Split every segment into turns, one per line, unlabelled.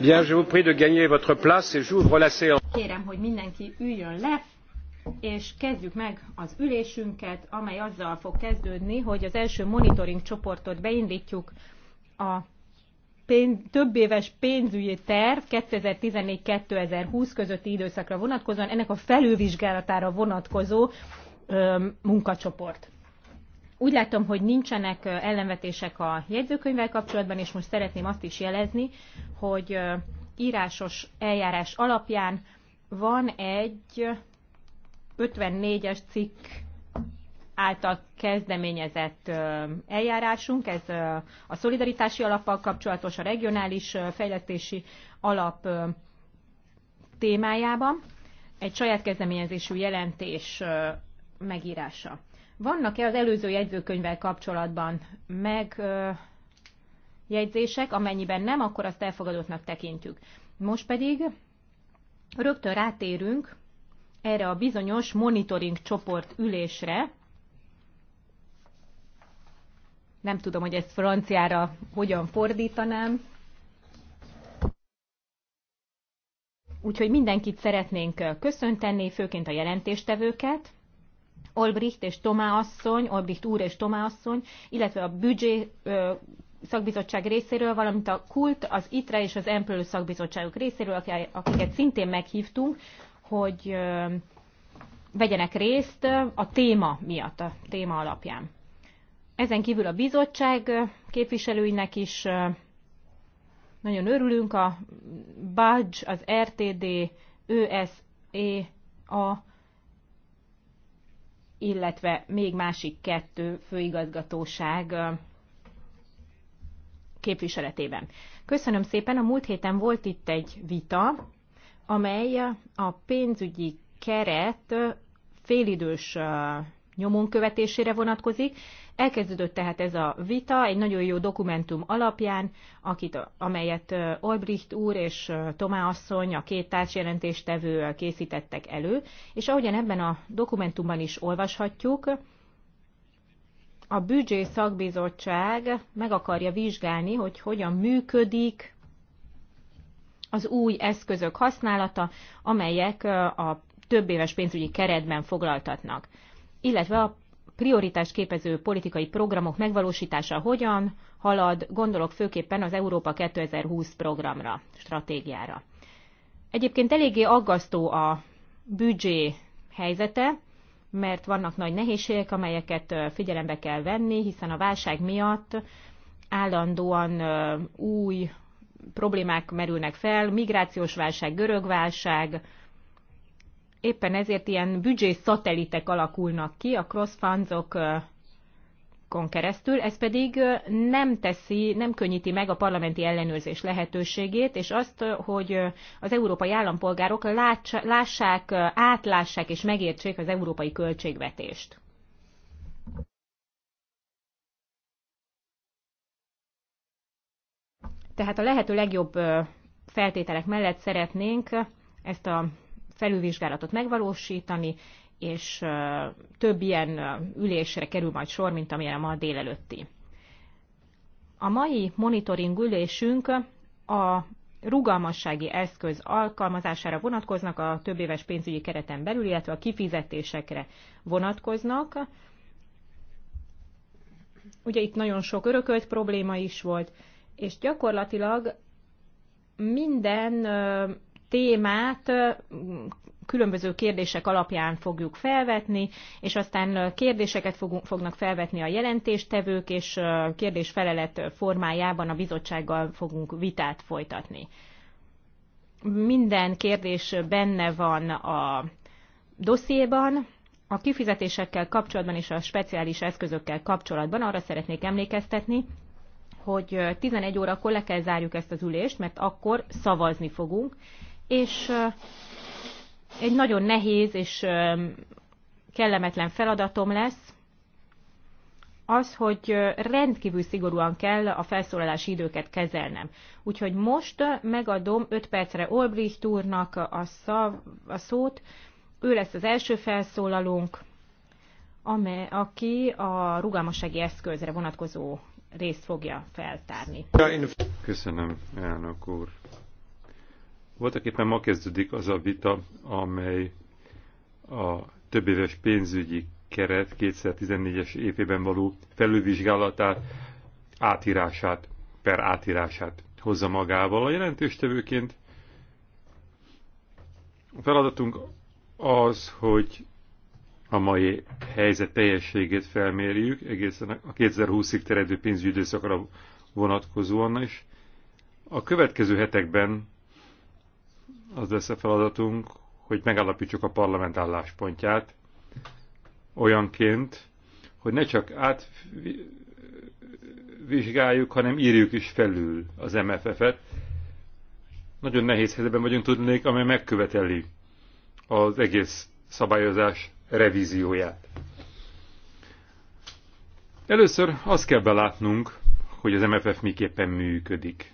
Bien, je vous prie de gagner votre place et j'ouvre la séance.
Kérem, hogy mindenki üljön le, és kezdjük meg az ülésünket, amely azzal fog kezdődni, hogy az első monitoring csoportot beindítjuk a pénz, több éves pénzügyi terv 2014-2020 közötti időszakra vonatkozóan, ennek a felülvizsgálatára vonatkozó munkacsoport. Úgy látom, hogy nincsenek ellenvetések a jegyzőkönyvvel kapcsolatban, és most szeretném azt is jelezni, hogy írásos eljárás alapján van egy 54-es cikk által kezdeményezett eljárásunk, ez a szolidaritási alappal kapcsolatos, a regionális fejlesztési alap témájában, egy saját kezdeményezésű jelentés megírása. Vannak-e az előző jegyzőkönyvvel kapcsolatban meg jegyzések, amennyiben nem, akkor azt elfogadottnak tekintjük. Most pedig rögtön rátérünk erre a bizonyos monitoring csoport ülésre. Nem tudom, hogy ezt franciára hogyan fordítanám. Úgyhogy mindenkit szeretnénk köszönteni, főként a jelentéstevőket. Olbricht és Tomá asszony, Olbricht úr és Tomá asszony, illetve a büdzsé szakbizottság részéről, valamint a KULT, az ITRE és az EMPLÖ szakbizottságok részéről, akiket szintén meghívtunk, hogy vegyenek részt a téma miatt, a téma alapján. Ezen kívül a bizottság képviselőinek is nagyon örülünk, a BADZ, az RTD, ÖSE, a illetve még másik kettő főigazgatóság képviseletében. Köszönöm szépen, a múlt héten volt itt egy vita, amely a pénzügyi keret félidős nyomon követésére vonatkozik, Elkezdődött tehát ez a vita egy nagyon jó dokumentum alapján, akit, amelyet Olbricht úr és Tomá asszony, a két társjelentéstevő készítettek elő, és ahogyan ebben a dokumentumban is olvashatjuk, a büdzsé szakbizottság meg akarja vizsgálni, hogy hogyan működik az új eszközök használata, amelyek a több éves pénzügyi keretben foglaltatnak, illetve a prioritást képező politikai programok megvalósítása hogyan halad, gondolok főképpen az Európa 2020 programra, stratégiára. Egyébként eléggé aggasztó a büdzsé helyzete, mert vannak nagy nehézségek, amelyeket figyelembe kell venni, hiszen a válság miatt állandóan új problémák merülnek fel, migrációs válság, görög válság, éppen ezért ilyen büdzsé szatelitek alakulnak ki a cross keresztül, ez pedig nem teszi, nem könnyíti meg a parlamenti ellenőrzés lehetőségét, és azt, hogy az európai állampolgárok lássák, átlássák és megértsék az európai költségvetést. Tehát a lehető legjobb feltételek mellett szeretnénk ezt a felülvizsgálatot megvalósítani, és több ilyen ülésre kerül majd sor, mint amilyen a ma délelőtti. A mai monitoring ülésünk a rugalmassági eszköz alkalmazására vonatkoznak a több éves pénzügyi kereten belül, illetve a kifizetésekre vonatkoznak. Ugye itt nagyon sok örökölt probléma is volt, és gyakorlatilag minden témát különböző kérdések alapján fogjuk felvetni, és aztán kérdéseket fogunk, fognak felvetni a jelentéstevők, és kérdésfelelet formájában a bizottsággal fogunk vitát folytatni. Minden kérdés benne van a dossziéban, a kifizetésekkel kapcsolatban és a speciális eszközökkel kapcsolatban arra szeretnék emlékeztetni, hogy 11 órakor le kell zárjuk ezt az ülést, mert akkor szavazni fogunk, és egy nagyon nehéz és kellemetlen feladatom lesz, az, hogy rendkívül szigorúan kell a felszólalási időket kezelnem. Úgyhogy most megadom 5 percre Olbricht úrnak a, szav, a szót. Ő lesz az első felszólalónk, amely, aki a rugalmassági eszközre vonatkozó részt fogja feltárni.
Köszönöm, elnök úr. Voltak éppen ma kezdődik az a vita, amely a több éves pénzügyi keret 2014-es évében való felülvizsgálatát, átírását, per átírását hozza magával. A jelentéstevőként a feladatunk az, hogy a mai helyzet teljességét felmérjük, egészen a 2020-ig terjedő pénzügyi időszakra vonatkozóan is. A következő hetekben az lesz a feladatunk, hogy megállapítsuk a parlament álláspontját olyanként, hogy ne csak átvizsgáljuk, hanem írjuk is felül az MFF-et. Nagyon nehéz helyzetben vagyunk tudnék, amely megköveteli az egész szabályozás revízióját. Először azt kell belátnunk, hogy az MFF miképpen működik.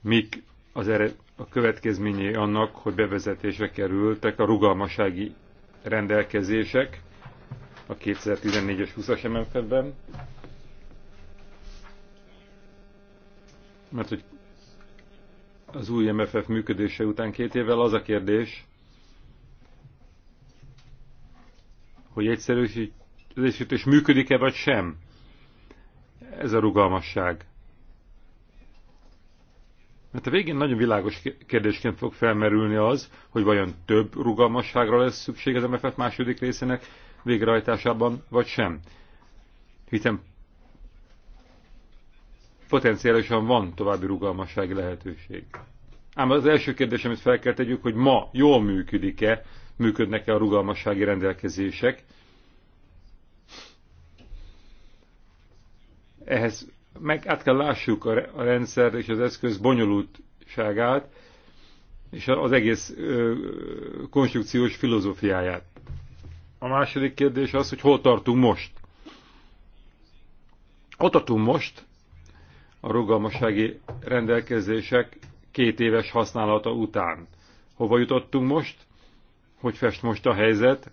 Mik az ered, a következményei annak, hogy bevezetésre kerültek a rugalmasági rendelkezések a 2014-es 20-as MFF-ben, mert hogy az új MFF működése után két évvel az a kérdés, hogy egyszerűsítés működik-e vagy sem. Ez a rugalmasság. Mert a végén nagyon világos kérdésként fog felmerülni az, hogy vajon több rugalmasságra lesz szükség az MFF második részének végrehajtásában, vagy sem. Hiszen potenciálisan van további rugalmassági lehetőség. Ám az első kérdés, amit fel kell tegyük, hogy ma jól működik-e, működnek-e a rugalmassági rendelkezések. Ehhez meg át kell lássuk a rendszer és az eszköz bonyolultságát, és az egész ö, konstrukciós filozófiáját. A második kérdés az, hogy hol tartunk most. Ott tartunk most, a rugalmasági rendelkezések két éves használata után. Hova jutottunk most? Hogy fest most a helyzet?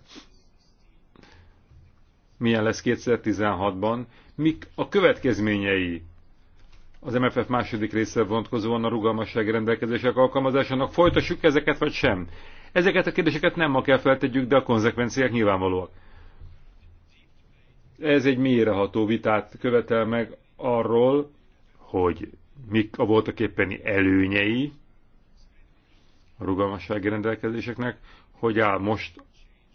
milyen lesz 2016-ban, mik a következményei az MFF második része vonatkozóan a rugalmassági rendelkezések alkalmazásának, folytassuk ezeket vagy sem? Ezeket a kérdéseket nem ma kell feltegyük, de a konzekvenciák nyilvánvalóak. Ez egy mélyreható vitát követel meg arról, hogy mik a voltak éppeni előnyei a rugalmassági rendelkezéseknek, hogy áll most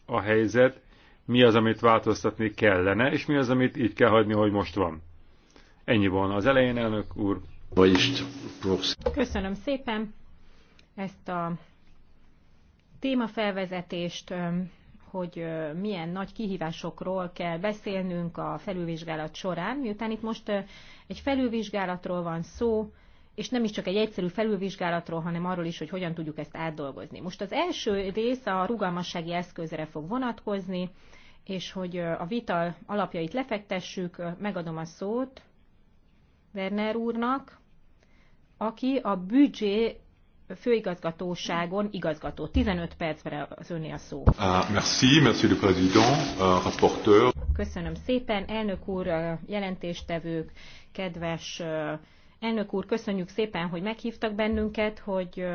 a helyzet, mi az, amit változtatni kellene, és mi az, amit így kell hagyni, hogy most van. Ennyi volna az elején, elnök úr.
Köszönöm szépen ezt a témafelvezetést, hogy milyen nagy kihívásokról kell beszélnünk a felülvizsgálat során. Miután itt most egy felülvizsgálatról van szó, és nem is csak egy egyszerű felülvizsgálatról, hanem arról is, hogy hogyan tudjuk ezt átdolgozni. Most az első rész a rugalmassági eszközre fog vonatkozni, és hogy a vita alapjait lefektessük, megadom a szót Werner úrnak, aki a büdzsé főigazgatóságon igazgató. 15 percre az öné a szó. Uh,
merci, merci le président, uh, rapporteur.
Köszönöm szépen, elnök úr, jelentéstevők, kedves uh, Elnök úr, köszönjük szépen, hogy meghívtak bennünket, hogy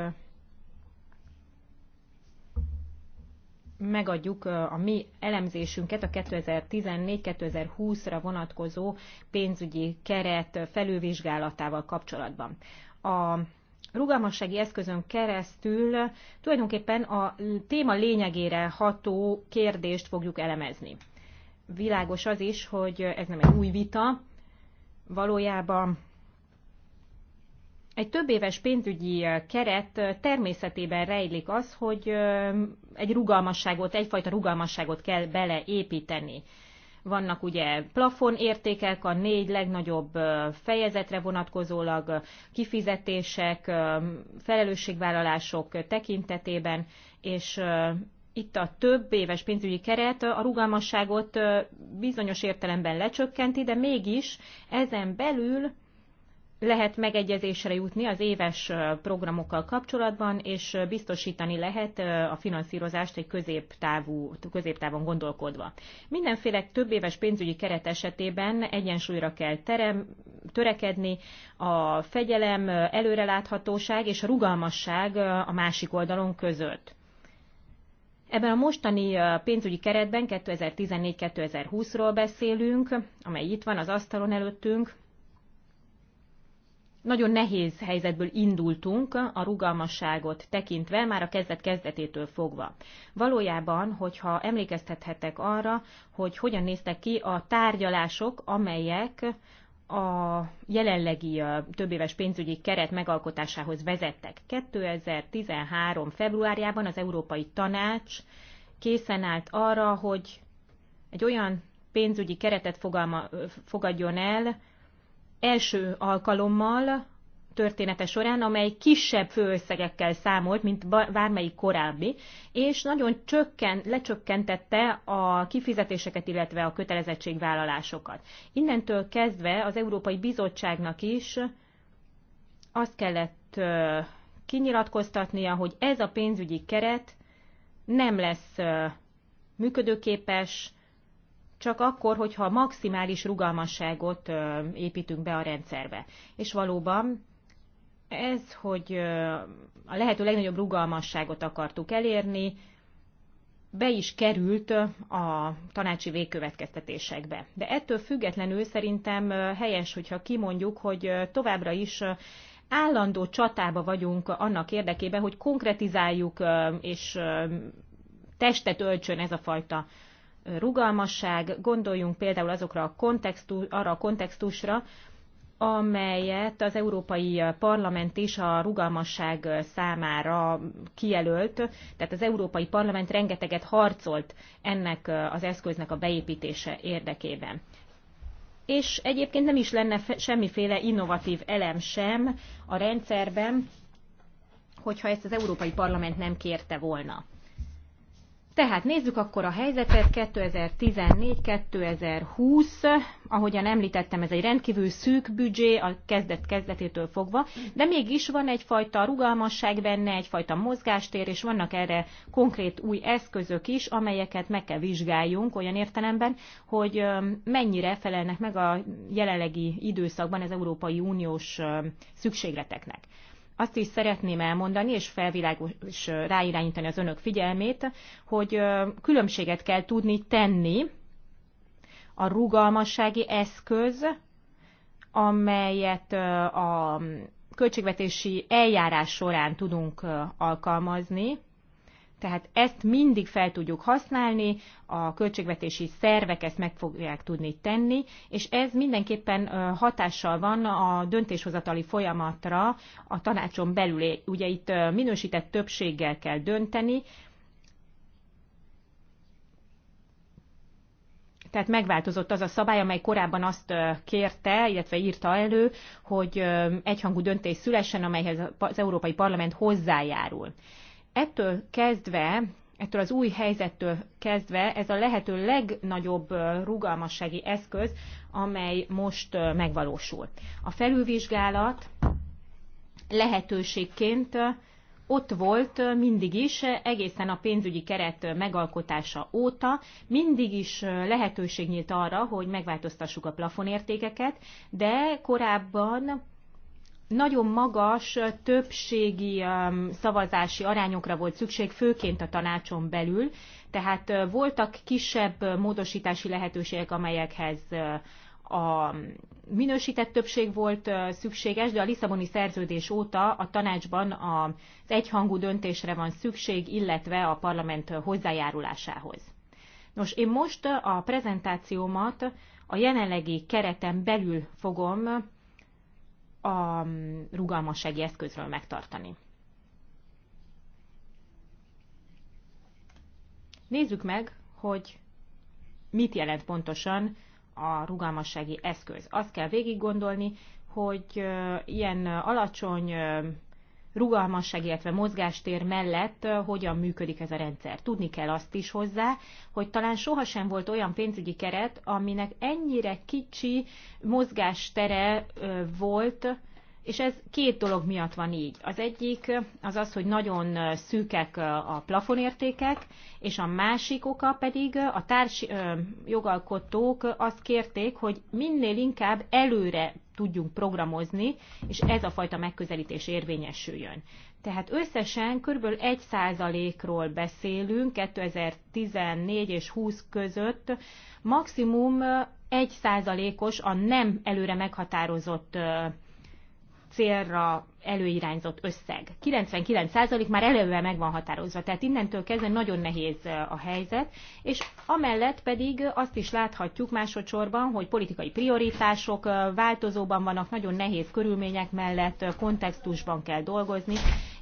megadjuk a mi elemzésünket a 2014-2020-ra vonatkozó pénzügyi keret felülvizsgálatával kapcsolatban. A rugalmassági eszközön keresztül tulajdonképpen a téma lényegére ható kérdést fogjuk elemezni. Világos az is, hogy ez nem egy új vita, valójában egy több éves pénzügyi keret természetében rejlik az, hogy egy rugalmasságot, egyfajta rugalmasságot kell beleépíteni. Vannak ugye plafon értékek, a négy legnagyobb fejezetre vonatkozólag kifizetések, felelősségvállalások tekintetében, és itt a több éves pénzügyi keret a rugalmasságot bizonyos értelemben lecsökkenti, de mégis ezen belül lehet megegyezésre jutni az éves programokkal kapcsolatban, és biztosítani lehet a finanszírozást egy középtávú, középtávon gondolkodva. Mindenféle több éves pénzügyi keret esetében egyensúlyra kell terem, törekedni, a fegyelem, előreláthatóság és a rugalmasság a másik oldalon között. Ebben a mostani pénzügyi keretben 2014-2020-ról beszélünk, amely itt van az asztalon előttünk, nagyon nehéz helyzetből indultunk a rugalmasságot tekintve, már a kezdet kezdetétől fogva. Valójában, hogyha emlékeztethetek arra, hogy hogyan néztek ki a tárgyalások, amelyek a jelenlegi éves pénzügyi keret megalkotásához vezettek. 2013. februárjában az Európai Tanács készen állt arra, hogy egy olyan pénzügyi keretet fogadjon el, első alkalommal története során, amely kisebb főösszegekkel számolt, mint bármelyik korábbi, és nagyon csökken, lecsökkentette a kifizetéseket, illetve a kötelezettségvállalásokat. Innentől kezdve az Európai Bizottságnak is azt kellett kinyilatkoztatnia, hogy ez a pénzügyi keret nem lesz működőképes, csak akkor, hogyha maximális rugalmasságot építünk be a rendszerbe. És valóban ez, hogy a lehető legnagyobb rugalmasságot akartuk elérni, be is került a tanácsi végkövetkeztetésekbe. De ettől függetlenül szerintem helyes, hogyha kimondjuk, hogy továbbra is állandó csatába vagyunk annak érdekében, hogy konkretizáljuk és testet öltsön ez a fajta rugalmasság, gondoljunk például azokra a kontextus, arra a kontextusra, amelyet az Európai Parlament is a rugalmasság számára kijelölt. Tehát az Európai Parlament rengeteget harcolt ennek az eszköznek a beépítése érdekében. És egyébként nem is lenne semmiféle innovatív elem sem a rendszerben, hogyha ezt az Európai Parlament nem kérte volna. Tehát nézzük akkor a helyzetet 2014-2020, ahogyan említettem, ez egy rendkívül szűk büdzsé a kezdet kezdetétől fogva, de mégis van egyfajta rugalmasság benne, egyfajta mozgástér, és vannak erre konkrét új eszközök is, amelyeket meg kell vizsgáljunk olyan értelemben, hogy mennyire felelnek meg a jelenlegi időszakban az Európai Uniós szükségleteknek azt is szeretném elmondani, és felvilágos és ráirányítani az önök figyelmét, hogy különbséget kell tudni tenni a rugalmassági eszköz, amelyet a költségvetési eljárás során tudunk alkalmazni, tehát ezt mindig fel tudjuk használni, a költségvetési szervek ezt meg fogják tudni tenni, és ez mindenképpen hatással van a döntéshozatali folyamatra a tanácson belül. Ugye itt minősített többséggel kell dönteni, Tehát megváltozott az a szabály, amely korábban azt kérte, illetve írta elő, hogy egyhangú döntés szülessen, amelyhez az Európai Parlament hozzájárul. Ettől kezdve, ettől az új helyzettől kezdve ez a lehető legnagyobb rugalmassági eszköz, amely most megvalósul. A felülvizsgálat lehetőségként ott volt mindig is, egészen a pénzügyi keret megalkotása óta, mindig is lehetőség nyílt arra, hogy megváltoztassuk a plafonértékeket, de korábban nagyon magas többségi szavazási arányokra volt szükség, főként a tanácson belül, tehát voltak kisebb módosítási lehetőségek, amelyekhez a minősített többség volt szükséges, de a Lisszaboni szerződés óta a tanácsban az egyhangú döntésre van szükség, illetve a parlament hozzájárulásához. Nos, én most a prezentációmat a jelenlegi kereten belül fogom a mm, rugalmassági eszközről megtartani. Nézzük meg, hogy mit jelent pontosan a rugalmassági eszköz. Azt kell végig gondolni, hogy ilyen alacsony rugalmasság, illetve mozgástér mellett hogyan működik ez a rendszer. Tudni kell azt is hozzá, hogy talán sohasem volt olyan pénzügyi keret, aminek ennyire kicsi mozgástere volt, és ez két dolog miatt van így. Az egyik az az, hogy nagyon szűkek a plafonértékek, és a másik oka pedig a társi jogalkotók azt kérték, hogy minél inkább előre tudjunk programozni, és ez a fajta megközelítés érvényesüljön. Tehát összesen kb. 1%-ról beszélünk 2014 és 20 között, maximum 1%-os a nem előre meghatározott célra előirányzott összeg. 99% már előve meg van határozva, tehát innentől kezdve nagyon nehéz a helyzet, és amellett pedig azt is láthatjuk másodszorban, hogy politikai prioritások változóban vannak, nagyon nehéz körülmények mellett kontextusban kell dolgozni,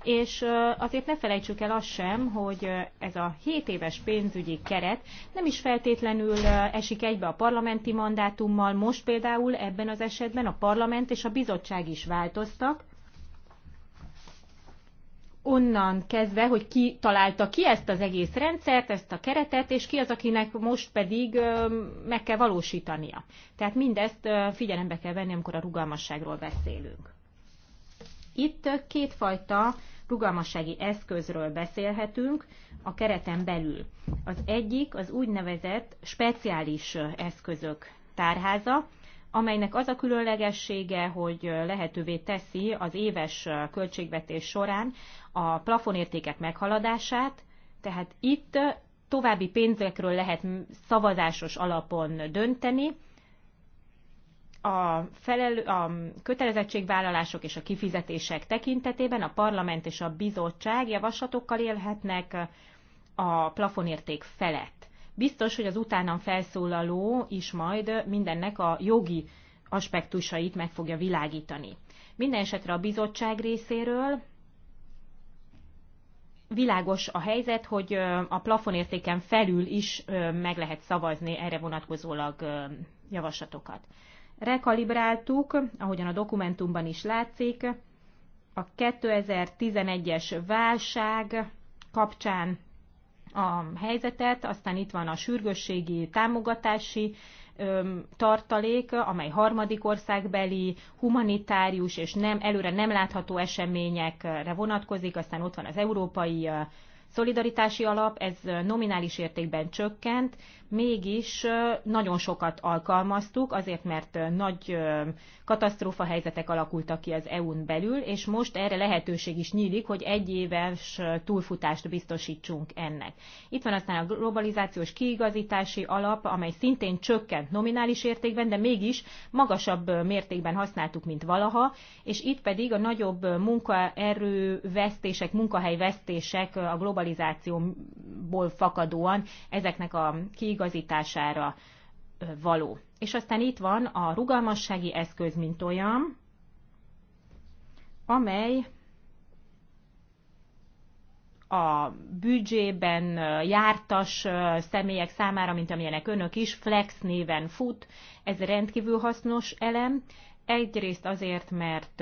és azért ne felejtsük el azt sem, hogy ez a 7 éves pénzügyi keret nem is feltétlenül esik egybe a parlamenti mandátummal. Most például ebben az esetben a parlament és a bizottság is változtak, onnan kezdve, hogy ki találta ki ezt az egész rendszert, ezt a keretet, és ki az, akinek most pedig meg kell valósítania. Tehát mindezt figyelembe kell venni, amikor a rugalmasságról beszélünk. Itt kétfajta rugalmassági eszközről beszélhetünk a kereten belül. Az egyik az úgynevezett speciális eszközök tárháza, amelynek az a különlegessége, hogy lehetővé teszi az éves költségvetés során a plafonértékek meghaladását, tehát itt további pénzekről lehet szavazásos alapon dönteni, a, felelő, a kötelezettségvállalások és a kifizetések tekintetében a parlament és a bizottság javaslatokkal élhetnek a plafonérték felett. Biztos, hogy az utánam felszólaló is majd mindennek a jogi aspektusait meg fogja világítani. Minden esetre a bizottság részéről világos a helyzet, hogy a plafonértéken felül is meg lehet szavazni erre vonatkozólag javaslatokat rekalibráltuk, ahogyan a dokumentumban is látszik, a 2011-es válság kapcsán a helyzetet, aztán itt van a sürgősségi támogatási tartalék, amely harmadik országbeli, humanitárius és nem, előre nem látható eseményekre vonatkozik, aztán ott van az európai szolidaritási alap, ez nominális értékben csökkent, mégis nagyon sokat alkalmaztuk, azért mert nagy katasztrófa helyzetek alakultak ki az EU-n belül, és most erre lehetőség is nyílik, hogy egy éves túlfutást biztosítsunk ennek. Itt van aztán a globalizációs kiigazítási alap, amely szintén csökkent nominális értékben, de mégis magasabb mértékben használtuk, mint valaha, és itt pedig a nagyobb munkaerő munkahely vesztések a globalizációból fakadóan ezeknek a kiigazítási kiigazítására való. És aztán itt van a rugalmassági eszköz, mint olyan, amely a büdzsében jártas személyek számára, mint amilyenek önök is, Flex néven fut. Ez rendkívül hasznos elem. Egyrészt azért, mert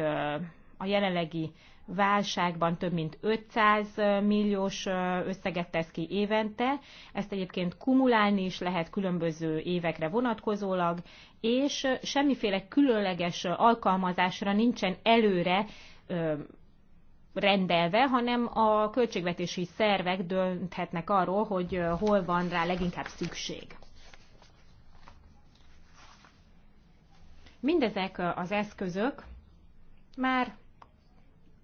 a jelenlegi válságban több mint 500 milliós összeget tesz ki évente. Ezt egyébként kumulálni is lehet különböző évekre vonatkozólag, és semmiféle különleges alkalmazásra nincsen előre rendelve, hanem a költségvetési szervek dönthetnek arról, hogy hol van rá leginkább szükség. Mindezek az eszközök már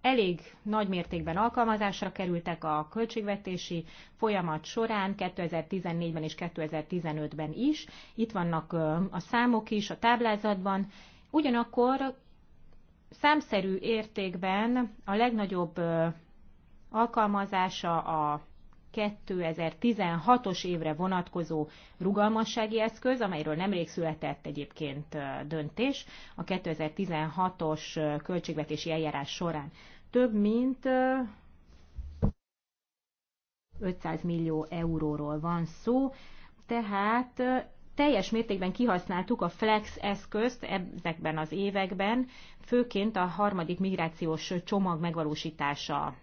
elég nagy mértékben alkalmazásra kerültek a költségvetési folyamat során 2014-ben és 2015-ben is. Itt vannak a számok is a táblázatban. Ugyanakkor számszerű értékben a legnagyobb alkalmazása a 2016-os évre vonatkozó rugalmassági eszköz, amelyről nemrég született egyébként döntés a 2016-os költségvetési eljárás során. Több mint 500 millió euróról van szó, tehát teljes mértékben kihasználtuk a flex eszközt ezekben az években, főként a harmadik migrációs csomag megvalósítása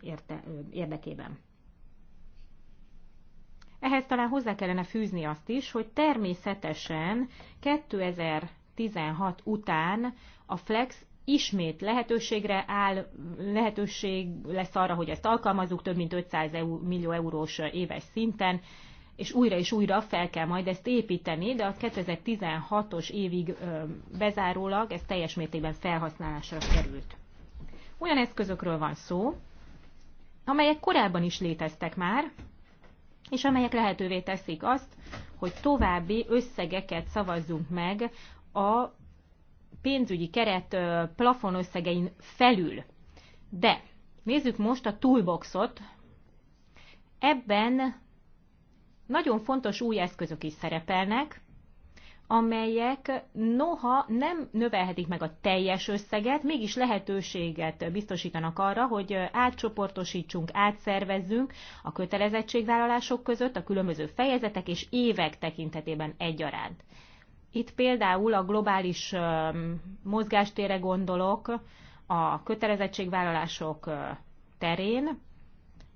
érte, érdekében. Ehhez talán hozzá kellene fűzni azt is, hogy természetesen 2016 után a Flex ismét lehetőségre áll, lehetőség lesz arra, hogy ezt alkalmazzuk több mint 500 millió eurós éves szinten, és újra és újra fel kell majd ezt építeni, de az 2016-os évig bezárólag ez teljes mértékben felhasználásra került. Olyan eszközökről van szó, amelyek korábban is léteztek már, és amelyek lehetővé teszik azt, hogy további összegeket szavazzunk meg a pénzügyi keret plafon összegein felül. De nézzük most a toolboxot. Ebben nagyon fontos új eszközök is szerepelnek, amelyek noha nem növelhetik meg a teljes összeget, mégis lehetőséget biztosítanak arra, hogy átcsoportosítsunk, átszervezzünk a kötelezettségvállalások között a különböző fejezetek és évek tekintetében egyaránt. Itt például a globális mozgástére gondolok, a kötelezettségvállalások terén,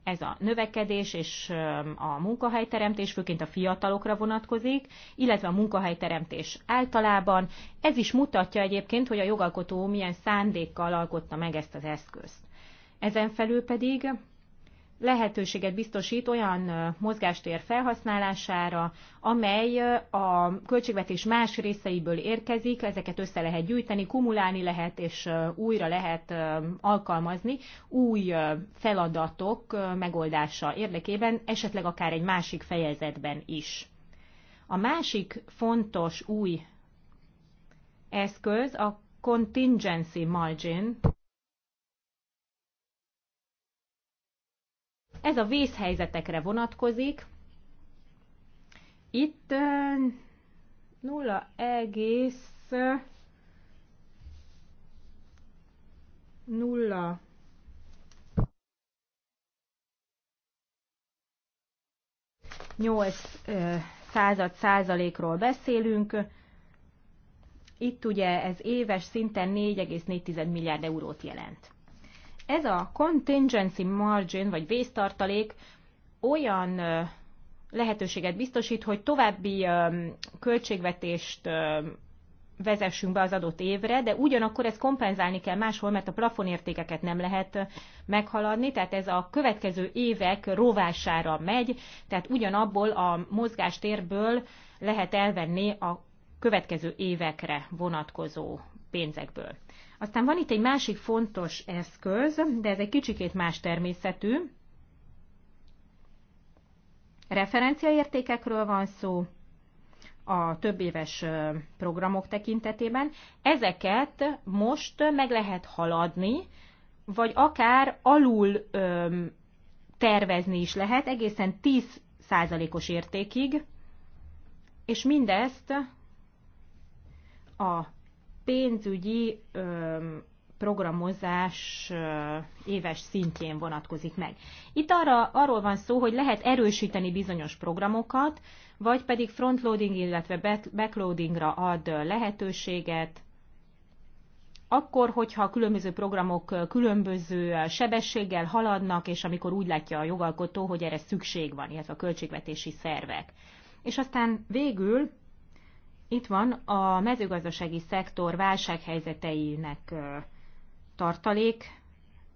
ez a növekedés és a munkahelyteremtés főként a fiatalokra vonatkozik, illetve a munkahelyteremtés általában. Ez is mutatja egyébként, hogy a jogalkotó milyen szándékkal alkotta meg ezt az eszközt. Ezen felül pedig lehetőséget biztosít olyan mozgástér felhasználására, amely a költségvetés más részeiből érkezik, ezeket össze lehet gyűjteni, kumulálni lehet, és újra lehet alkalmazni új feladatok megoldása érdekében, esetleg akár egy másik fejezetben is. A másik fontos új eszköz a contingency margin, Ez a vészhelyzetekre vonatkozik. Itt 0, egész 0 8 század százalékról beszélünk. Itt ugye ez éves szinten 4,4 milliárd eurót jelent. Ez a contingency margin, vagy vésztartalék olyan lehetőséget biztosít, hogy további költségvetést vezessünk be az adott évre, de ugyanakkor ezt kompenzálni kell máshol, mert a plafonértékeket nem lehet meghaladni, tehát ez a következő évek rovására megy, tehát ugyanabból a mozgástérből lehet elvenni a következő évekre vonatkozó pénzekből. Aztán van itt egy másik fontos eszköz, de ez egy kicsikét más természetű. Referenciaértékekről van szó a több éves programok tekintetében. Ezeket most meg lehet haladni, vagy akár alul öm, tervezni is lehet, egészen 10%-os értékig, és mindezt a pénzügyi programozás éves szintjén vonatkozik meg. Itt arra, arról van szó, hogy lehet erősíteni bizonyos programokat, vagy pedig frontloading, illetve backloadingra ad lehetőséget, akkor, hogyha a különböző programok különböző sebességgel haladnak, és amikor úgy látja a jogalkotó, hogy erre szükség van, illetve a költségvetési szervek. És aztán végül itt van a mezőgazdasági szektor válsághelyzeteinek tartalék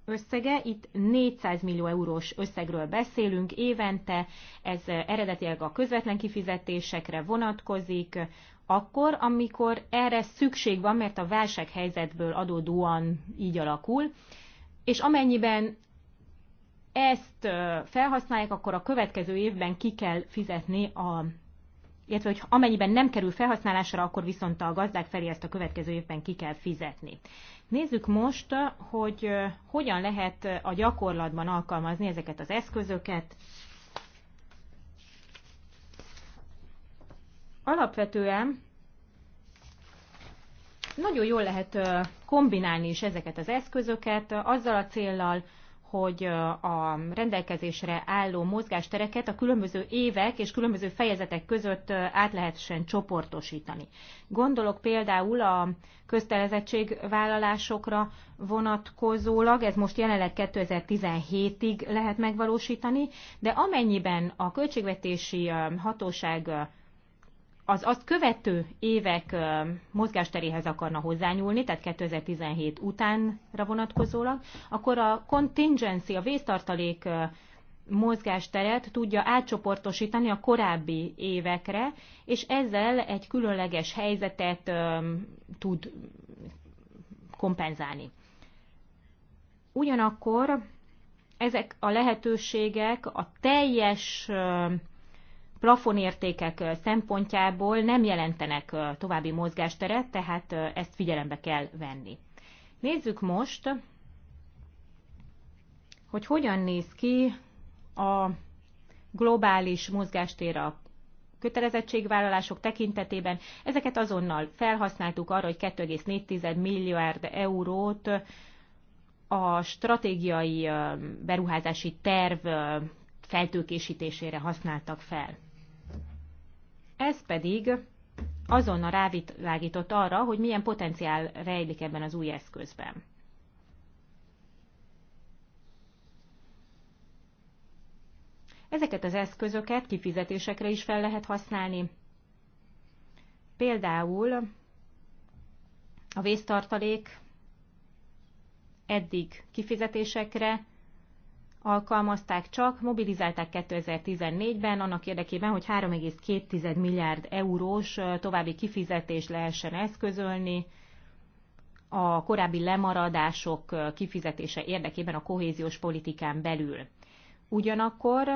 összege. Itt 400 millió eurós összegről beszélünk évente, ez eredetileg a közvetlen kifizetésekre vonatkozik, akkor, amikor erre szükség van, mert a válsághelyzetből adódóan így alakul, és amennyiben ezt felhasználják, akkor a következő évben ki kell fizetni a illetve hogy amennyiben nem kerül felhasználásra, akkor viszont a gazdák felé ezt a következő évben ki kell fizetni. Nézzük most, hogy hogyan lehet a gyakorlatban alkalmazni ezeket az eszközöket. Alapvetően nagyon jól lehet kombinálni is ezeket az eszközöket azzal a céllal, hogy a rendelkezésre álló mozgástereket a különböző évek és különböző fejezetek között át lehessen csoportosítani. Gondolok például a kötelezettségvállalásokra vonatkozólag, ez most jelenleg 2017-ig lehet megvalósítani, de amennyiben a költségvetési hatóság az azt követő évek mozgásteréhez akarna hozzányúlni, tehát 2017 utánra vonatkozólag, akkor a contingency, a vésztartalék mozgásteret tudja átcsoportosítani a korábbi évekre, és ezzel egy különleges helyzetet tud kompenzálni. Ugyanakkor ezek a lehetőségek a teljes plafonértékek szempontjából nem jelentenek további mozgásteret, tehát ezt figyelembe kell venni. Nézzük most, hogy hogyan néz ki a globális mozgástér a kötelezettségvállalások tekintetében. Ezeket azonnal felhasználtuk arra, hogy 2,4 milliárd eurót a stratégiai beruházási terv feltőkésítésére használtak fel. Ez pedig azonnal rávilágított arra, hogy milyen potenciál rejlik ebben az új eszközben. Ezeket az eszközöket kifizetésekre is fel lehet használni. Például a vésztartalék eddig kifizetésekre alkalmazták csak, mobilizálták 2014-ben annak érdekében, hogy 3,2 milliárd eurós további kifizetés lehessen eszközölni a korábbi lemaradások kifizetése érdekében a kohéziós politikán belül. Ugyanakkor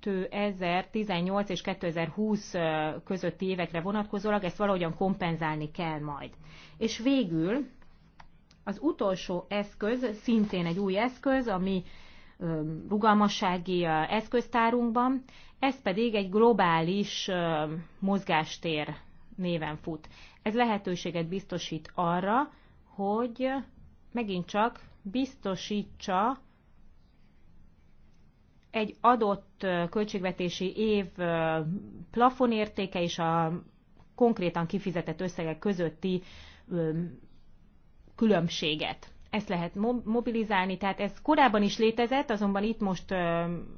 2018 és 2020 közötti évekre vonatkozólag ezt valahogyan kompenzálni kell majd. És végül az utolsó eszköz, szintén egy új eszköz, ami rugalmassági eszköztárunkban, ez pedig egy globális mozgástér néven fut. Ez lehetőséget biztosít arra, hogy megint csak biztosítsa egy adott költségvetési év plafonértéke és a konkrétan kifizetett összegek közötti különbséget. Ezt lehet mobilizálni, tehát ez korábban is létezett, azonban itt most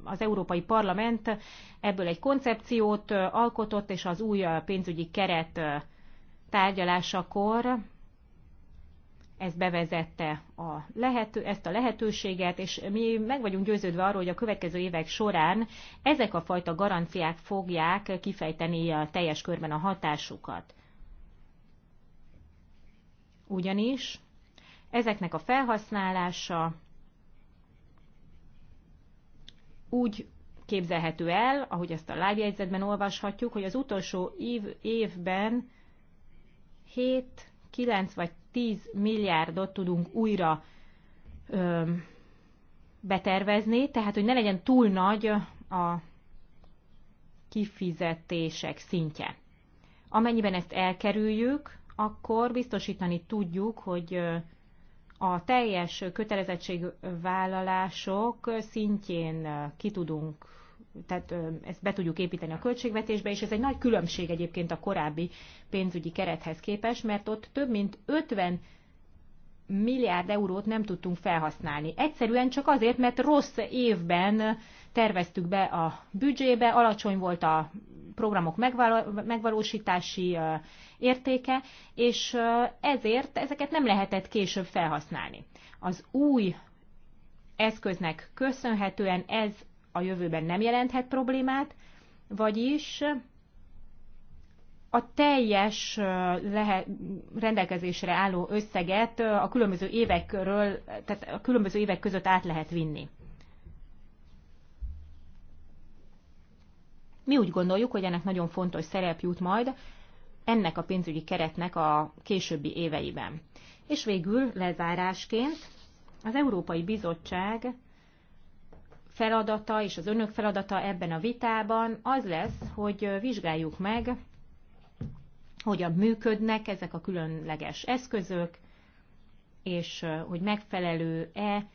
az Európai Parlament ebből egy koncepciót alkotott, és az új pénzügyi keret tárgyalásakor ez bevezette a lehető, ezt a lehetőséget, és mi meg vagyunk győződve arról, hogy a következő évek során ezek a fajta garanciák fogják kifejteni a teljes körben a hatásukat. Ugyanis ezeknek a felhasználása úgy képzelhető el, ahogy ezt a live jegyzetben olvashatjuk, hogy az utolsó év, évben 7, 9 vagy 10 milliárdot tudunk újra ö, betervezni, tehát hogy ne legyen túl nagy a kifizetések szintje. Amennyiben ezt elkerüljük, akkor biztosítani tudjuk, hogy a teljes kötelezettségvállalások szintjén ki tudunk, tehát ezt be tudjuk építeni a költségvetésbe, és ez egy nagy különbség egyébként a korábbi pénzügyi kerethez képest, mert ott több mint 50 milliárd eurót nem tudtunk felhasználni. Egyszerűen csak azért, mert rossz évben terveztük be a büdzsébe, alacsony volt a programok megvalósítási értéke, és ezért ezeket nem lehetett később felhasználni. Az új eszköznek köszönhetően ez a jövőben nem jelenthet problémát, vagyis a teljes lehet, rendelkezésre álló összeget a különböző évekről, tehát a különböző évek között át lehet vinni. Mi úgy gondoljuk, hogy ennek nagyon fontos szerep jut majd ennek a pénzügyi keretnek a későbbi éveiben. És végül lezárásként az Európai Bizottság feladata és az önök feladata ebben a vitában az lesz, hogy vizsgáljuk meg hogyan működnek ezek a különleges eszközök, és hogy megfelelő-e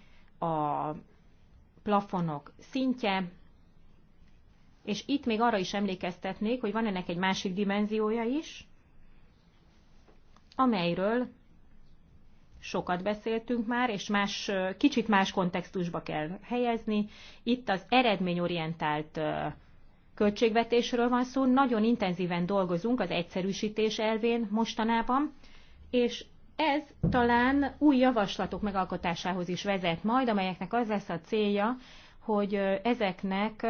a plafonok szintje, és itt még arra is emlékeztetnék, hogy van ennek egy másik dimenziója is, amelyről sokat beszéltünk már, és más, kicsit más kontextusba kell helyezni. Itt az eredményorientált költségvetésről van szó, nagyon intenzíven dolgozunk az egyszerűsítés elvén mostanában, és ez talán új javaslatok megalkotásához is vezet majd, amelyeknek az lesz a célja, hogy ezeknek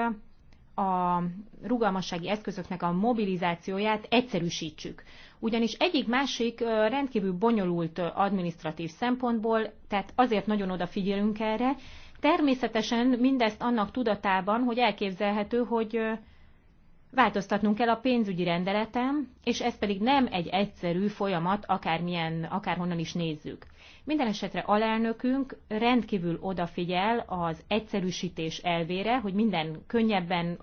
a rugalmassági eszközöknek a mobilizációját egyszerűsítsük. Ugyanis egyik másik rendkívül bonyolult administratív szempontból, tehát azért nagyon odafigyelünk erre. Természetesen mindezt annak tudatában, hogy elképzelhető, hogy Változtatnunk kell a pénzügyi rendeletem, és ez pedig nem egy egyszerű folyamat, akármilyen, akárhonnan is nézzük. Minden esetre alelnökünk rendkívül odafigyel az egyszerűsítés elvére, hogy minden könnyebben,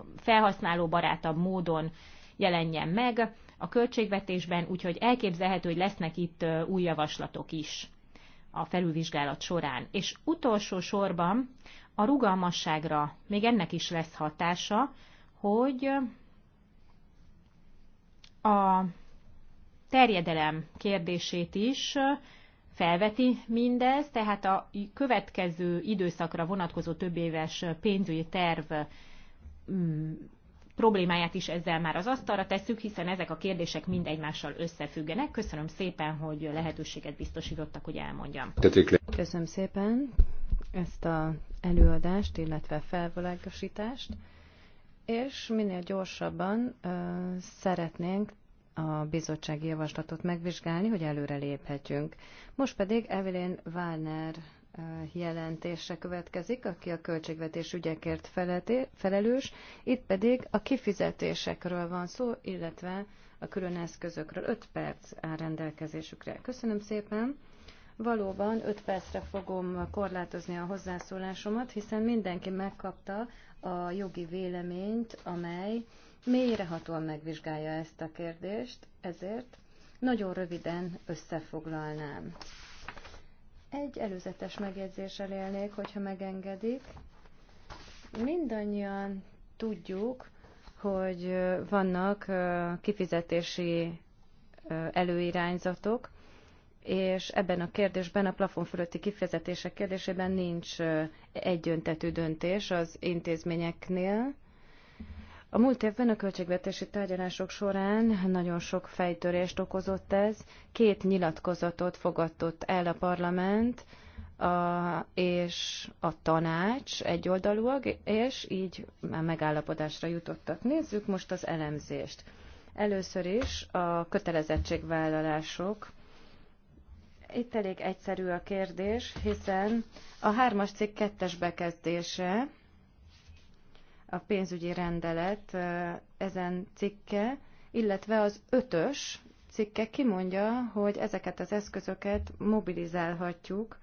barátabb módon jelenjen meg a költségvetésben, úgyhogy elképzelhető, hogy lesznek itt új javaslatok is a felülvizsgálat során. És utolsó sorban a rugalmasságra még ennek is lesz hatása, hogy a terjedelem kérdését is felveti mindez, tehát a következő időszakra vonatkozó több éves pénzügyi terv mm, problémáját is ezzel már az asztalra tesszük, hiszen ezek a kérdések mind egymással összefüggenek. Köszönöm szépen, hogy
lehetőséget biztosítottak, hogy elmondjam. Köszönöm szépen ezt az előadást, illetve felvilágosítást és minél gyorsabban uh, szeretnénk a bizottsági javaslatot megvizsgálni, hogy előre léphetjünk. Most pedig Evelyn uh, jelentése következik, aki a költségvetés ügyekért felelős. Itt pedig a kifizetésekről van szó, illetve a külön eszközökről. 5 perc áll rendelkezésükre. Köszönöm szépen. Valóban 5 percre fogom korlátozni a hozzászólásomat, hiszen mindenki megkapta a jogi véleményt, amely mélyrehatóan megvizsgálja ezt a kérdést, ezért nagyon röviden összefoglalnám. Egy előzetes megjegyzéssel élnék, hogyha megengedik. Mindannyian tudjuk, hogy vannak kifizetési előirányzatok, és ebben a kérdésben, a plafon fölötti kifizetések kérdésében nincs egyöntetű döntés az intézményeknél. A múlt évben a költségvetési tárgyalások során nagyon sok fejtörést okozott ez. Két nyilatkozatot fogadott el a parlament a, és a tanács egyoldalúak, és így már megállapodásra jutottak. Nézzük most az elemzést. Először is a kötelezettségvállalások itt elég egyszerű a kérdés, hiszen a hármas cikk kettes bekezdése, a pénzügyi rendelet ezen cikke, illetve az ötös cikke kimondja, hogy ezeket az eszközöket mobilizálhatjuk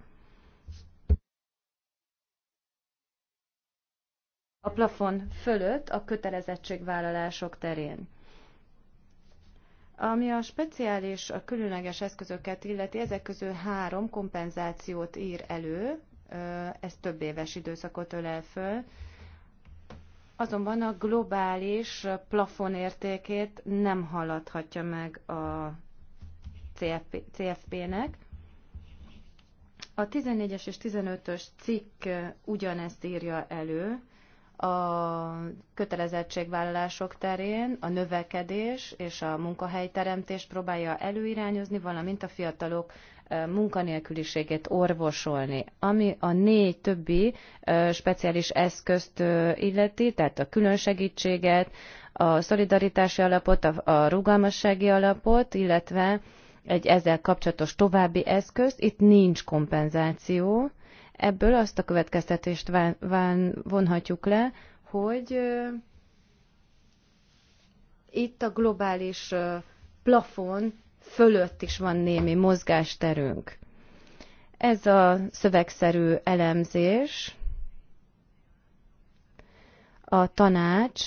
a plafon fölött a kötelezettségvállalások terén. Ami a speciális, a különleges eszközöket illeti, ezek közül három kompenzációt ír elő, ez több éves időszakot ölel föl, azonban a globális plafon értékét nem haladhatja meg a CFP-nek. cfp nek a 14-es és 15-ös cikk ugyanezt írja elő, a kötelezettségvállalások terén a növekedés és a munkahelyteremtést próbálja előirányozni, valamint a fiatalok munkanélküliségét orvosolni. Ami a négy többi speciális eszközt illeti, tehát a külön segítséget, a szolidaritási alapot, a rugalmassági alapot, illetve egy ezzel kapcsolatos további eszközt, itt nincs kompenzáció, Ebből azt a következtetést ván, ván, vonhatjuk le, hogy itt a globális plafon fölött is van némi mozgásterünk. Ez a szövegszerű elemzés, a tanács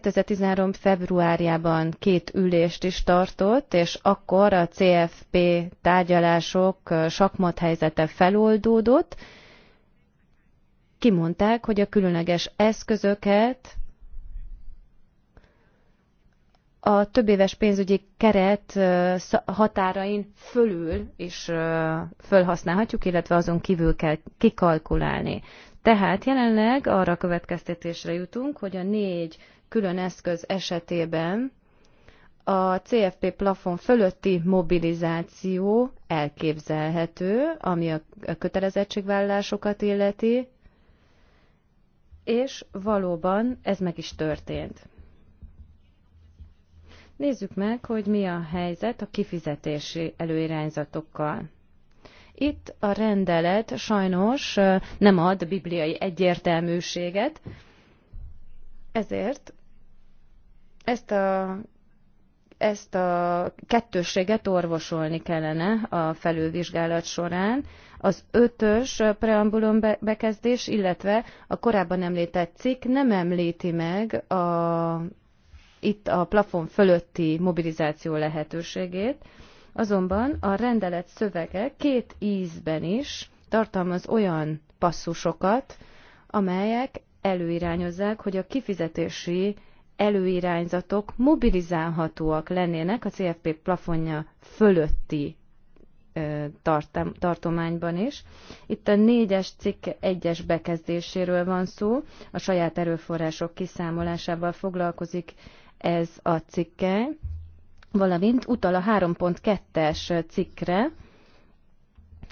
2013. februárjában két ülést is tartott, és akkor a CFP tárgyalások sakmat helyzete feloldódott. Kimondták, hogy a különleges eszközöket a többéves pénzügyi keret határain fölül is fölhasználhatjuk, illetve azon kívül kell kikalkulálni. Tehát jelenleg arra a következtetésre jutunk, hogy a négy külön eszköz esetében a CFP plafon fölötti mobilizáció elképzelhető, ami a kötelezettségvállalásokat illeti, és valóban ez meg is történt. Nézzük meg, hogy mi a helyzet a kifizetési előirányzatokkal. Itt a rendelet sajnos nem ad bibliai egyértelműséget, ezért ezt a ezt a kettősséget orvosolni kellene a felülvizsgálat során. Az ötös preambulum bekezdés, illetve a korábban említett cikk nem említi meg a, itt a plafon fölötti mobilizáció lehetőségét, azonban a rendelet szövege két ízben is tartalmaz olyan passzusokat, amelyek előirányozzák, hogy a kifizetési előirányzatok mobilizálhatóak lennének a CFP plafonja fölötti tartományban is. Itt a négyes cikk egyes bekezdéséről van szó, a saját erőforrások kiszámolásával foglalkozik ez a cikke, valamint utal a 3.2-es cikkre.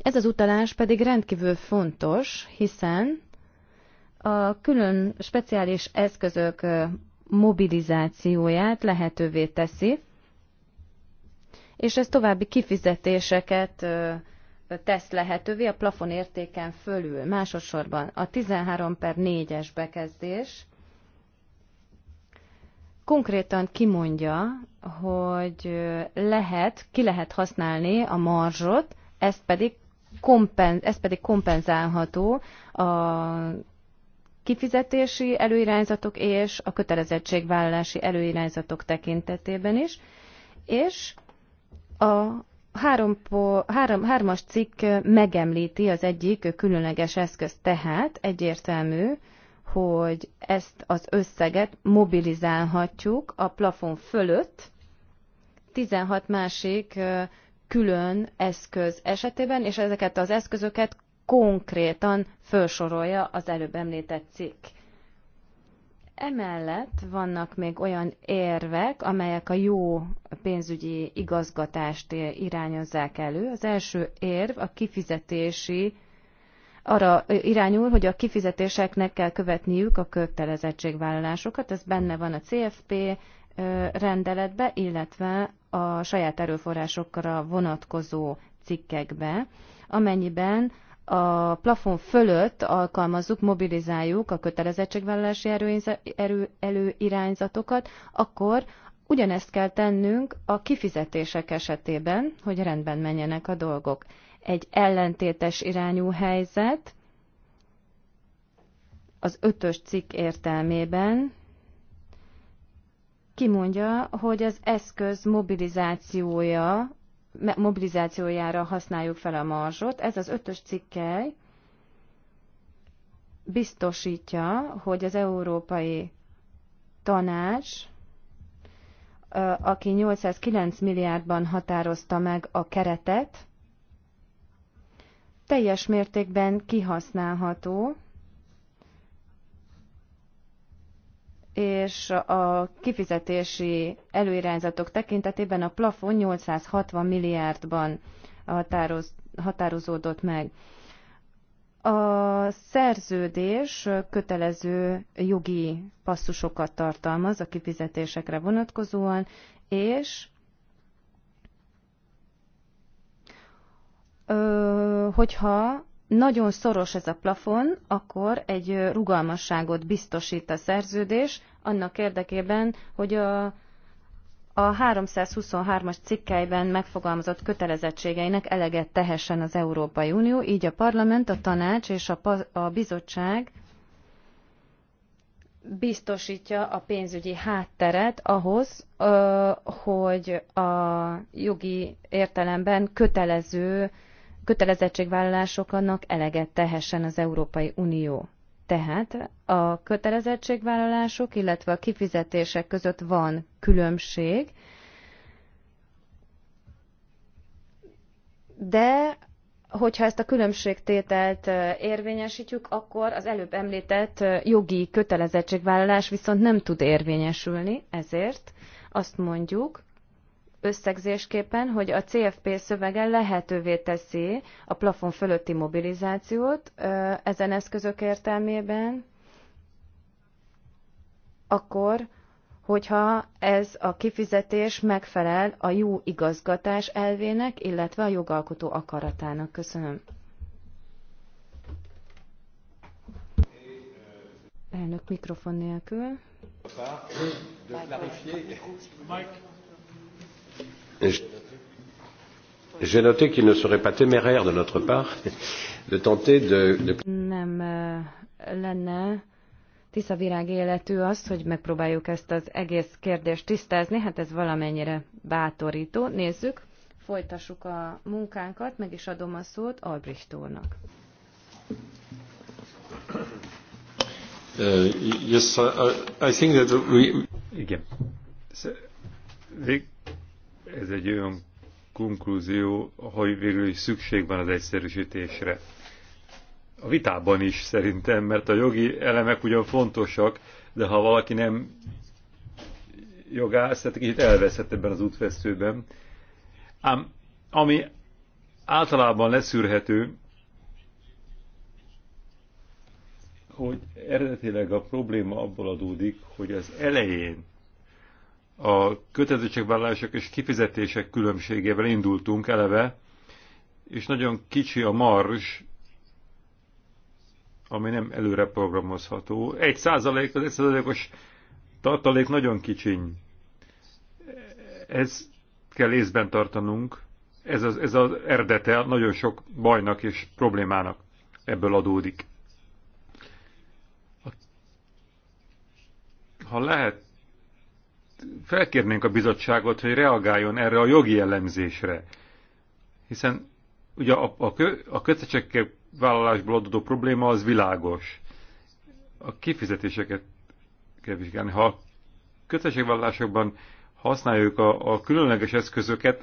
Ez az utalás pedig rendkívül fontos, hiszen a külön speciális eszközök mobilizációját lehetővé teszi, és ez további kifizetéseket tesz lehetővé a plafon értéken fölül. Másosorban a 13 per 4-es bekezdés konkrétan kimondja, hogy lehet, ki lehet használni a marzsot, ezt pedig, kompen, ez pedig kompenzálható a kifizetési előirányzatok és a kötelezettségvállalási előirányzatok tekintetében is, és a három, három, hármas cikk megemlíti az egyik különleges eszköz, tehát egyértelmű, hogy ezt az összeget mobilizálhatjuk a plafon fölött 16 másik külön eszköz esetében, és ezeket az eszközöket konkrétan felsorolja az előbb említett cikk. Emellett vannak még olyan érvek, amelyek a jó pénzügyi igazgatást irányozzák elő. Az első érv a kifizetési arra irányul, hogy a kifizetéseknek kell követniük a kötelezettségvállalásokat. Ez benne van a CFP rendeletbe, illetve a saját erőforrásokra vonatkozó cikkekbe, amennyiben a plafon fölött alkalmazzuk, mobilizáljuk a kötelezettségvállalási erő, erő, előirányzatokat, akkor ugyanezt kell tennünk a kifizetések esetében, hogy rendben menjenek a dolgok. Egy ellentétes irányú helyzet az ötös cikk értelmében kimondja, hogy az eszköz mobilizációja mobilizációjára használjuk fel a marzsot. Ez az ötös cikkely biztosítja, hogy az Európai Tanács, aki 809 milliárdban határozta meg a keretet, teljes mértékben kihasználható, és a kifizetési előirányzatok tekintetében a plafon 860 milliárdban határoz, határozódott meg. A szerződés kötelező jogi passzusokat tartalmaz a kifizetésekre vonatkozóan, és hogyha nagyon szoros ez a plafon, akkor egy rugalmasságot biztosít a szerződés annak érdekében, hogy a, a 323-as cikkelyben megfogalmazott kötelezettségeinek eleget tehessen az Európai Unió, így a parlament, a tanács és a, a bizottság biztosítja a pénzügyi hátteret ahhoz, hogy a jogi értelemben kötelező kötelezettségvállalásoknak eleget tehessen az Európai Unió. Tehát a kötelezettségvállalások, illetve a kifizetések között van különbség, de hogyha ezt a különbségtételt érvényesítjük, akkor az előbb említett jogi kötelezettségvállalás viszont nem tud érvényesülni, ezért azt mondjuk, összegzésképpen, hogy a CFP szövege lehetővé teszi a plafon fölötti mobilizációt ezen eszközök értelmében, akkor, hogyha ez a kifizetés megfelel a jó igazgatás elvének, illetve a jogalkotó akaratának. Köszönöm. Elnök mikrofon nélkül. Mike.
J'ai noté qu'il ne serait pas téméraire de notre part de tenter de... de...
Nem eh, lenne tisza virág életű az, hogy megpróbáljuk ezt az egész kérdést tisztázni, hát ez valamennyire bátorító. Nézzük, folytassuk a munkánkat, meg is adom a szót Albrecht úrnak.
Uh, yes, uh, I think that we...
Igen. Vég, ez egy olyan konklúzió, hogy végül is szükség van az egyszerűsítésre. A vitában is szerintem, mert a jogi elemek ugyan fontosak, de ha valaki nem jogász, tehát kicsit elveszett ebben az útvesztőben. Ám ami általában leszűrhető, hogy eredetileg a probléma abból adódik, hogy az elején a kötelezettségvállalások és kifizetések különbségével indultunk eleve, és nagyon kicsi a marzs, ami nem előre programozható. Egy százalék, az egy százalékos tartalék nagyon kicsiny. Ez kell észben tartanunk, ez az, ez az erdete nagyon sok bajnak és problémának ebből adódik. Ha lehet, felkérnénk a bizottságot, hogy reagáljon erre a jogi jellemzésre, Hiszen ugye a, a, kö, a kötecsekkel vállalásból adódó probléma az világos. A kifizetéseket kell vizsgálni. Ha a kötecsekvállalásokban használjuk a, a különleges eszközöket,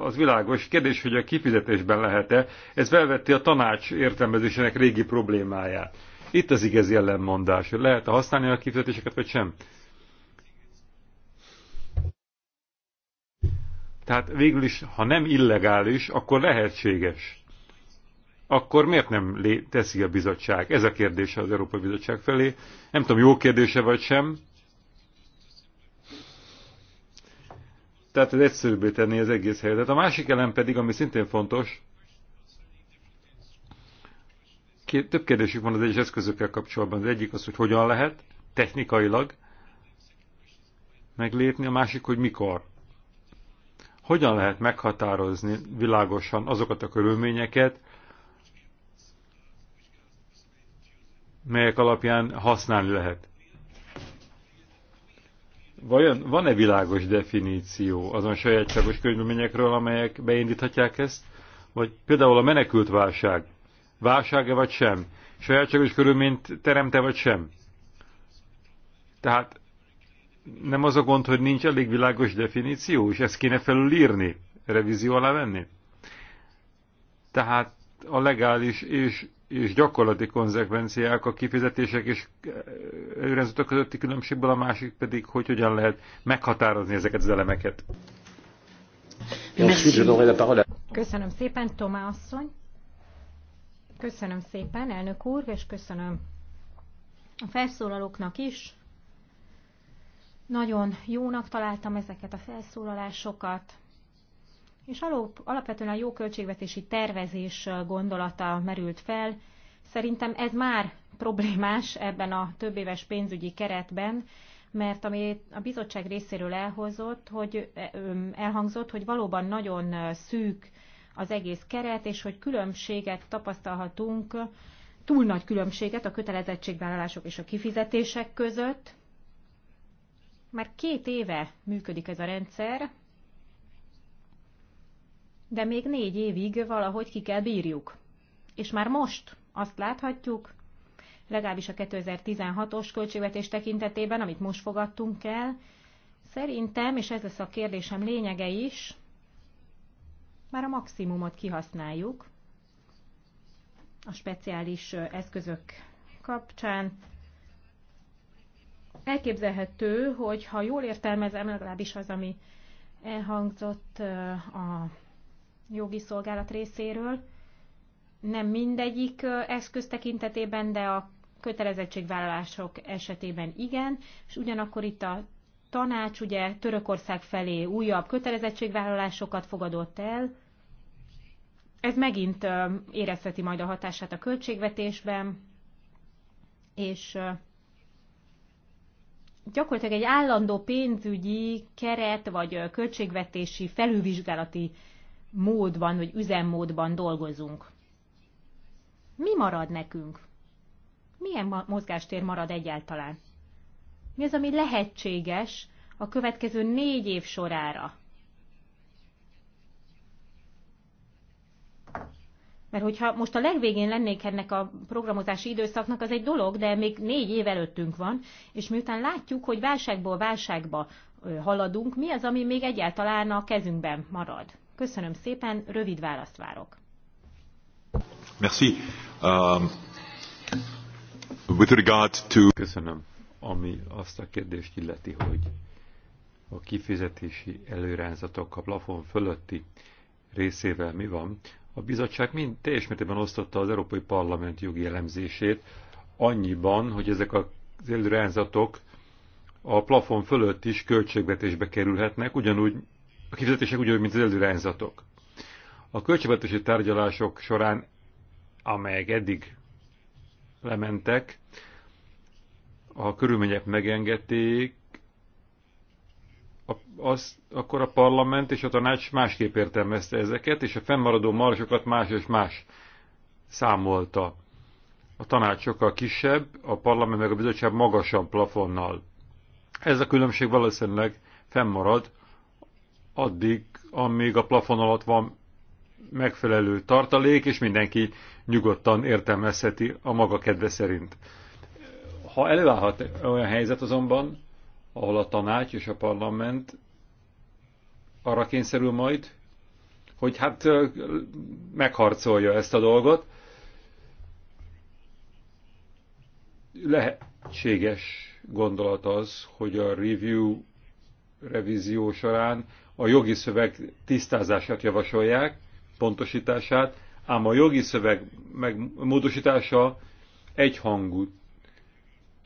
az világos kérdés, hogy a kifizetésben lehet-e. Ez felvetti a tanács értelmezésének régi problémáját. Itt az igazi ellenmondás, hogy lehet-e használni a kifizetéseket, vagy sem. Tehát végül is, ha nem illegális, akkor lehetséges. Akkor miért nem teszi a bizottság? Ez a kérdése az Európai Bizottság felé. Nem tudom, jó kérdése vagy sem. Tehát ez egyszerűbbé tenni az egész helyzetet. A másik elem pedig, ami szintén fontos, több kérdésük van az egyes eszközökkel kapcsolatban. Az egyik az, hogy hogyan lehet technikailag meglépni, a másik, hogy mikor hogyan lehet meghatározni világosan azokat a körülményeket, melyek alapján használni lehet. Vajon van-e világos definíció azon sajátságos körülményekről, amelyek beindíthatják ezt? Vagy például a menekült válság, válság-e vagy sem? Sajátságos körülményt teremte vagy sem? Tehát nem az a gond, hogy nincs elég világos definíció, és ezt kéne felülírni, revízió alá venni? Tehát a legális és, és gyakorlati konzekvenciák a kifizetések és eh, előrendezetek közötti különbségből, a másik pedig, hogy hogyan lehet meghatározni ezeket az elemeket.
Köszönöm szépen, Tomá asszony. Köszönöm szépen, elnök úr, és köszönöm a felszólalóknak is. Nagyon jónak találtam ezeket a felszólalásokat, és alapvetően a jó költségvetési tervezés gondolata merült fel. Szerintem ez már problémás ebben a többéves pénzügyi keretben, mert ami a bizottság részéről elhozott, hogy elhangzott, hogy valóban nagyon szűk az egész keret, és hogy különbséget tapasztalhatunk, túl nagy különbséget a kötelezettségvállalások és a kifizetések között, már két éve működik ez a rendszer, de még négy évig valahogy ki kell bírjuk. És már most azt láthatjuk, legalábbis a 2016-os költségvetés tekintetében, amit most fogadtunk el, szerintem, és ez lesz a kérdésem lényege is, már a maximumot kihasználjuk a speciális eszközök kapcsán, elképzelhető, hogy ha jól értelmezem, legalábbis az, ami elhangzott a jogi szolgálat részéről, nem mindegyik eszköz tekintetében, de a kötelezettségvállalások esetében igen, és ugyanakkor itt a tanács ugye Törökország felé újabb kötelezettségvállalásokat fogadott el, ez megint érezheti majd a hatását a költségvetésben, és gyakorlatilag egy állandó pénzügyi keret vagy költségvetési felülvizsgálati módban vagy üzemmódban dolgozunk. Mi marad nekünk? Milyen mozgástér marad egyáltalán? Mi az, ami lehetséges a következő négy év sorára? Mert hogyha most a legvégén lennék ennek a programozási időszaknak, az egy dolog, de még négy év előttünk van, és miután látjuk, hogy válságból válságba haladunk, mi az, ami még egyáltalán a kezünkben marad? Köszönöm szépen, rövid választ várok.
Merci. Um,
with regard to...
Köszönöm, ami azt a kérdést illeti, hogy a kifizetési előrányzatok a plafon fölötti részével mi van a bizottság mind teljes mértékben osztotta az Európai Parlament jogi elemzését, annyiban, hogy ezek az előrehányzatok a plafon fölött is költségvetésbe kerülhetnek, ugyanúgy a kifizetések ugyanúgy, mint az előrehányzatok. A költségvetési tárgyalások során, amelyek eddig lementek, a körülmények megengedték, az, akkor a parlament és a tanács másképp értelmezte ezeket, és a fennmaradó marsokat más és más számolta. A tanács sokkal kisebb, a parlament meg a bizottság magasabb plafonnal. Ez a különbség valószínűleg fennmarad addig, amíg a plafon alatt van megfelelő tartalék, és mindenki nyugodtan értelmezheti a maga kedve szerint. Ha előállhat olyan helyzet azonban, ahol a tanács és a parlament arra kényszerül majd, hogy hát megharcolja ezt a dolgot. Lehetséges gondolat az, hogy a review revízió során a jogi szöveg tisztázását javasolják, pontosítását, ám a jogi szöveg megmódosítása egyhangú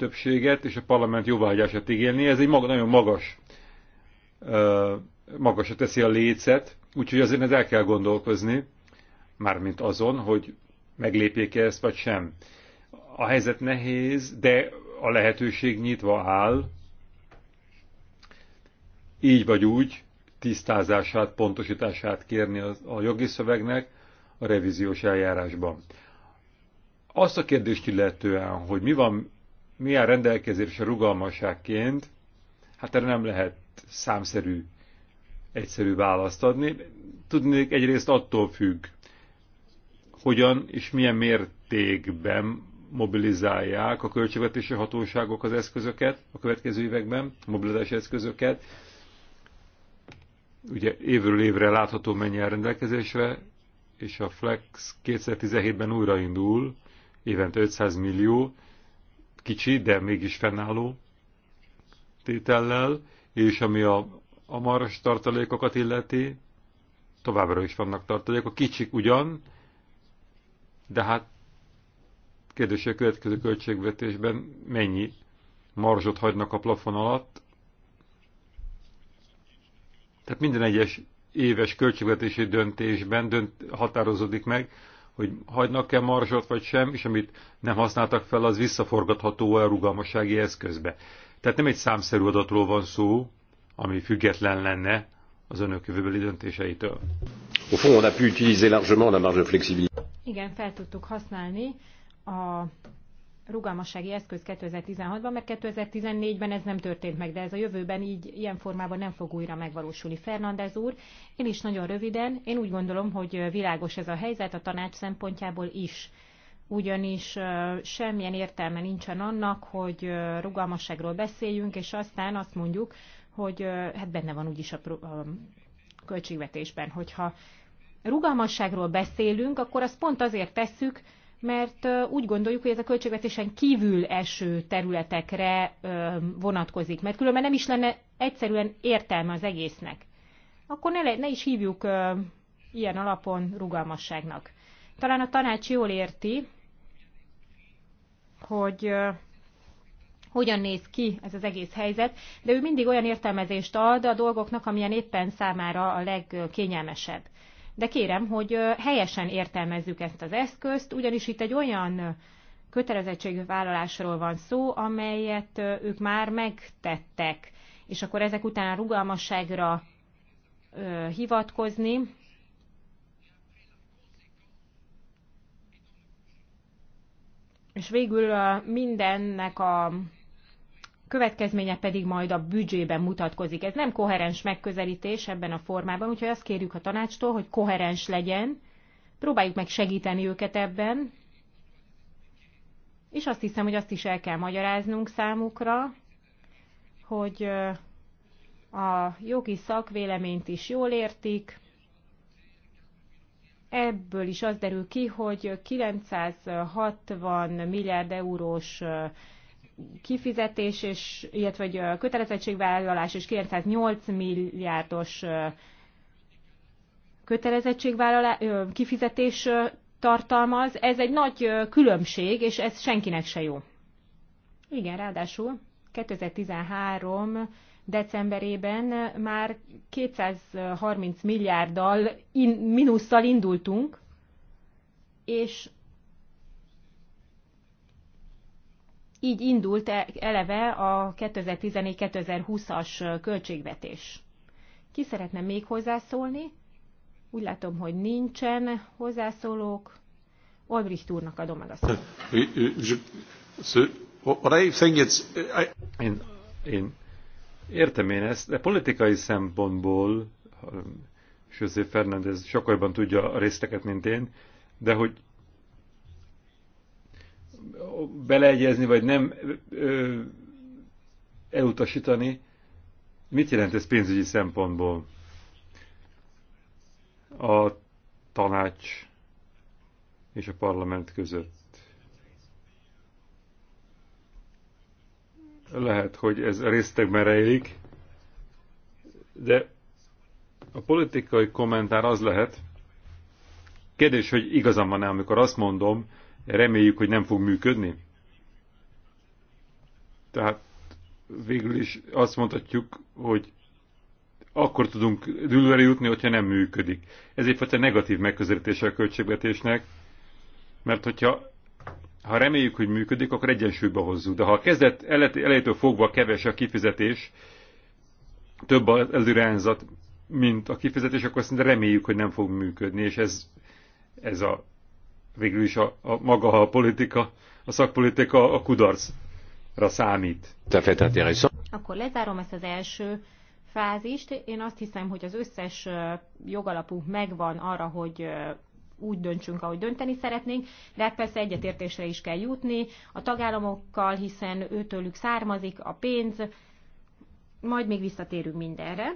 többséget és a parlament jóváhagyását igényli. Ez egy maga, nagyon magas, magasra teszi a lécet, úgyhogy azért ez el kell gondolkozni, mármint azon, hogy meglépjék-e ezt vagy sem. A helyzet nehéz, de a lehetőség nyitva áll, így vagy úgy tisztázását, pontosítását kérni a jogi szövegnek a revíziós eljárásban. Azt a kérdést illetően, hogy mi van mi a rendelkezésre rugalmasságként, hát erre nem lehet számszerű, egyszerű választ adni. Tudnék egyrészt attól függ, hogyan és milyen mértékben mobilizálják a költségvetési hatóságok az eszközöket a következő években, a mobilizási eszközöket. Ugye évről évre látható mennyi a rendelkezésre, és a Flex 2017-ben újraindul, évente 500 millió, kicsi, de mégis fennálló tétellel, és ami a, a maras tartalékokat illeti, továbbra is vannak tartalékok, kicsik ugyan, de hát kérdés, a következő költségvetésben mennyi marzsot hagynak a plafon alatt. Tehát minden egyes éves költségvetési döntésben dönt, határozódik meg, hogy hagynak-e marzsot vagy sem, és amit nem használtak fel, az visszaforgatható a rugalmassági eszközbe. Tehát nem egy számszerű adatról van szó, ami független lenne az önök jövőbeli döntéseitől.
Au fond, on a pu utiliser largement la marge de flexibilité.
Igen, fel tudtuk használni a rugalmassági eszköz 2016-ban, mert 2014-ben ez nem történt meg, de ez a jövőben így ilyen formában nem fog újra megvalósulni. Fernandez úr, én is nagyon röviden, én úgy gondolom, hogy világos ez a helyzet a tanács szempontjából is ugyanis semmilyen értelme nincsen annak, hogy rugalmasságról beszéljünk, és aztán azt mondjuk, hogy hát benne van úgyis a költségvetésben, hogyha rugalmasságról beszélünk, akkor azt pont azért tesszük, mert úgy gondoljuk, hogy ez a költségvetésen kívül eső területekre vonatkozik, mert különben nem is lenne egyszerűen értelme az egésznek. Akkor ne, ne is hívjuk ilyen alapon rugalmasságnak. Talán a tanács jól érti, hogy hogyan néz ki ez az egész helyzet, de ő mindig olyan értelmezést ad a dolgoknak, amilyen éppen számára a legkényelmesebb de kérem, hogy helyesen értelmezzük ezt az eszközt, ugyanis itt egy olyan kötelezettségvállalásról van szó, amelyet ők már megtettek, és akkor ezek után rugalmasságra hivatkozni, és végül mindennek a következménye pedig majd a büdzsében mutatkozik. Ez nem koherens megközelítés ebben a formában, úgyhogy azt kérjük a tanácstól, hogy koherens legyen, próbáljuk meg segíteni őket ebben, és azt hiszem, hogy azt is el kell magyaráznunk számukra, hogy a jogi szakvéleményt is jól értik. Ebből is az derül ki, hogy 960 milliárd eurós kifizetés, és, illetve hogy kötelezettségvállalás és 908 milliárdos kötelezettségvállalás, kifizetés tartalmaz. Ez egy nagy különbség, és ez senkinek se jó. Igen, ráadásul 2013 decemberében már 230 milliárddal in, minusszal indultunk, és így indult e- eleve a 2014-2020-as költségvetés. Ki szeretne még hozzászólni? Úgy látom, hogy nincsen hozzászólók. Olbricht úrnak adom meg a szót.
Én, én értem én ezt, de politikai szempontból hm, José Fernández sokkal jobban tudja a részteket, mint én, de hogy beleegyezni, vagy nem ö, elutasítani. Mit jelent ez pénzügyi szempontból? A tanács és a parlament között.
Lehet, hogy ez
résztek merejlik, de a politikai kommentár az lehet, kérdés, hogy igazam van-e, amikor azt mondom, reméljük, hogy nem fog működni. Tehát végül is azt mondhatjuk, hogy akkor tudunk dülőre jutni, hogyha nem működik. Ez egyfajta negatív megközelítése a költségvetésnek, mert hogyha ha reméljük, hogy működik, akkor egyensúlyba hozzuk. De ha a kezdet elejétől fogva keves a kifizetés, több az előrehányzat, mint a kifizetés, akkor szinte reméljük, hogy nem fog működni, és ez, ez a végül is a, a maga a politika, a szakpolitika a kudarcra számít.
Akkor lezárom ezt az első fázist. Én azt hiszem, hogy az összes jogalapunk megvan arra, hogy úgy döntsünk, ahogy dönteni szeretnénk, de hát persze egyetértésre is kell jutni a tagállamokkal, hiszen őtőlük származik a pénz, majd még visszatérünk mindenre.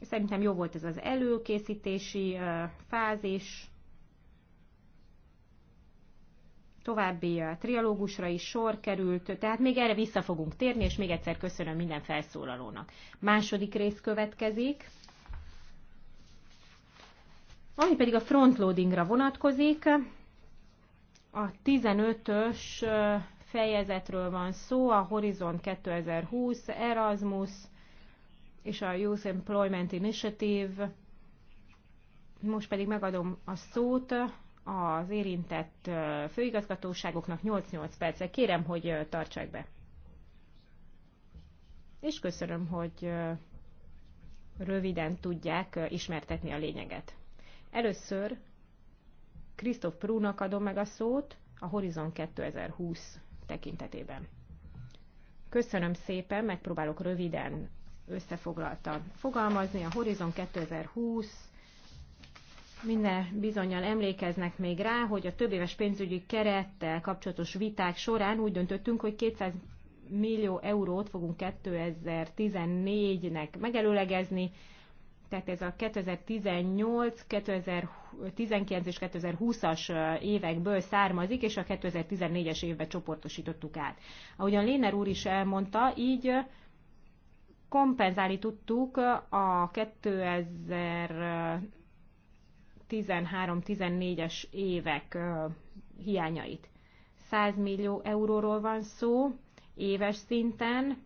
Szerintem jó volt ez az előkészítési fázis, további trialógusra is sor került, tehát még erre vissza fogunk térni, és még egyszer köszönöm minden felszólalónak. Második rész következik, ami pedig a frontloadingra vonatkozik. A 15-ös fejezetről van szó, a Horizon 2020, Erasmus és a Youth Employment Initiative. Most pedig megadom a szót az érintett főigazgatóságoknak 8-8 percre. Kérem, hogy tartsák be. És köszönöm, hogy röviden tudják ismertetni a lényeget. Először Krisztóf Prúnak adom meg a szót a Horizon 2020 tekintetében. Köszönöm szépen, megpróbálok röviden összefoglaltan fogalmazni. A Horizon 2020 minden bizonyal emlékeznek még rá, hogy a éves pénzügyi kerettel kapcsolatos viták során úgy döntöttünk, hogy 200 millió eurót fogunk 2014-nek megelőlegezni, tehát ez a 2018, 2019 és 2020-as évekből származik, és a 2014-es évbe csoportosítottuk át. Ahogyan Léner úr is elmondta, így kompenzálni tudtuk a 2000 13-14-es évek hiányait. 100 millió euróról van szó éves szinten.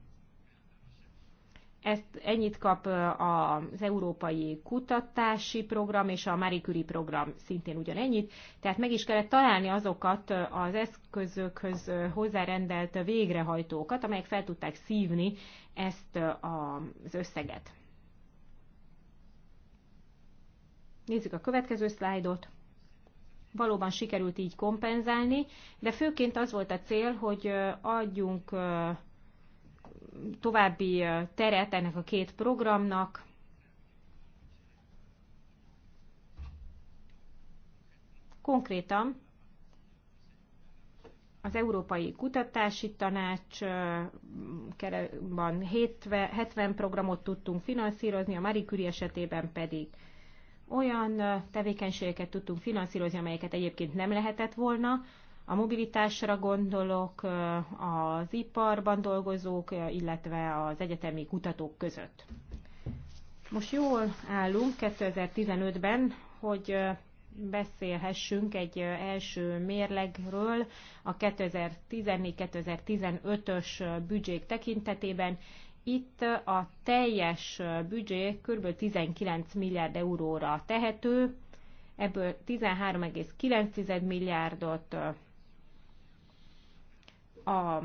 Ezt ennyit kap az Európai Kutatási Program és a Marie Curie program szintén ugyanennyit, tehát meg is kellett találni azokat az eszközökhöz hozzárendelt végrehajtókat, amelyek fel tudták szívni ezt az összeget. Nézzük a következő szlájdot. Valóban sikerült így kompenzálni, de főként az volt a cél, hogy adjunk további teret ennek a két programnak, Konkrétan az Európai Kutatási Tanács van 70 programot tudtunk finanszírozni, a Marie Curie esetében pedig olyan tevékenységeket tudtunk finanszírozni, amelyeket egyébként nem lehetett volna. A mobilitásra gondolok, az iparban dolgozók, illetve az egyetemi kutatók között. Most jól állunk 2015-ben, hogy beszélhessünk egy első mérlegről a 2014-2015-ös büdzsék tekintetében, itt a teljes büdzsé kb. 19 milliárd euróra tehető, ebből 13,9 milliárdot a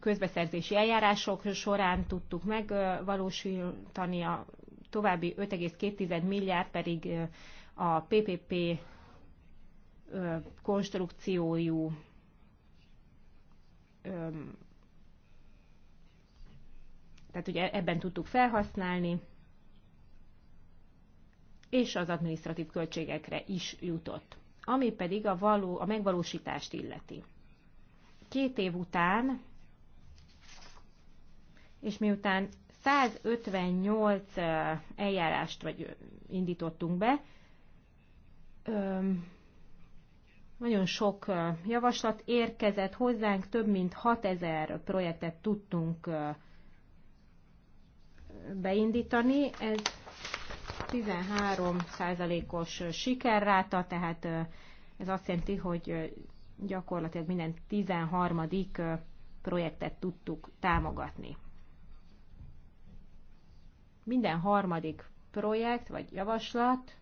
közbeszerzési eljárások során tudtuk megvalósítani, a további 5,2 milliárd pedig a PPP konstrukciójú tehát ugye ebben tudtuk felhasználni, és az administratív költségekre is jutott. Ami pedig a, való, a megvalósítást illeti. Két év után, és miután 158 eljárást vagy indítottunk be, nagyon sok javaslat érkezett hozzánk, több mint 6000 projektet tudtunk beindítani. Ez 13%-os sikerráta, tehát ez azt jelenti, hogy gyakorlatilag minden 13. projektet tudtuk támogatni. Minden harmadik projekt vagy javaslat,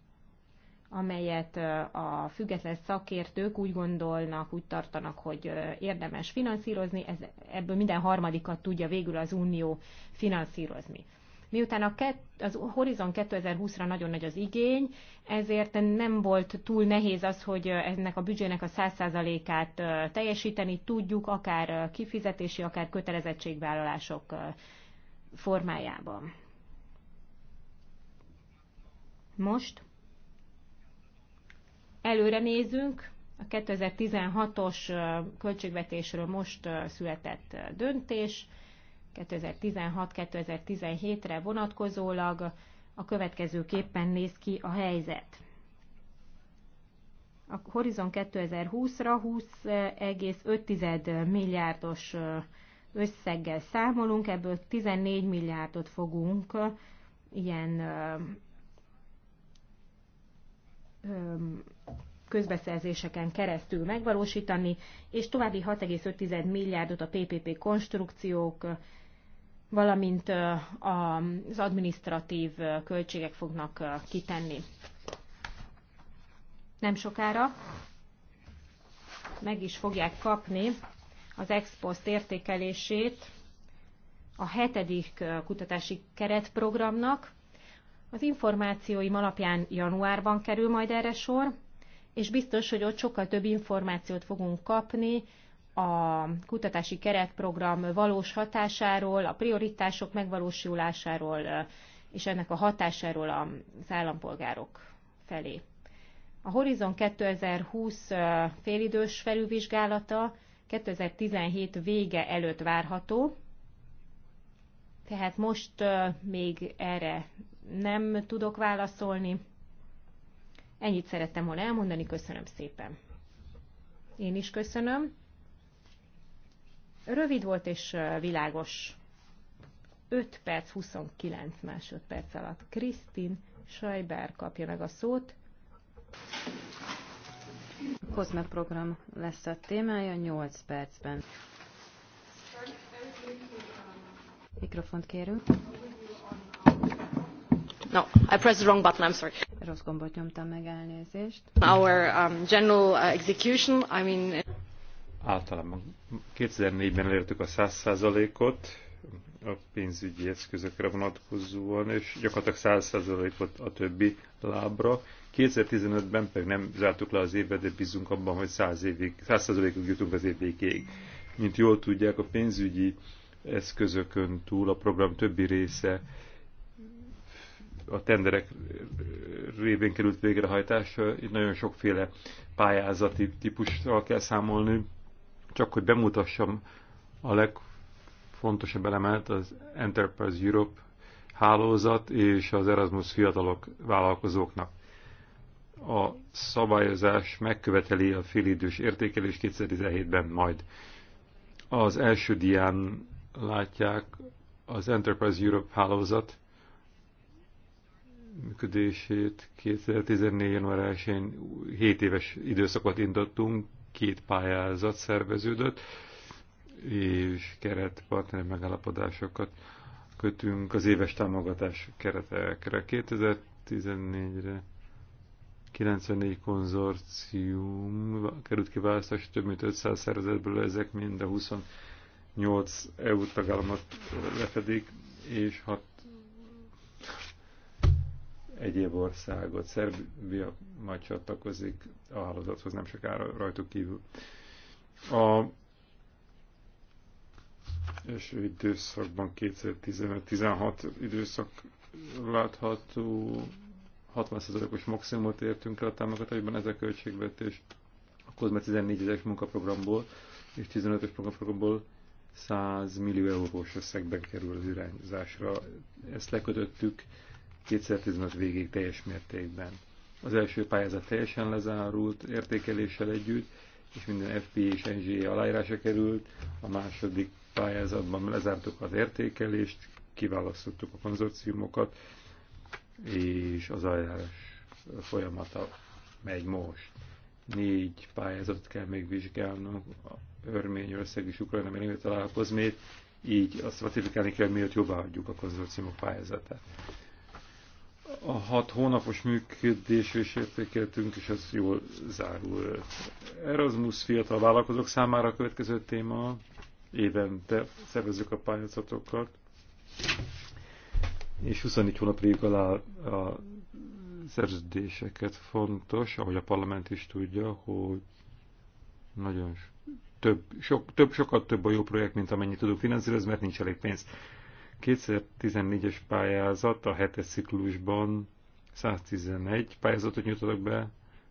amelyet a független szakértők úgy gondolnak, úgy tartanak, hogy érdemes finanszírozni, ez, ebből minden harmadikat tudja végül az Unió finanszírozni. Miután a kett, az Horizon 2020-ra nagyon nagy az igény, ezért nem volt túl nehéz az, hogy ennek a büdzsének a 100%-át teljesíteni tudjuk, akár kifizetési, akár kötelezettségvállalások formájában. Most előre nézünk, a 2016-os költségvetésről most született döntés, 2016-2017-re vonatkozólag a következőképpen néz ki a helyzet. A Horizon 2020-ra 20,5 milliárdos összeggel számolunk, ebből 14 milliárdot fogunk ilyen közbeszerzéseken keresztül megvalósítani, és további 6,5 milliárdot a PPP konstrukciók valamint az administratív költségek fognak kitenni. Nem sokára meg is fogják kapni az Expost értékelését a hetedik kutatási keretprogramnak. Az információim alapján januárban kerül majd erre sor, és biztos, hogy ott sokkal több információt fogunk kapni, a kutatási keretprogram valós hatásáról, a prioritások megvalósulásáról és ennek a hatásáról az állampolgárok felé. A Horizon 2020 félidős felülvizsgálata 2017 vége előtt várható, tehát most még erre nem tudok válaszolni. Ennyit szerettem volna elmondani, köszönöm szépen. Én is köszönöm. Rövid volt és világos. 5 perc 29
másodperc alatt Krisztin Sajber kapja meg a szót. Kozme program lesz a témája 8 percben. Mikrofont kérünk. No, I pressed the wrong button, I'm sorry. Rossz gombot nyomtam meg, elnézést. Our um, general uh, execution, I mean...
Általában 2004-ben elértük a 100%-ot a pénzügyi eszközökre vonatkozóan, és gyakorlatilag 100%-ot a többi lábra. 2015-ben pedig nem zártuk le az évet, de bízunk abban, hogy 100 évig, 100%-ig jutunk az év végéig. Mint jól tudják, a pénzügyi eszközökön túl a program többi része a tenderek révén került végrehajtásra. Itt nagyon sokféle pályázati típussal kell számolni, csak hogy bemutassam a legfontosabb elemet, az Enterprise Europe hálózat és az Erasmus fiatalok vállalkozóknak. A szabályozás megköveteli a félidős értékelés 2017-ben majd. Az első dián látják az Enterprise Europe hálózat működését 2014. január 1-én 7 éves időszakot indottunk, két pályázat szerveződött, és keretpartner megállapodásokat kötünk az éves támogatás keretekre. 2014-re 94 konzorcium került ki választás, több mint 500 szervezetből ezek mind a 28 EU tagállamot lefedik, és 6 egyéb országot. Szerbia majd csatlakozik a hálózathoz nem sokára rajtuk kívül. A és időszakban 2015-16 időszak látható 60%-os maximumot értünk el a támogatásban, ez a költségvetés a COSME 14-es munkaprogramból és 15 es munkaprogramból 100 millió eurós összegben kerül az irányzásra. Ezt lekötöttük 2015 végig teljes mértékben. Az első pályázat teljesen lezárult értékeléssel együtt, és minden FP és NGA aláírása került. A második pályázatban lezártuk az értékelést, kiválasztottuk a konzorciumokat, és az aljárás folyamata megy most. Négy pályázatot kell még vizsgálnunk, összeg is Ukrajna még találkozmét, így azt ratifikálni kell, miért jobbá adjuk a konzorciumok pályázatát a hat hónapos működésre is értékeltünk, és ez jól zárul. Erasmus fiatal vállalkozók számára a következő téma. Évente szervezzük a pályázatokat, és 24 hónapig alá a szerződéseket fontos, ahogy a parlament is tudja, hogy nagyon több, sok, több, sokat több a jó projekt, mint amennyit tudunk finanszírozni, mert nincs elég pénz 2014-es pályázat a hetes ciklusban 111 pályázatot nyújtottak be,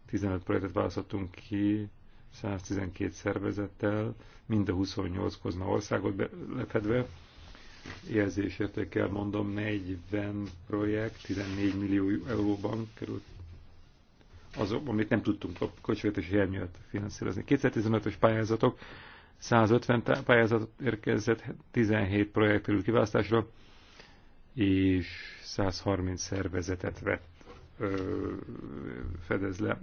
15 projektet választottunk ki 112 szervezettel, mind a 28 kozna országot lefedve. Jelzésértékkel mondom, 40 projekt, 14 millió euróban került azok, amit nem tudtunk a kocsvetési hiány miatt finanszírozni. 2015-ös pályázatok 150 pályázat érkezett 17 projekt körül kiválasztásra, és 130 szervezetet vett, ö, fedez le.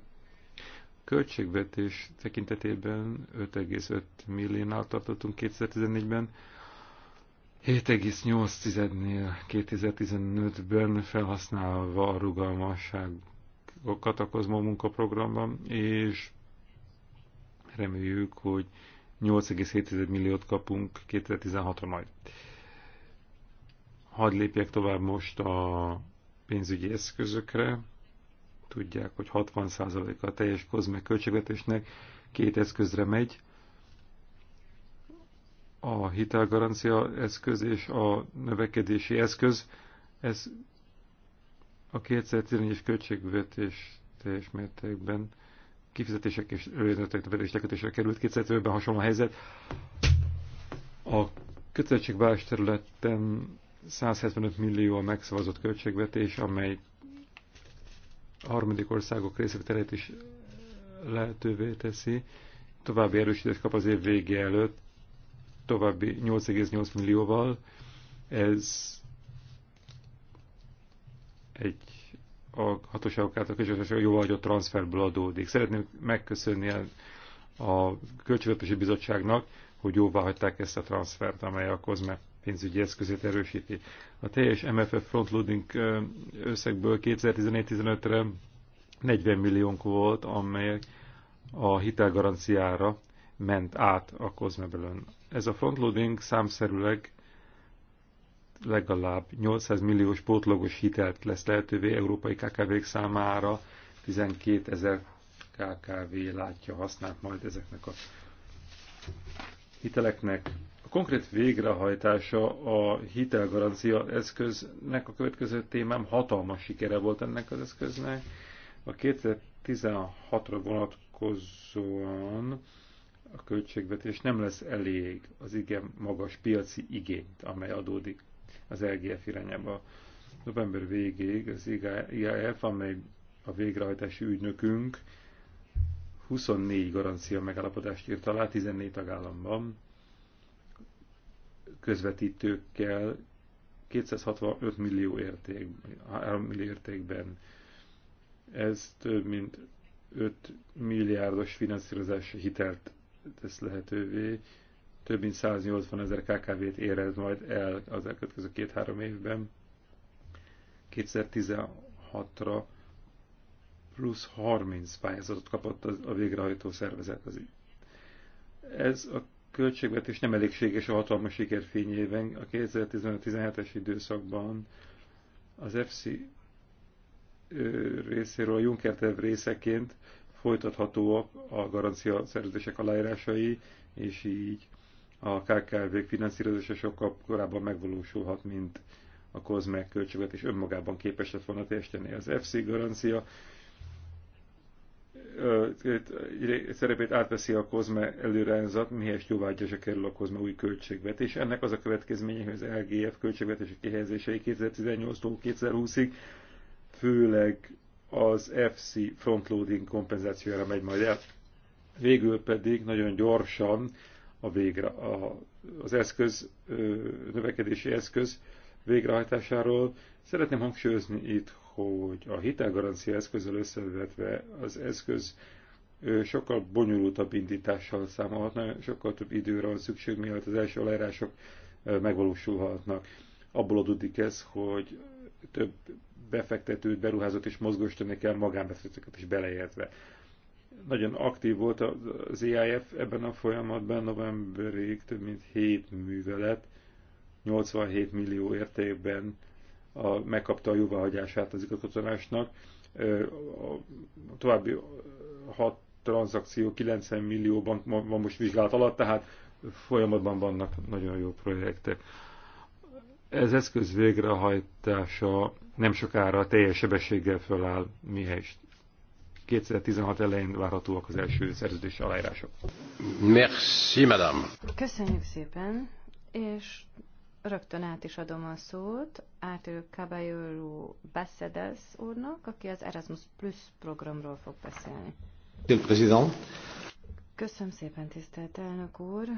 Költségvetés tekintetében 5,5 milliónál tartottunk 2014-ben, 7,8-nél 2015-ben felhasználva a rugalmasságokat a Kozma munkaprogramban, és reméljük, hogy 8,7 milliót kapunk 2016-ra majd. Hadd lépjek tovább most a pénzügyi eszközökre. Tudják, hogy 60%-a a teljes kozme költségvetésnek két eszközre megy. A hitelgarancia eszköz és a növekedési eszköz. Ez a 2014-es költségvetés teljes mértékben kifizetések és előzőtekneveléslekötésre került 2005-ben hasonló helyzet. A kötelezettségvállalás területen 175 millió a megszavazott költségvetés, amely a harmadik országok részvételét is lehetővé teszi. További erősítést kap az év vége előtt, további 8,8 millióval. Ez egy a hatóságok által közösen jóvágyott transferből adódik. Szeretném megköszönni a Költségvetési Bizottságnak, hogy jóvá hagyták ezt a transfert, amely a COSME pénzügyi eszközét erősíti. A teljes MFF frontloading összegből 2014-15-re 40 milliónk volt, amely a hitelgaranciára ment át a COSME-belőn. Ez a frontloading számszerűleg legalább 800 milliós pótlagos hitelt lesz lehetővé európai KKV-k számára, 12 ezer KKV látja használt majd ezeknek a hiteleknek. A konkrét végrehajtása a hitelgarancia eszköznek a következő témám hatalmas sikere volt ennek az eszköznek. A 2016-ra vonatkozóan a költségvetés nem lesz elég az igen magas piaci igényt, amely adódik az LGF irányába. November végéig az IAF, amely a végrehajtási ügynökünk 24 garancia megállapodást írt alá 14 tagállamban közvetítőkkel 265 millió, érték, 3 millió értékben. Ez több mint 5 milliárdos finanszírozási hitelt tesz lehetővé, több mint 180 ezer KKV-t érez majd el az elkövetkező két-három évben. 2016-ra plusz 30 pályázatot kapott a végrehajtó szervezet. Az Ez a költségvetés nem elégséges a hatalmas siker fényében. A 2015-17-es időszakban az FC részéről a Juncker terv részeként folytathatóak a garancia szerződések aláírásai, és így a kkv finanszírozása sokkal korábban megvalósulhat, mint a COSMEC költségvetés önmagában képes lett volna teljesíteni. Az FC garancia szerepét átveszi a COSME előrehányzat, mihelyest jóvágyása kerül a COSME új költségvetés. Ennek az a következménye, hogy az LGF költségvetési kihelyezései 2018-tól 2020-ig főleg az FC frontloading kompenzációra megy majd el. Végül pedig nagyon gyorsan a végre, a, az eszköz, növekedési eszköz végrehajtásáról. Szeretném hangsúlyozni itt, hogy a hitelgarancia eszközzel összevetve az eszköz sokkal bonyolultabb indítással számolhatna, sokkal több időre van szükség, mielőtt az első aláírások megvalósulhatnak. Abból adódik ez, hogy több befektetőt, beruházót és mozgósítani kell, magánbefektetőket is beleértve. Nagyon aktív volt az EIF ebben a folyamatban, novemberig több mint 7 művelet, 87 millió értékben a, megkapta a jóváhagyását az igazgatónásnak. A további 6 tranzakció 90 millióban van most vizsgálat alatt, tehát folyamatban vannak nagyon jó projektek. Ez eszköz végrehajtása nem sokára teljes sebességgel föláll, mihez? 2016 elején várhatóak az első szerződés aláírások. Merci, madame.
Köszönjük szépen, és rögtön át is adom a szót Arthur Caballero Bassedes úrnak, aki az Erasmus Plus programról fog beszélni. Köszönöm szépen, tisztelt elnök úr.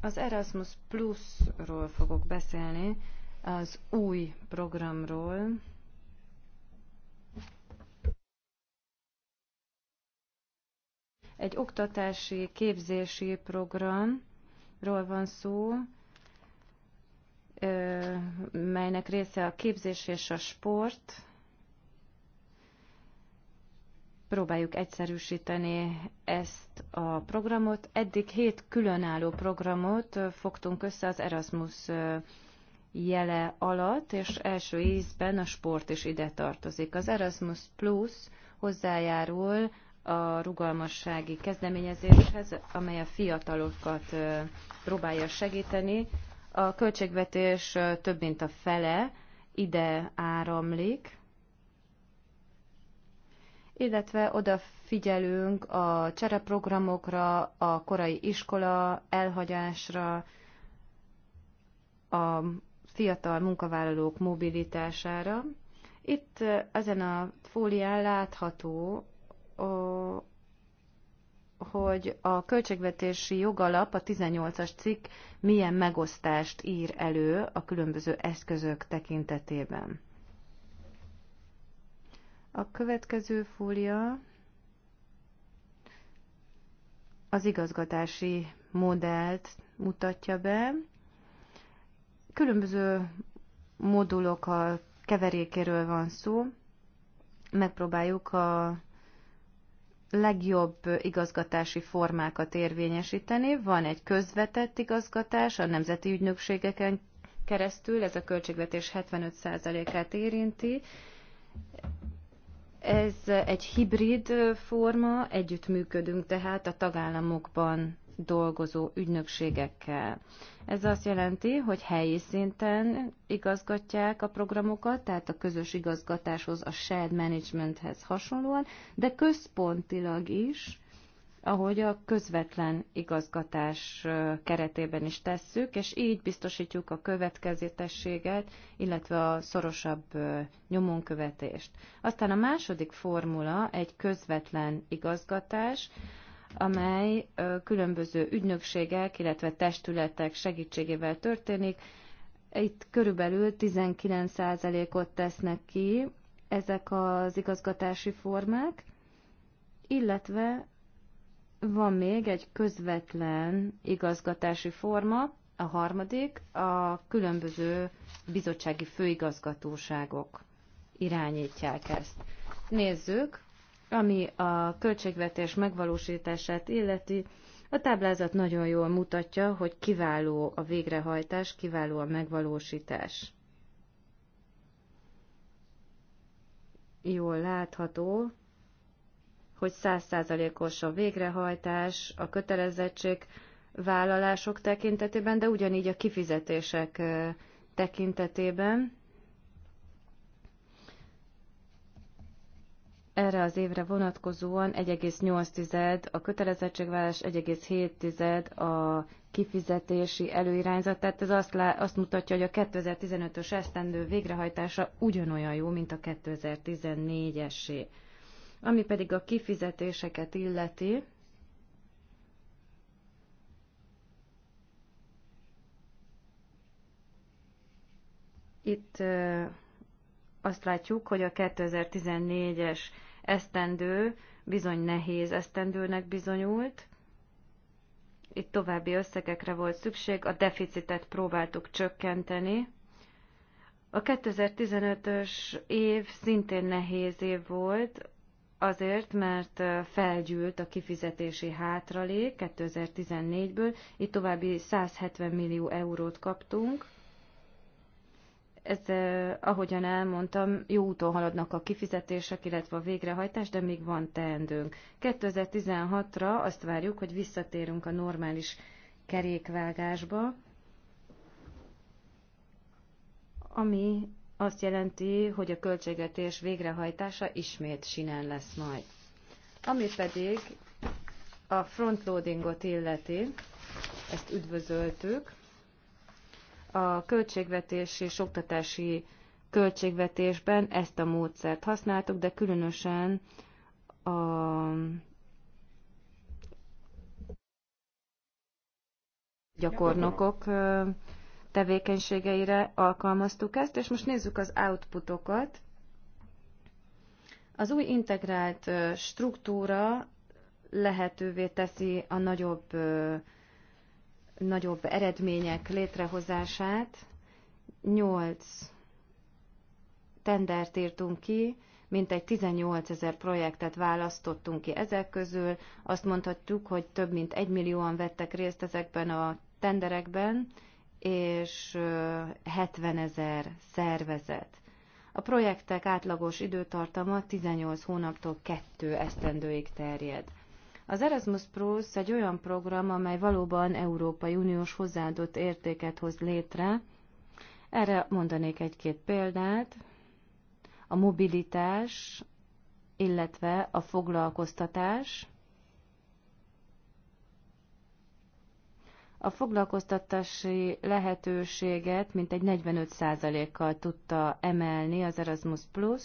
Az Erasmus Plus-ról fogok beszélni, az új programról, Egy oktatási, képzési programról van szó, melynek része a képzés és a sport. Próbáljuk egyszerűsíteni ezt a programot. Eddig hét különálló programot fogtunk össze az Erasmus jele alatt, és első ízben a sport is ide tartozik. Az Erasmus Plus hozzájárul a rugalmassági kezdeményezéshez, amely a fiatalokat próbálja segíteni. A költségvetés több mint a fele ide áramlik, illetve odafigyelünk a csereprogramokra, a korai iskola elhagyásra, a fiatal munkavállalók mobilitására. Itt ezen a fólián látható hogy a költségvetési jogalap, a 18-as cikk milyen megosztást ír elő a különböző eszközök tekintetében. A következő fólia az igazgatási modellt mutatja be. Különböző modulok a keverékéről van szó. Megpróbáljuk a legjobb igazgatási formákat érvényesíteni. Van egy közvetett igazgatás a nemzeti ügynökségeken keresztül, ez a költségvetés 75%-át érinti. Ez egy hibrid forma, együttműködünk tehát a tagállamokban dolgozó ügynökségekkel. Ez azt jelenti, hogy helyi szinten igazgatják a programokat, tehát a közös igazgatáshoz, a shared managementhez hasonlóan, de központilag is, ahogy a közvetlen igazgatás keretében is tesszük, és így biztosítjuk a következetességet, illetve a szorosabb nyomonkövetést. Aztán a második formula egy közvetlen igazgatás, amely különböző ügynökségek, illetve testületek segítségével történik. Itt körülbelül 19%-ot tesznek ki ezek az igazgatási formák, illetve van még egy közvetlen igazgatási forma, a harmadik a különböző bizottsági főigazgatóságok irányítják ezt. Nézzük, ami a költségvetés megvalósítását illeti, a táblázat nagyon jól mutatja, hogy kiváló a végrehajtás, kiváló a megvalósítás. Jól látható, hogy százszázalékos a végrehajtás, a kötelezettség vállalások tekintetében, de ugyanígy a kifizetések tekintetében. erre az évre vonatkozóan 1,8 a kötelezettségvállás, 1,7 a kifizetési előirányzat. Tehát ez azt, lá, azt mutatja, hogy a 2015-ös esztendő végrehajtása ugyanolyan jó, mint a 2014-esé. Ami pedig a kifizetéseket illeti, itt azt látjuk, hogy a 2014-es esztendő bizony nehéz esztendőnek bizonyult. Itt további összegekre volt szükség, a deficitet próbáltuk csökkenteni. A 2015-ös év szintén nehéz év volt, azért, mert felgyűlt a kifizetési hátralék 2014-ből, itt további 170 millió eurót kaptunk. Ez, ahogyan elmondtam, jó úton haladnak a kifizetések, illetve a végrehajtás, de még van teendőnk. 2016-ra azt várjuk, hogy visszatérünk a normális kerékvágásba, ami azt jelenti, hogy a költségvetés végrehajtása ismét sinen lesz majd. Ami pedig a frontloadingot illeti, ezt üdvözöltük, a költségvetési és oktatási költségvetésben ezt a módszert használtuk, de különösen a gyakornokok tevékenységeire alkalmaztuk ezt, és most nézzük az outputokat. Az új integrált struktúra lehetővé teszi a nagyobb nagyobb eredmények létrehozását. Nyolc tendert írtunk ki, mintegy 18 ezer projektet választottunk ki ezek közül. Azt mondhatjuk, hogy több mint egy millióan vettek részt ezekben a tenderekben, és 70 ezer szervezet. A projektek átlagos időtartama 18 hónaptól 2 esztendőig terjed. Az Erasmus Plus egy olyan program, amely valóban Európai Uniós hozzáadott értéket hoz létre. Erre mondanék egy-két példát. A mobilitás, illetve a foglalkoztatás. A foglalkoztatási lehetőséget mintegy 45%-kal tudta emelni az Erasmus Plus,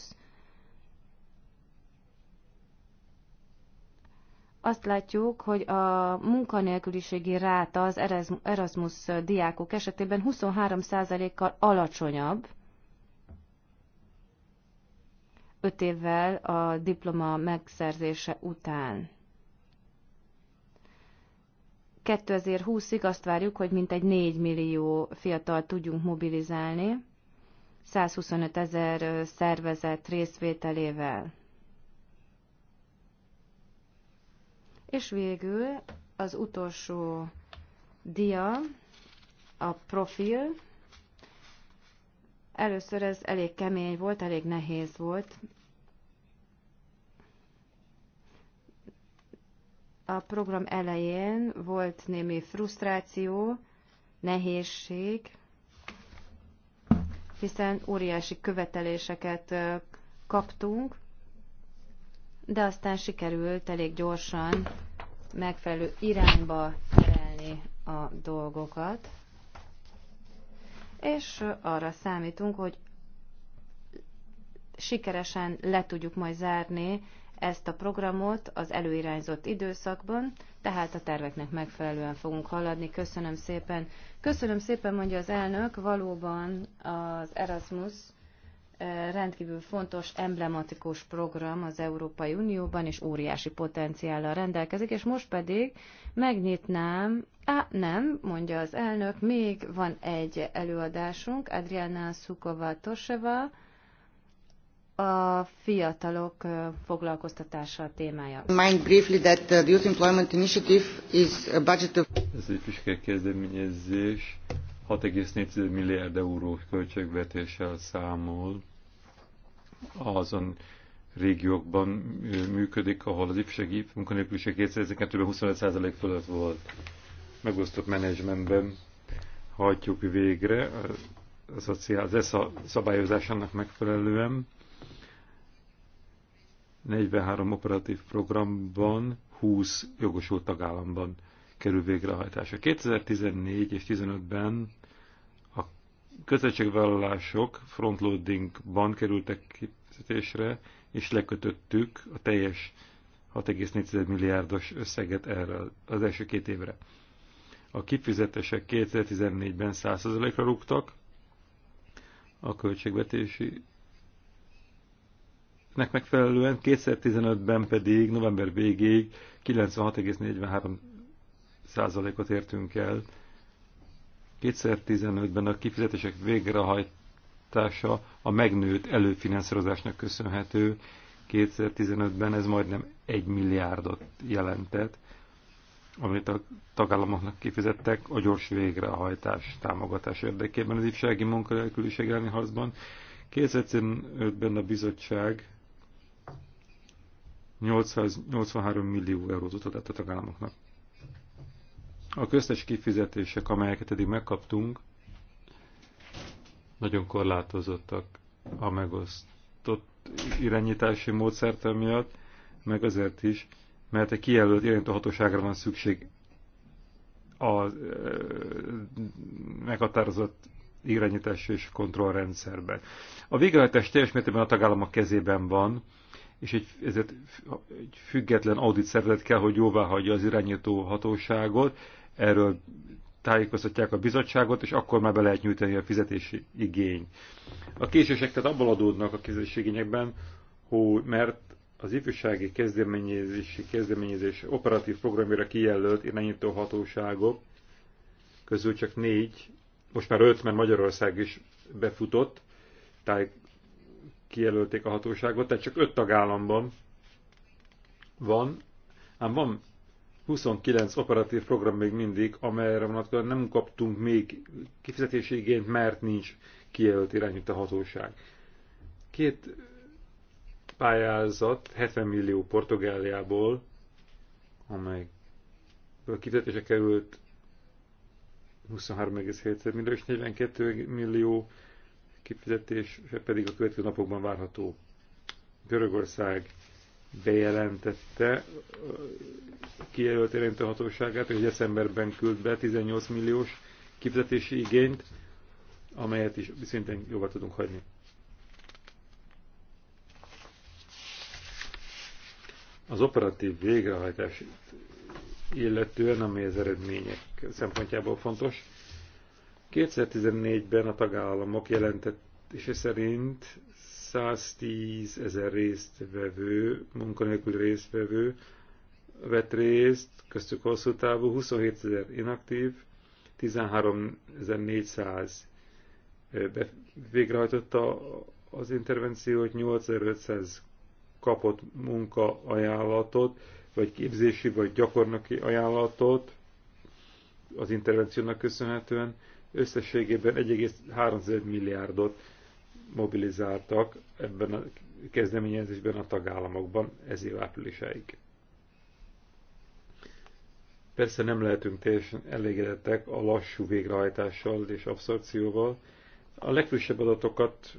azt látjuk, hogy a munkanélküliségi ráta az Erasmus diákok esetében 23%-kal alacsonyabb 5 évvel a diploma megszerzése után. 2020-ig azt várjuk, hogy mintegy 4 millió fiatal tudjunk mobilizálni, 125 ezer szervezet részvételével. És végül az utolsó dia, a profil. Először ez elég kemény volt, elég nehéz volt. A program elején volt némi frusztráció, nehézség, hiszen óriási követeléseket kaptunk, de aztán sikerült elég gyorsan megfelelő irányba terelni a dolgokat, és arra számítunk, hogy sikeresen le tudjuk majd zárni ezt a programot az előirányzott időszakban, tehát a terveknek megfelelően fogunk haladni. Köszönöm szépen. Köszönöm szépen, mondja az elnök, valóban az Erasmus rendkívül fontos, emblematikus program az Európai Unióban, és óriási potenciállal rendelkezik, és most pedig megnyitnám, á, nem, mondja az elnök, még van egy előadásunk, Adriana Szukova Toseva, a fiatalok foglalkoztatása a témája.
Mind briefly that uh, the Youth Employment Initiative is a budget of... Ez egy fiskál
kezdeményezés, 6,4 milliárd euró költségvetéssel számol azon régiókban működik, ahol az ifjúsági munkanélküliség 2012-ben 25% fölött volt. Megosztott menedzsmentben hajtjuk végre a szociál, az ESZA szabályozásának megfelelően. 43 operatív programban, 20 jogosult tagállamban kerül végrehajtásra. 2014 és 2015-ben a kötelezettségvállalások frontloadingban kerültek kifizetésre, és lekötöttük a teljes 6,4 milliárdos összeget erre az első két évre. A kifizetések 2014-ben 100%-ra rúgtak, a költségvetési nek megfelelően 2015-ben pedig november végéig százalékot értünk el. 2015-ben a kifizetések végrehajtása a megnőtt előfinanszírozásnak köszönhető. 2015-ben ez majdnem 1 milliárdot jelentett, amit a tagállamoknak kifizettek a gyors végrehajtás támogatás érdekében az ifjúsági munkanélküliség elleni harcban. 2015-ben a bizottság 883 millió eurót adott a tagállamoknak a köztes kifizetések, amelyeket eddig megkaptunk, nagyon korlátozottak a megosztott irányítási módszertan miatt, meg azért is, mert egy kijelölt hatóságra van szükség a meghatározott irányítás és kontrollrendszerben. A végrehajtás teljes mértékben a tagállamok kezében van, és egy, ezért egy független audit szervezet kell, hogy jóvá hagyja az irányító hatóságot, erről tájékoztatják a bizottságot, és akkor már be lehet nyújtani a fizetési igény. A késések tehát abból adódnak a fizetési igényekben, hogy mert az ifjúsági kezdeményezési kezdeményezés operatív programjára kijelölt irányító hatóságok közül csak négy, most már öt, mert Magyarország is befutott, táj kijelölték a hatóságot, tehát csak öt tagállamban van, ám van 29 operatív program még mindig, amelyre vonatkozóan nem kaptunk még kifizetési igényt, mert nincs kijelölt irányít a hatóság. Két pályázat 70 millió Portugáliából, amely kifizetése került 23,7 millió és 42 millió kifizetés, pedig a következő napokban várható. Görögország bejelentette kijelölt hatóságát, hogy decemberben küld be 18 milliós kifizetési igényt, amelyet is szintén jóvá tudunk hagyni. Az operatív végrehajtás illetően, ami az eredmények szempontjából fontos, 2014-ben a tagállamok jelentett és szerint 110 ezer résztvevő, munkanélkül résztvevő vett részt, köztük hosszú távú, 27 ezer inaktív, 13.400 végrehajtotta az intervenciót, 8500 kapott munkaajánlatot, vagy képzési, vagy gyakornoki ajánlatot az intervenciónak köszönhetően, összességében 1,3 milliárdot mobilizáltak ebben a kezdeményezésben a tagállamokban ez év áprilisáig. Persze nem lehetünk teljesen elégedettek a lassú végrehajtással és abszorcióval. A legfrissebb adatokat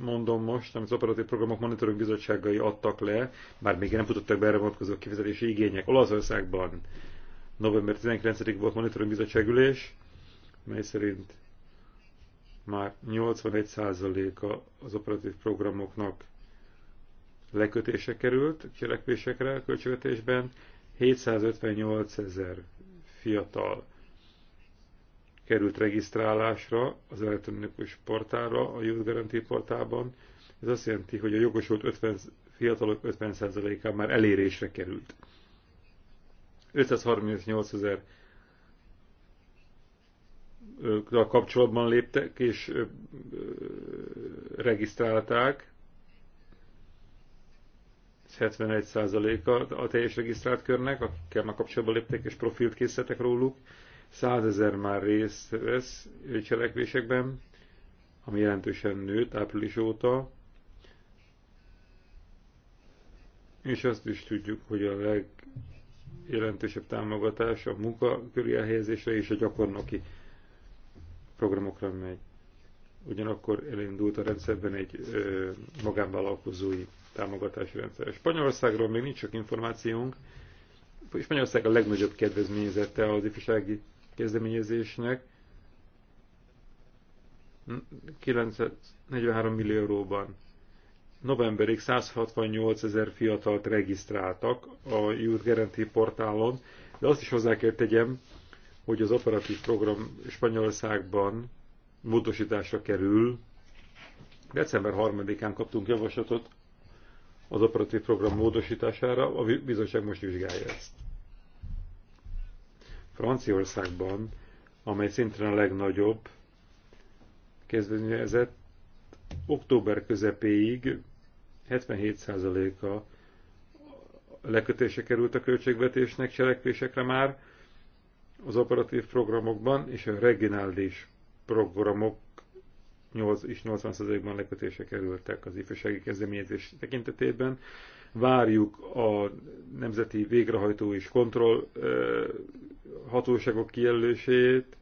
mondom most, amit az Operatív Programok Monitoring Bizottságai adtak le, már még nem futottak be erre vonatkozó kifizetési igények. Olaszországban november 19-ig volt monitoring bizottságülés, mely szerint már 81%-a az operatív programoknak lekötése került cselekvésekre a költségvetésben, 758 ezer fiatal került regisztrálásra az elektronikus portálra, a Youth Guarantee portálban. Ez azt jelenti, hogy a jogosult 50, fiatalok 50%-án már elérésre került. 538 ezer a kapcsolatban léptek és regisztrálták. 71%-a a teljes regisztrált körnek, akikkel már kapcsolatban léptek és profilt készítettek róluk. 100 ezer már részt vesz cselekvésekben, ami jelentősen nőtt április óta. És azt is tudjuk, hogy a legjelentősebb támogatás a munkaköri elhelyezésre és a gyakornoki programokra megy. Ugyanakkor elindult a rendszerben egy ö, magánvállalkozói támogatási rendszer. Spanyolországról még nincs sok információnk. Spanyolország a legnagyobb kedvezményezette az ifjúsági kezdeményezésnek. 943 millió euróban. Novemberig 168 ezer fiatalt regisztráltak a Youth Guarantee portálon, de azt is hozzá kell tegyem, hogy az operatív program Spanyolországban módosításra kerül. December 3-án kaptunk javaslatot az operatív program módosítására, a bizottság most vizsgálja ezt. Franciaországban, amely szintén a legnagyobb kezdeményezett, október közepéig 77%-a lekötése került a költségvetésnek cselekvésekre már, az operatív programokban és a regionális programok 8 és 80%-ban lekötése kerültek az ifjúsági kezdeményezés tekintetében. Várjuk a nemzeti végrehajtó és kontroll hatóságok kijelölését.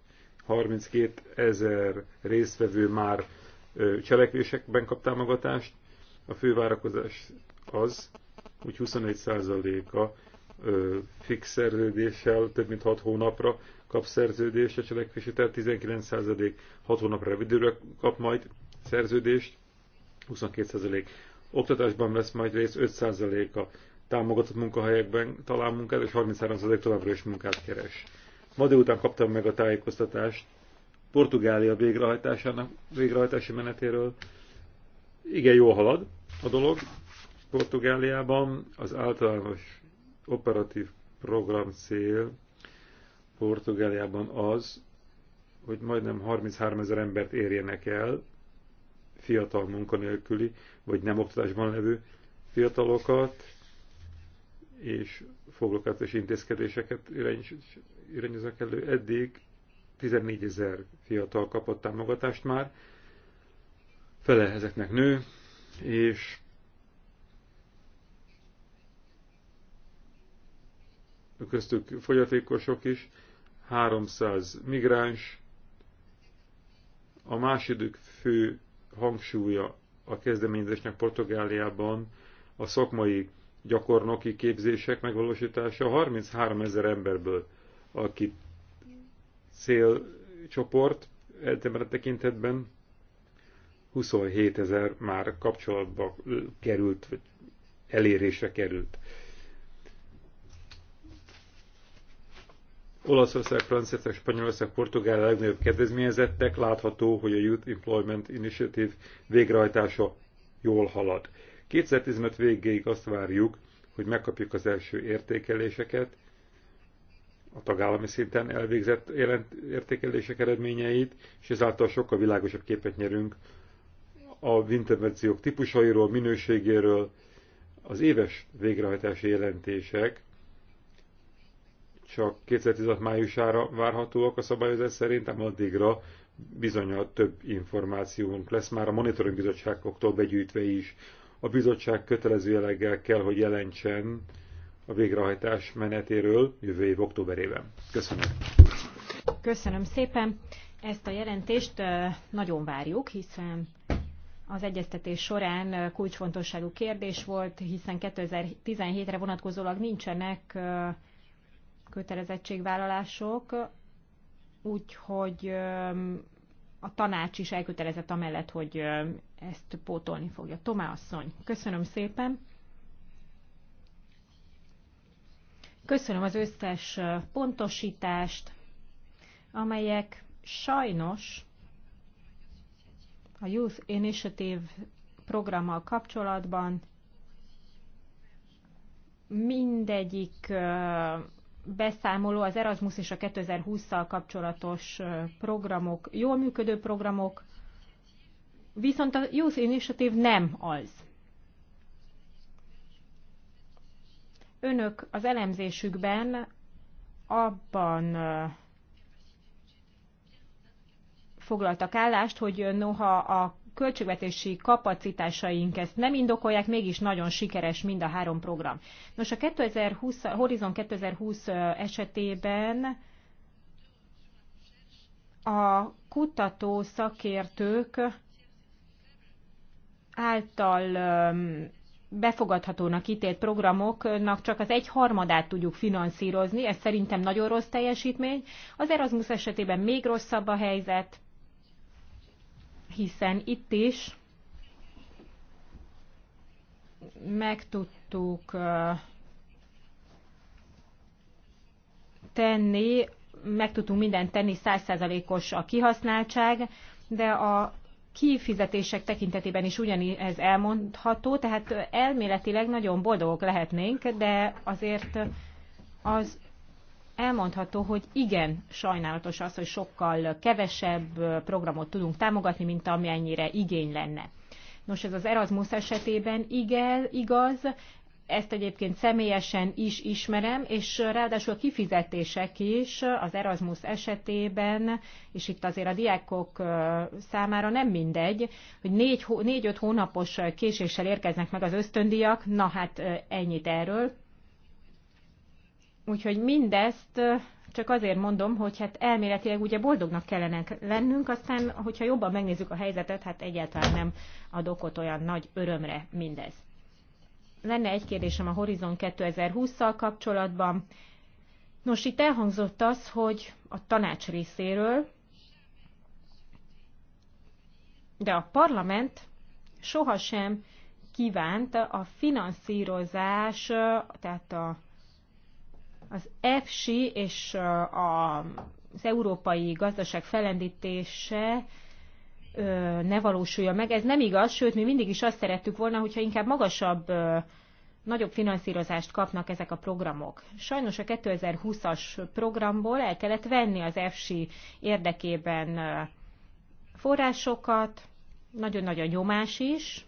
32 ezer résztvevő már cselekvésekben kap támogatást. A fő várakozás az, hogy 21%-a ö, fix szerződéssel több mint 6 hónapra kap szerződést a cselekvési terv, 19% 6 hónapra rövidülre kap majd szerződést, 22% oktatásban vesz majd részt, 5% a támogatott munkahelyekben talál munkát, és 33% továbbra is munkát keres. Ma délután kaptam meg a tájékoztatást Portugália végrehajtásának, végrehajtási menetéről. Igen, jól halad a dolog. Portugáliában az általános operatív program cél Portugáliában az, hogy majdnem 33 ezer embert érjenek el, fiatal munkanélküli, vagy nem oktatásban levő fiatalokat, és foglalkozási intézkedéseket irányoznak elő. Eddig 14 ezer fiatal kapott támogatást már, fele ezeknek nő, és köztük fogyatékosok is, 300 migráns. A második fő hangsúlya a kezdeményezésnek Portugáliában a szakmai gyakornoki képzések megvalósítása 33 ezer emberből, aki célcsoport eltemre tekintetben 27 ezer már kapcsolatba került, vagy elérésre került Olaszország, Franciaország, Spanyolország, Portugál legnagyobb kedvezményezettek, látható, hogy a Youth Employment Initiative végrehajtása jól halad. 2015 végéig azt várjuk, hogy megkapjuk az első értékeléseket, a tagállami szinten elvégzett értékelések eredményeit, és ezáltal sokkal világosabb képet nyerünk a intervenciók típusairól, minőségéről, az éves végrehajtási jelentések csak 2016 májusára várhatóak a szabályozás szerint, ám addigra bizonyal több információnk lesz már a monitoring bizottságoktól begyűjtve is. A bizottság kötelező jeleggel kell, hogy jelentsen a végrehajtás menetéről jövő év októberében. Köszönöm.
Köszönöm szépen. Ezt a jelentést nagyon várjuk, hiszen az egyeztetés során kulcsfontosságú kérdés volt, hiszen 2017-re vonatkozólag nincsenek kötelezettségvállalások, úgyhogy a tanács is elkötelezett amellett, hogy ezt pótolni fogja. Tomá asszony, köszönöm szépen. Köszönöm az összes pontosítást, amelyek sajnos a Youth Initiative programmal kapcsolatban mindegyik beszámoló az Erasmus és a 2020-szal kapcsolatos programok, jól működő programok, viszont a Youth Initiative nem az. Önök az elemzésükben abban foglaltak állást, hogy noha a költségvetési kapacitásaink ezt nem indokolják, mégis nagyon sikeres mind a három program. Nos, a 2020, Horizon 2020 esetében a kutató szakértők által befogadhatónak ítélt programoknak csak az egy harmadát tudjuk finanszírozni, ez szerintem nagyon rossz teljesítmény. Az Erasmus esetében még rosszabb a helyzet, hiszen itt is megtudtuk tenni, meg tudtunk mindent tenni, százszázalékos a kihasználtság, de a kifizetések tekintetében is ugyanez elmondható, tehát elméletileg nagyon boldogok lehetnénk, de azért az elmondható, hogy igen, sajnálatos az, hogy sokkal kevesebb programot tudunk támogatni, mint amennyire igény lenne. Nos, ez az Erasmus esetében igen, igaz, ezt egyébként személyesen is ismerem, és ráadásul a kifizetések is az Erasmus esetében, és itt azért a diákok számára nem mindegy, hogy négy-öt négy, hónapos késéssel érkeznek meg az ösztöndiak, na hát ennyit erről, Úgyhogy mindezt csak azért mondom, hogy hát elméletileg ugye boldognak kellene lennünk, aztán, hogyha jobban megnézzük a helyzetet, hát egyáltalán nem ad okot olyan nagy örömre mindez. Lenne egy kérdésem a Horizon 2020-szal kapcsolatban. Nos, itt elhangzott az, hogy a tanács részéről, de a parlament sohasem kívánt a finanszírozás, tehát a az EFSI és a, az európai gazdaság felendítése ne valósulja meg. Ez nem igaz, sőt, mi mindig is azt szerettük volna, hogyha inkább magasabb, nagyobb finanszírozást kapnak ezek a programok. Sajnos a 2020-as programból el kellett venni az EFSI érdekében forrásokat, nagyon nagy a nyomás is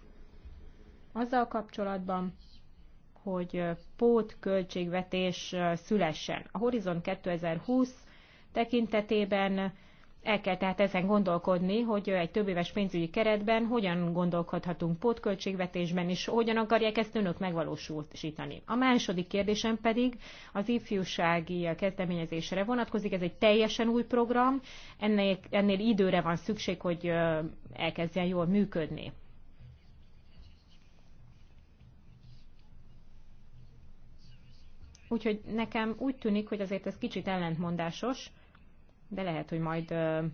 azzal kapcsolatban, hogy pótköltségvetés szülessen. A Horizon 2020 tekintetében el kell tehát ezen gondolkodni, hogy egy több éves pénzügyi keretben hogyan gondolkodhatunk pótköltségvetésben, és hogyan akarják ezt önök megvalósítani. A második kérdésem pedig az ifjúsági kezdeményezésre vonatkozik. Ez egy teljesen új program, ennél, ennél időre van szükség, hogy elkezdjen jól működni. Úgyhogy nekem úgy tűnik, hogy azért ez kicsit ellentmondásos, de lehet, hogy majd ö,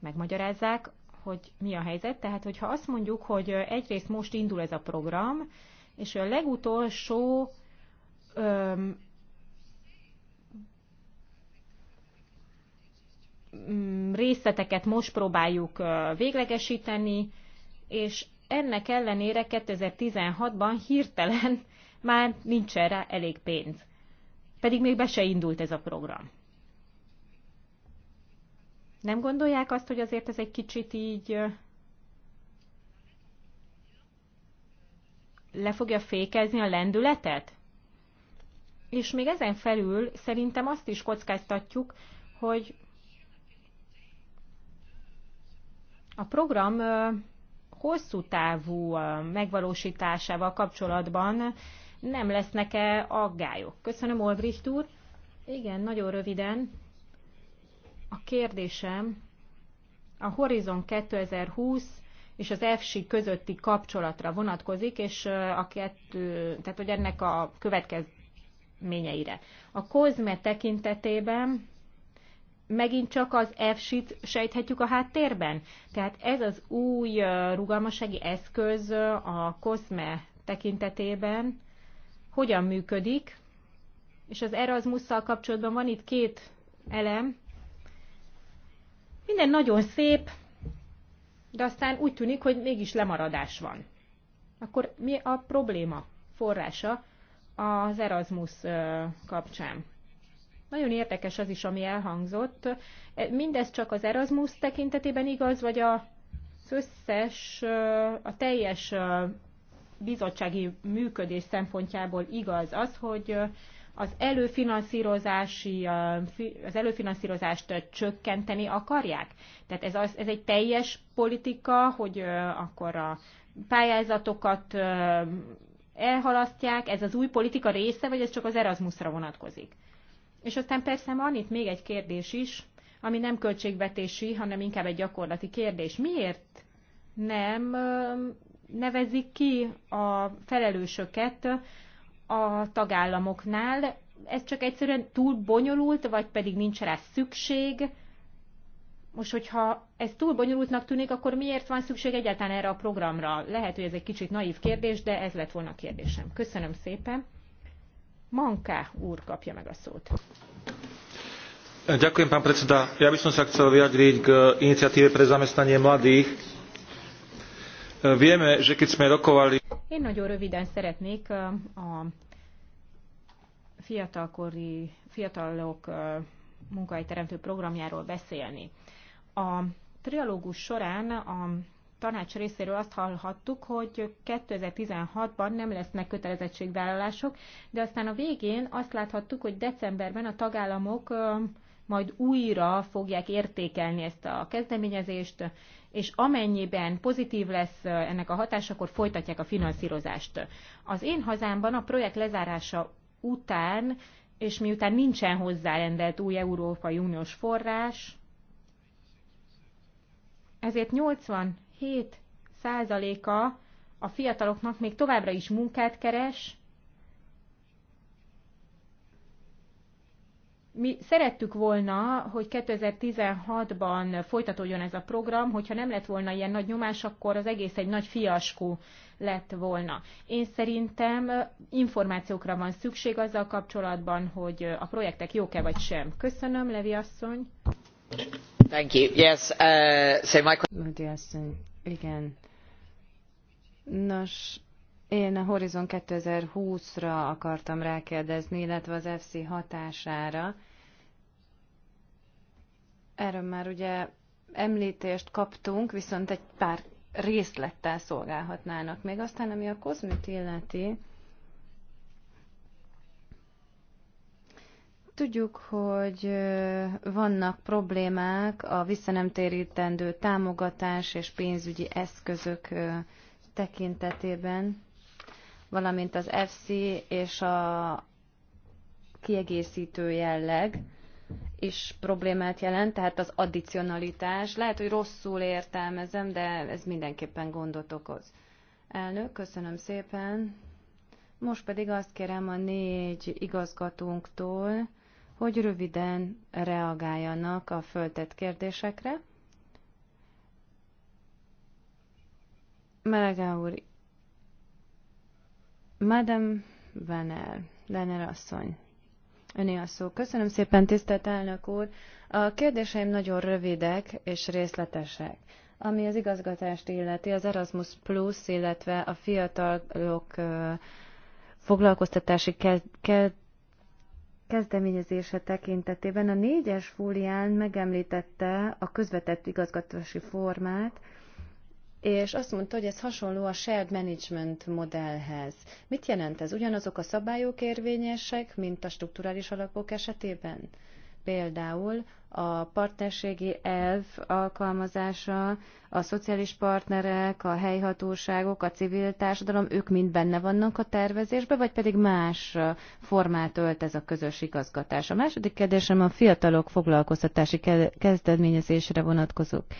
megmagyarázzák, hogy mi a helyzet. Tehát, hogyha azt mondjuk, hogy egyrészt most indul ez a program, és a legutolsó ö, mm, részleteket most próbáljuk véglegesíteni, és ennek ellenére 2016-ban hirtelen már nincs erre elég pénz. Pedig még be se indult ez a program. Nem gondolják azt, hogy azért ez egy kicsit így le fogja fékezni a lendületet? És még ezen felül szerintem azt is kockáztatjuk, hogy a program hosszú távú megvalósításával kapcsolatban nem lesznek-e aggályok. Köszönöm, Olbricht úr. Igen, nagyon röviden. A kérdésem a Horizon 2020 és az EFSI közötti kapcsolatra vonatkozik, és a kettő, tehát hogy ennek a következményeire. A COSME tekintetében megint csak az EFSI-t sejthetjük a háttérben. Tehát ez az új rugalmasági eszköz a COSME tekintetében hogyan működik, és az Erasmusszal kapcsolatban van itt két elem. Minden nagyon szép, de aztán úgy tűnik, hogy mégis lemaradás van. Akkor mi a probléma forrása az Erasmus kapcsán? Nagyon érdekes az is, ami elhangzott. E, mindez csak az Erasmus tekintetében igaz, vagy a az összes, a teljes bizottsági működés szempontjából igaz az, hogy az előfinanszírozási, az előfinanszírozást csökkenteni akarják? Tehát ez, az, ez egy teljes politika, hogy akkor a pályázatokat elhalasztják, ez az új politika része, vagy ez csak az Erasmusra vonatkozik? És aztán persze van itt még egy kérdés is, ami nem költségvetési, hanem inkább egy gyakorlati kérdés. Miért nem nevezik ki a felelősöket a tagállamoknál. Ez csak egyszerűen túl bonyolult, vagy pedig nincs rá szükség. Most, hogyha ez túl bonyolultnak tűnik, akkor miért van szükség egyáltalán erre a programra? Lehet, hogy ez egy kicsit naív kérdés, de ez lett volna a kérdésem. Köszönöm szépen. Manká úr kapja meg a szót.
Ďakujem, pán predseda. Ja by som sa chcel vyjadriť k iniciatíve pre zamestnanie mladých Eh, vieme, že keď sme rokovali...
Én nagyon röviden szeretnék eh, a fiatalkori, fiatalok eh, munkahelyteremtő programjáról beszélni. A trialógus során a tanács részéről azt hallhattuk, hogy 2016-ban nem lesznek kötelezettségvállalások, de aztán a végén azt láthattuk, hogy decemberben a tagállamok majd újra fogják értékelni ezt a kezdeményezést, és amennyiben pozitív lesz ennek a hatás, akkor folytatják a finanszírozást. Az én hazámban a projekt lezárása után, és miután nincsen hozzárendelt új Európai Uniós forrás, ezért 87 százaléka a fiataloknak még továbbra is munkát keres, mi szerettük volna, hogy 2016-ban folytatódjon ez a program, hogyha nem lett volna ilyen nagy nyomás, akkor az egész egy nagy fiaskó lett volna. Én szerintem információkra van szükség azzal kapcsolatban, hogy a projektek jók-e vagy sem. Köszönöm, Levi asszony.
Thank you. Yes, uh, so my... Levi asszony, igen. Nos, én a Horizon 2020-ra akartam rákérdezni, illetve az FC hatására. Erről már ugye említést kaptunk, viszont egy pár részlettel szolgálhatnának még. Aztán, ami a kozmit illeti, tudjuk, hogy vannak problémák a visszanemtérítendő támogatás és pénzügyi eszközök tekintetében, valamint az FC és a kiegészítő jelleg, is problémát jelent, tehát az addicionalitás. Lehet, hogy rosszul értelmezem, de ez mindenképpen gondot okoz. Elnök, köszönöm szépen. Most pedig azt kérem a négy igazgatónktól, hogy röviden reagáljanak a föltett kérdésekre. Melege úr, Madame Vanel, Lenner asszony öné a szó. Köszönöm szépen, tisztelt elnök úr. A kérdéseim nagyon rövidek és részletesek. Ami az igazgatást illeti, az Erasmus Plus, illetve a fiatalok foglalkoztatási kezdeményezése tekintetében a négyes fólián megemlítette a közvetett igazgatási formát, és azt mondta, hogy ez hasonló a shared management modellhez. Mit jelent ez? Ugyanazok a szabályok érvényesek, mint a strukturális alapok esetében? Például a partnerségi elv alkalmazása, a szociális partnerek, a helyhatóságok, a civil társadalom, ők mind benne vannak a tervezésbe, vagy pedig más formát ölt ez a közös igazgatás. A második kérdésem a fiatalok foglalkoztatási kezdeményezésre vonatkozik.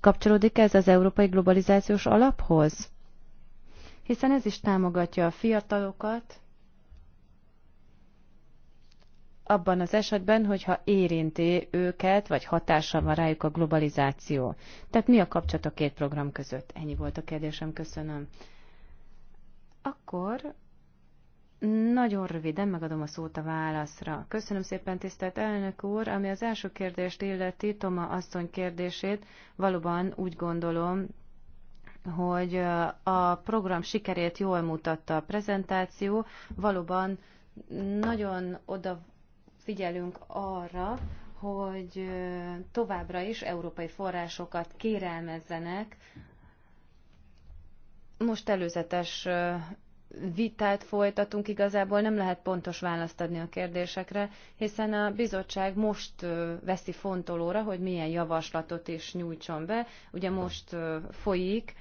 Kapcsolódik ez az európai globalizációs alaphoz? Hiszen ez is támogatja a fiatalokat, abban az esetben, hogyha érinti őket, vagy hatással van rájuk a globalizáció. Tehát mi a kapcsolat a két program között? Ennyi volt a kérdésem, köszönöm. Akkor nagyon röviden megadom a szót a válaszra. Köszönöm szépen, tisztelt elnök úr. Ami az első kérdést illeti, Toma asszony kérdését, valóban úgy gondolom, hogy a program sikerét jól mutatta a prezentáció. Valóban nagyon oda figyelünk arra, hogy továbbra is európai forrásokat kérelmezzenek. Most előzetes vitát folytatunk, igazából nem lehet pontos választ adni a kérdésekre, hiszen a bizottság most veszi fontolóra, hogy milyen javaslatot is nyújtson be. Ugye most folyik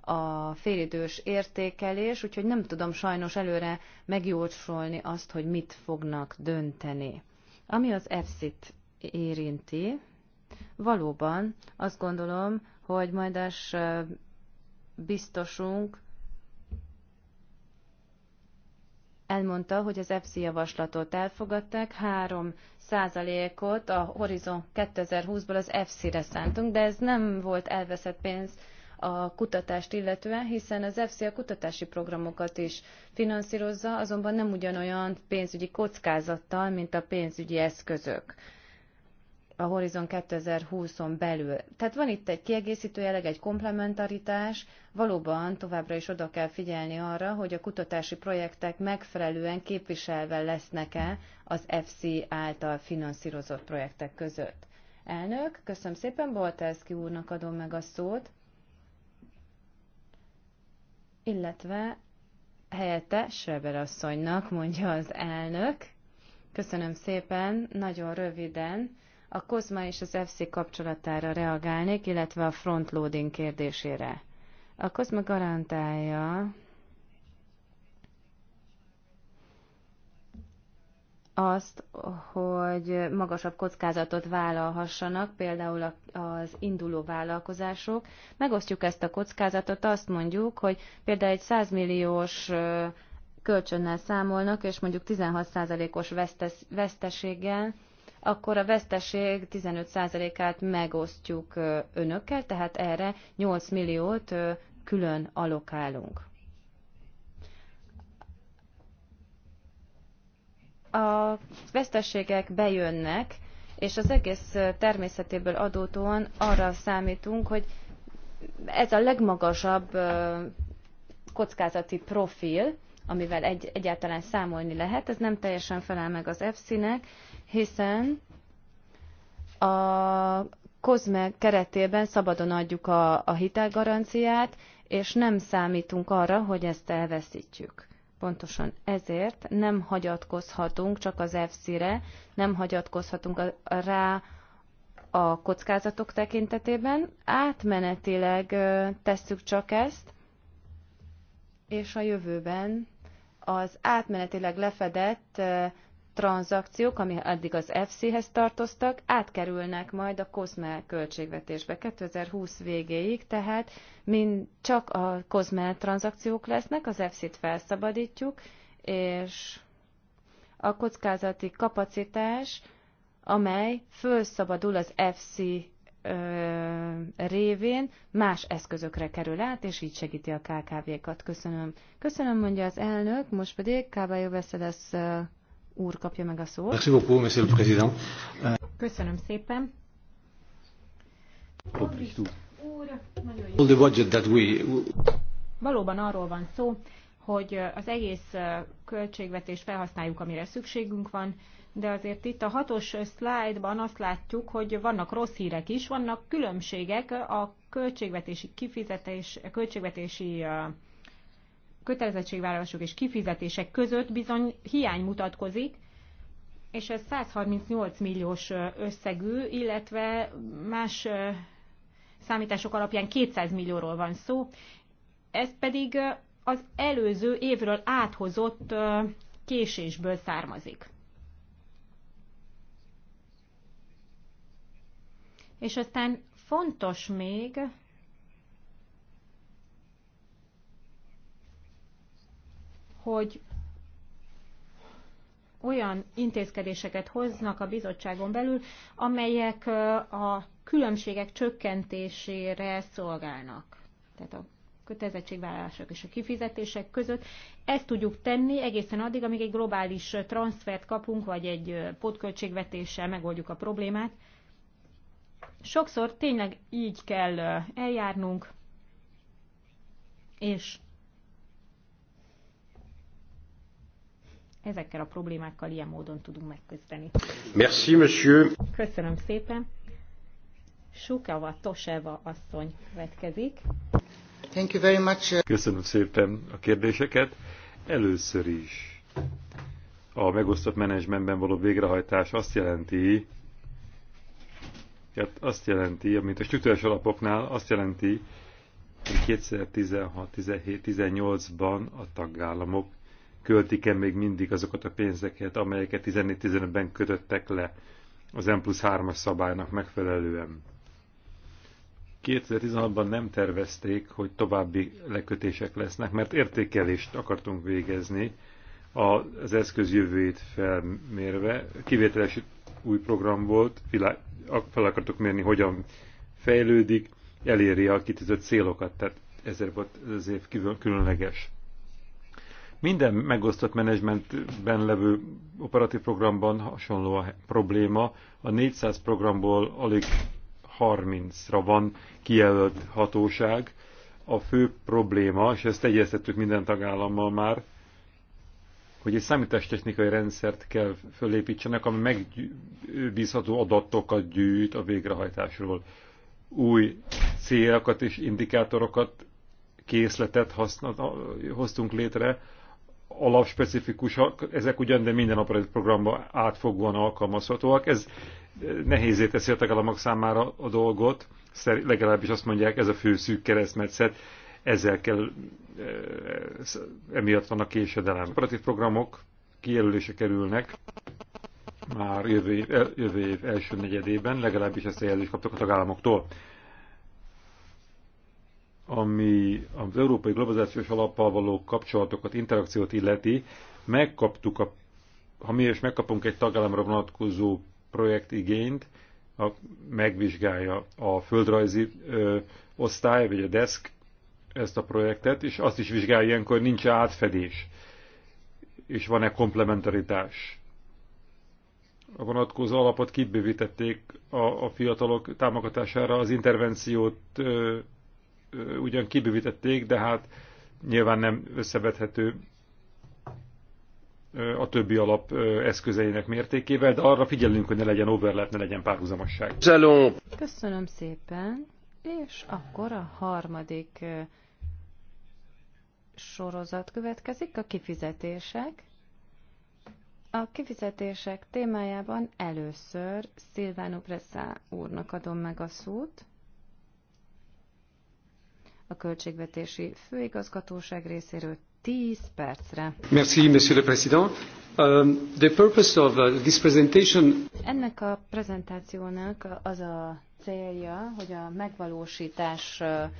a félidős értékelés, úgyhogy nem tudom sajnos előre megjósolni azt, hogy mit fognak dönteni. Ami az EFSZ-t érinti, valóban azt gondolom, hogy majd az biztosunk elmondta, hogy az FC javaslatot elfogadták, 3 százalékot a Horizon 2020-ból az FC-re szántunk, de ez nem volt elveszett pénz a kutatást illetően, hiszen az FC a kutatási programokat is finanszírozza, azonban nem ugyanolyan pénzügyi kockázattal, mint a pénzügyi eszközök a Horizon 2020-on belül. Tehát van itt egy kiegészítő jelleg, egy komplementaritás, valóban továbbra is oda kell figyelni arra, hogy a kutatási projektek megfelelően képviselve lesznek-e az FC által finanszírozott projektek között. Elnök, köszönöm szépen, Boltelszki úrnak adom meg a szót, illetve helyette Schreber asszonynak, mondja az elnök. Köszönöm szépen, nagyon röviden a COSMA és az FC kapcsolatára reagálnék, illetve a frontloading kérdésére. A COSMA garantálja azt, hogy magasabb kockázatot vállalhassanak, például az induló vállalkozások. Megosztjuk ezt a kockázatot, azt mondjuk, hogy például egy 100 milliós kölcsönnel számolnak, és mondjuk 16%-os vesztes, veszteséggel, akkor a veszteség 15%-át megosztjuk önökkel, tehát erre 8 milliót külön alokálunk. A veszteségek bejönnek, és az egész természetéből adódóan arra számítunk, hogy ez a legmagasabb kockázati profil, amivel egy, egyáltalán számolni lehet, ez nem teljesen felel meg az EFSZ-nek, hiszen a COSME keretében szabadon adjuk a, a hitelgaranciát, és nem számítunk arra, hogy ezt elveszítjük. Pontosan ezért nem hagyatkozhatunk csak az EFSZ-re, nem hagyatkozhatunk rá a kockázatok tekintetében. Átmenetileg tesszük csak ezt, és a jövőben az átmenetileg lefedett tranzakciók, ami addig az FC-hez tartoztak, átkerülnek majd a COSME költségvetésbe 2020 végéig, tehát mind csak a COSME tranzakciók lesznek, az FC-t felszabadítjuk, és a kockázati kapacitás, amely fölszabadul az FC révén más eszközökre kerül át, és így segíti a KKV-kat. Köszönöm. Köszönöm, mondja az elnök, most pedig Kábályó Veszelesz úr kapja meg a szót. Merci beaucoup, monsieur le président. Euh, Köszönöm szépen.
Úr, that we... Valóban arról van szó, hogy az egész költségvetést felhasználjuk, amire szükségünk van, de azért itt a hatos szlájdban azt látjuk, hogy vannak rossz hírek is, vannak különbségek a költségvetési kifizetés, költségvetési kötelezettségvállalások és kifizetések között bizony hiány mutatkozik, és ez 138 milliós összegű, illetve más számítások alapján 200 millióról van szó, ez pedig az előző évről áthozott késésből származik. És aztán fontos még, hogy olyan intézkedéseket hoznak a bizottságon belül, amelyek a különbségek csökkentésére szolgálnak. Tehát a kötelezettségvállalások és a kifizetések között. Ezt tudjuk tenni egészen addig, amíg egy globális transfert kapunk, vagy egy pótköltségvetéssel megoldjuk a problémát. Sokszor tényleg így kell eljárnunk, és ezekkel a problémákkal ilyen módon tudunk megküzdeni. Merci, monsieur. Köszönöm szépen. Sukava Toseva asszony következik.
Thank you very much. Köszönöm szépen a kérdéseket. Először is a megosztott menedzsmentben való végrehajtás azt jelenti, hát azt jelenti, amit a struktúrás alapoknál, azt jelenti, hogy 2016, 17, 18-ban a tagállamok költik-e még mindig azokat a pénzeket, amelyeket 14-15-ben kötöttek le az M plusz 3-as szabálynak megfelelően. 2016-ban nem tervezték, hogy további lekötések lesznek, mert értékelést akartunk végezni az eszköz jövőjét felmérve. Kivételes új program volt, fel akartuk mérni, hogyan fejlődik, eléri a kitűzött célokat, tehát ezért volt ez az év különleges. Minden megosztott menedzsmentben levő operatív programban hasonló a probléma. A 400 programból alig 30-ra van kijelölt hatóság. A fő probléma, és ezt egyeztettük minden tagállammal már, hogy egy számítástechnikai rendszert kell fölépítsenek, ami megbízható adatokat gyűjt a végrehajtásról. Új célokat és indikátorokat, készletet használ, hoztunk létre, alapspecifikusak, ezek ugyan, de minden operatív programban átfogóan alkalmazhatóak. Ez eh, nehézé teszi a tagállamok számára a dolgot, legalábbis azt mondják, ez a fő szűk keresztmetszet, ezzel kell, eh, emiatt van a késedelem. Operatív programok kijelölése kerülnek már jövő év, jövő év első negyedében, legalábbis ezt a jelzést kaptak a tagállamoktól ami az európai globalizációs alappal való kapcsolatokat, interakciót illeti, megkaptuk, a, ha mi is megkapunk egy tagállamra vonatkozó projektigényt, a, megvizsgálja a földrajzi ö, osztály, vagy a desk ezt a projektet, és azt is vizsgálja ilyenkor, nincs -e átfedés, és van-e komplementaritás. A vonatkozó alapot kibővítették a, a fiatalok támogatására, az intervenciót ö, ugyan kibővítették, de hát nyilván nem összevethető a többi alap eszközeinek mértékével, de arra figyelünk, hogy ne legyen overlap, ne legyen párhuzamosság.
Köszönöm szépen, és akkor a harmadik sorozat következik, a kifizetések. A kifizetések témájában először Szilvánu Pressa úrnak adom meg a szót a Költségvetési Főigazgatóság részéről 10 percre. Merci,
monsieur le président. Um, the purpose of uh, this presentation...
Ennek a prezentációnak az a célja, hogy a megvalósításról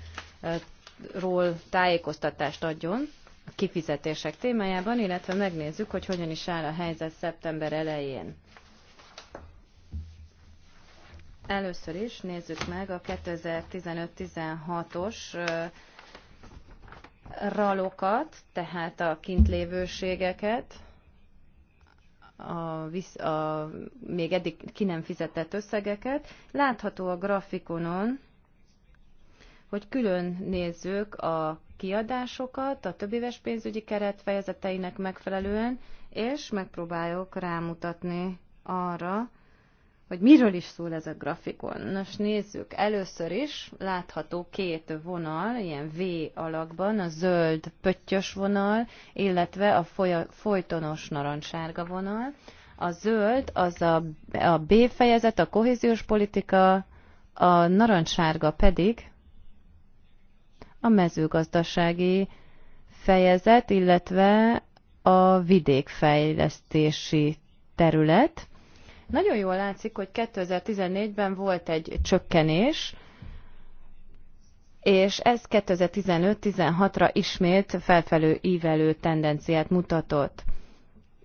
tájékoztatást adjon a kifizetések témájában, illetve megnézzük, hogy hogyan is áll a helyzet szeptember elején. Először is nézzük meg a 2015-16-os ralokat, tehát a kintlévőségeket, a, visz, a még eddig ki nem fizetett összegeket. Látható a grafikonon, hogy külön nézzük a kiadásokat a éves pénzügyi keret fejezeteinek megfelelően, és megpróbáljuk rámutatni arra, hogy miről is szól ez a grafikon. Nos, nézzük, először is látható két vonal, ilyen V alakban, a zöld pöttyös vonal, illetve a folytonos narancssárga vonal. A zöld az a, a B fejezet, a kohéziós politika, a narancssárga pedig a mezőgazdasági fejezet, illetve a vidékfejlesztési terület. Nagyon jól látszik, hogy 2014-ben volt egy csökkenés, és ez 2015-16-ra ismét felfelő ívelő tendenciát mutatott.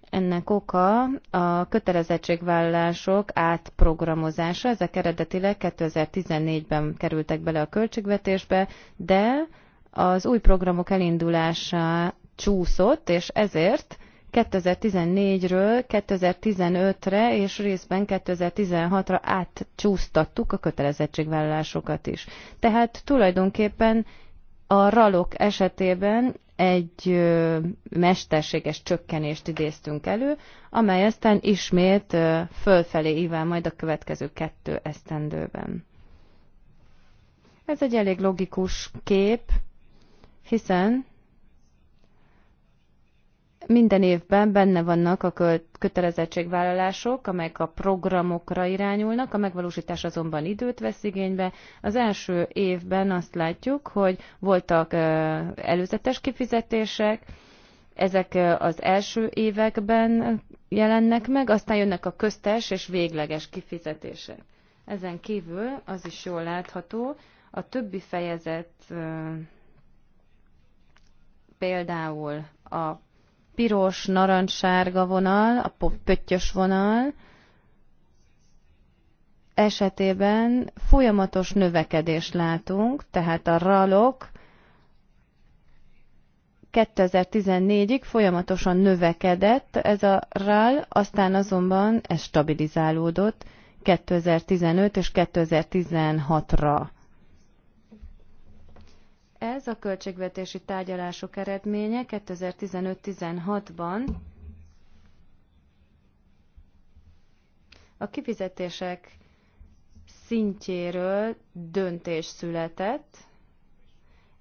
Ennek oka a kötelezettségvállalások átprogramozása, ezek eredetileg 2014-ben kerültek bele a költségvetésbe, de az új programok elindulása csúszott, és ezért 2014-ről 2015-re és részben 2016-ra átcsúsztattuk a kötelezettségvállalásokat is. Tehát tulajdonképpen a ralok esetében egy mesterséges csökkenést idéztünk elő, amely aztán ismét fölfelé ível majd a következő kettő esztendőben. Ez egy elég logikus kép, hiszen minden évben benne vannak a kötelezettségvállalások, amelyek a programokra irányulnak, a megvalósítás azonban időt vesz igénybe. Az első évben azt látjuk, hogy voltak előzetes kifizetések, ezek az első években jelennek meg, aztán jönnek a köztes és végleges kifizetések. Ezen kívül az is jól látható, a többi fejezet például a piros, narancssárga vonal, a pöttyös vonal esetében folyamatos növekedést látunk, tehát a ralok 2014-ig folyamatosan növekedett ez a RAL, aztán azonban ez stabilizálódott 2015 és 2016-ra ez a költségvetési tárgyalások eredménye 2015-16-ban a kifizetések szintjéről döntés született,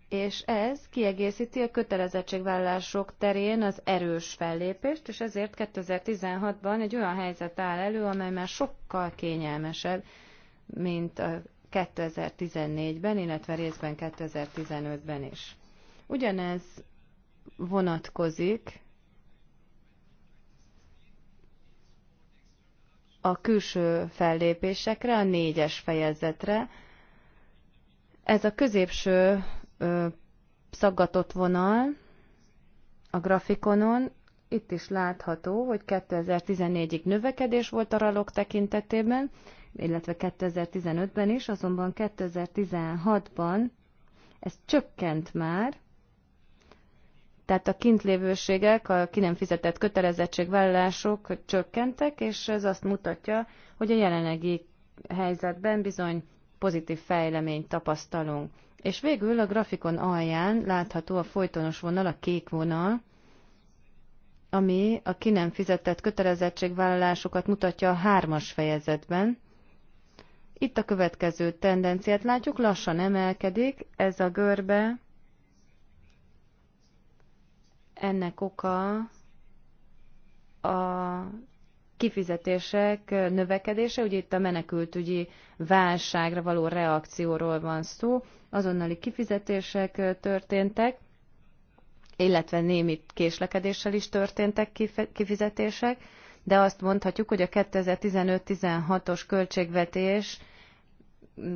és ez kiegészíti a kötelezettségvállalások terén az erős fellépést, és ezért 2016-ban egy olyan helyzet áll elő, amely már sokkal kényelmesebb, mint a 2014-ben, illetve részben 2015-ben is. Ugyanez vonatkozik a külső fellépésekre, a négyes fejezetre. Ez a középső ö, szaggatott vonal a grafikonon, itt is látható, hogy 2014-ig növekedés volt a ralok tekintetében, illetve 2015-ben is, azonban 2016-ban ez csökkent már, tehát a kintlévőségek, a ki nem fizetett kötelezettségvállalások csökkentek, és ez azt mutatja, hogy a jelenlegi helyzetben bizony pozitív fejleményt tapasztalunk. És végül a grafikon alján látható a folytonos vonal, a kék vonal, ami a ki nem fizetett kötelezettségvállalásokat mutatja a hármas fejezetben. Itt a következő tendenciát látjuk, lassan emelkedik ez a görbe. Ennek oka a kifizetések növekedése, ugye itt a menekültügyi válságra való reakcióról van szó, azonnali kifizetések történtek, illetve némi késlekedéssel is történtek kifizetések, de azt mondhatjuk, hogy a 2015-16-os költségvetés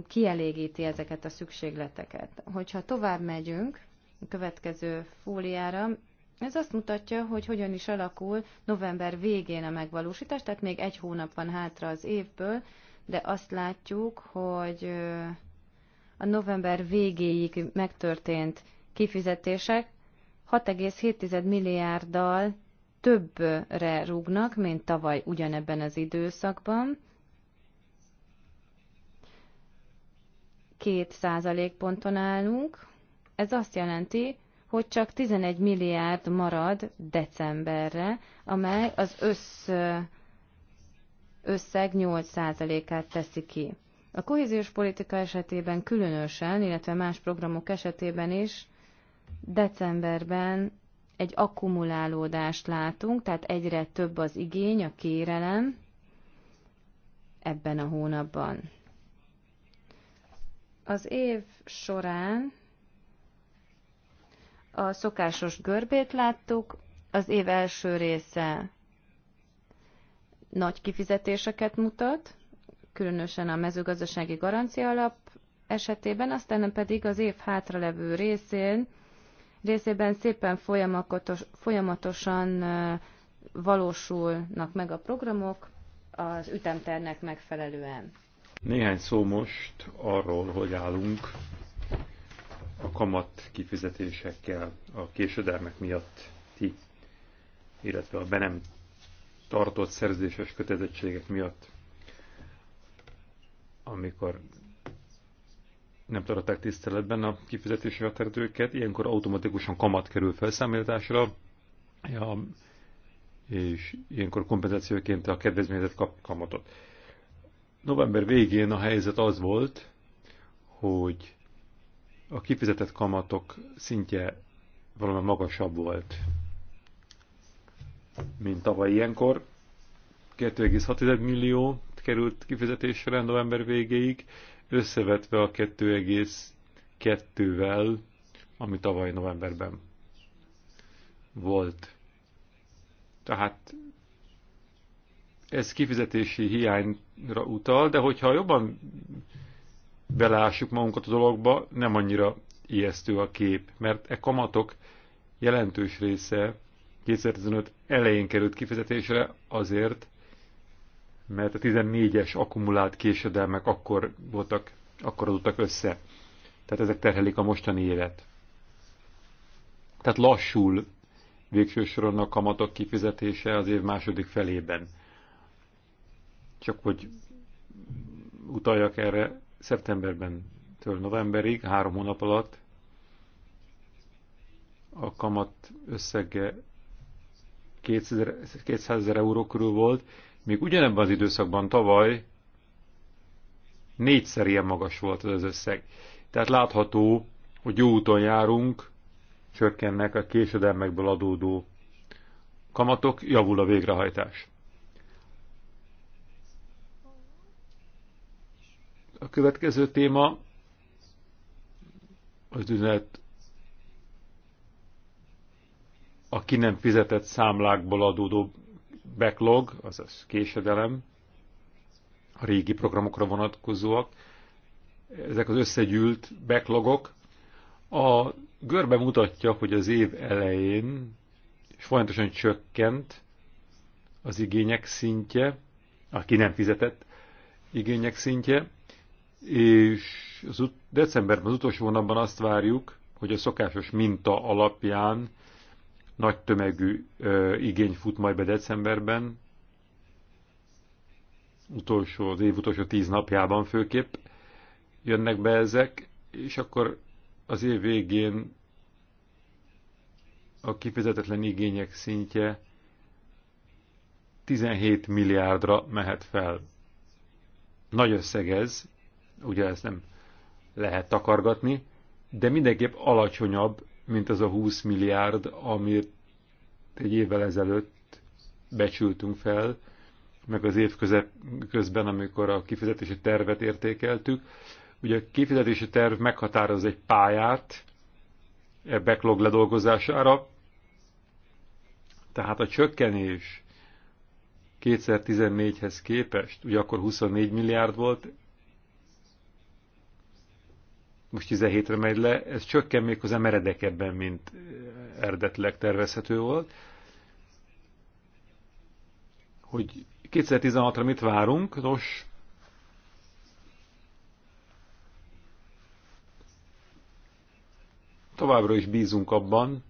kielégíti ezeket a szükségleteket. Hogyha tovább megyünk a következő fóliára, ez azt mutatja, hogy hogyan is alakul november végén a megvalósítás, tehát még egy hónap van hátra az évből, de azt látjuk, hogy a november végéig megtörtént kifizetések 6,7 milliárddal többre rúgnak, mint tavaly ugyanebben az időszakban. 2 százalékponton állunk. Ez azt jelenti, hogy csak 11 milliárd marad decemberre, amely az össz, összeg 8%-át teszi ki. A kohéziós politika esetében különösen, illetve más programok esetében is decemberben egy akkumulálódást látunk, tehát egyre több az igény, a kérelem ebben a hónapban. Az év során a szokásos görbét láttuk, az év első része nagy kifizetéseket mutat, különösen a mezőgazdasági garancia alap esetében, aztán pedig az év hátralevő részén, részében szépen folyamatos, folyamatosan valósulnak meg a programok az ütemternek megfelelően.
Néhány szó most arról, hogy állunk a kamat kifizetésekkel a késedelmek miatt ti, illetve a be nem tartott szerződéses kötelezettségek miatt, amikor nem tartották tiszteletben a kifizetési határidőket, ilyenkor automatikusan kamat kerül felszámításra, ja, és ilyenkor kompenzációként a kedvezményezet kap kamatot november végén a helyzet az volt, hogy a kifizetett kamatok szintje valami magasabb volt, mint tavaly ilyenkor. 2,6 millió került kifizetésre november végéig, összevetve a 2,2-vel, ami tavaly novemberben volt. Tehát ez kifizetési hiányra utal, de hogyha jobban belássuk magunkat a dologba, nem annyira ijesztő a kép, mert e kamatok jelentős része 2015 elején került kifizetésre azért, mert a 14-es akkumulált késedelmek akkor voltak, akkor adottak össze. Tehát ezek terhelik a mostani évet. Tehát lassul végső soron a kamatok kifizetése az év második felében. Csak hogy utaljak erre, szeptemberben től novemberig, három hónap alatt a kamat összege 200 ezer euró körül volt, még ugyanebben az időszakban tavaly négyszer ilyen magas volt az összeg. Tehát látható, hogy jó úton járunk, csökkennek a késedelmekből adódó kamatok, javul a végrehajtás. A következő téma az üzenet a ki nem fizetett számlákból adódó backlog, azaz késedelem, a régi programokra vonatkozóak, ezek az összegyűlt backlogok. A görbe mutatja, hogy az év elején és folyamatosan csökkent az igények szintje, a ki nem fizetett igények szintje, és az ut- decemberben, az utolsó hónapban azt várjuk, hogy a szokásos minta alapján nagy tömegű ö, igény fut majd be decemberben, utolsó, az év utolsó tíz napjában főképp jönnek be ezek, és akkor az év végén a kifizetetlen igények szintje 17 milliárdra mehet fel. Nagy összeg ez, ugye ezt nem lehet takargatni, de mindenképp alacsonyabb, mint az a 20 milliárd, amit egy évvel ezelőtt becsültünk fel, meg az év közep, közben, amikor a kifizetési tervet értékeltük. Ugye a kifizetési terv meghatároz egy pályát a e backlog ledolgozására, tehát a csökkenés 2014-hez képest, ugye akkor 24 milliárd volt most 17-re megy le, ez csökken még az meredekebben, mint eredetileg tervezhető volt. Hogy 2016-ra mit várunk? Nos, továbbra is bízunk abban,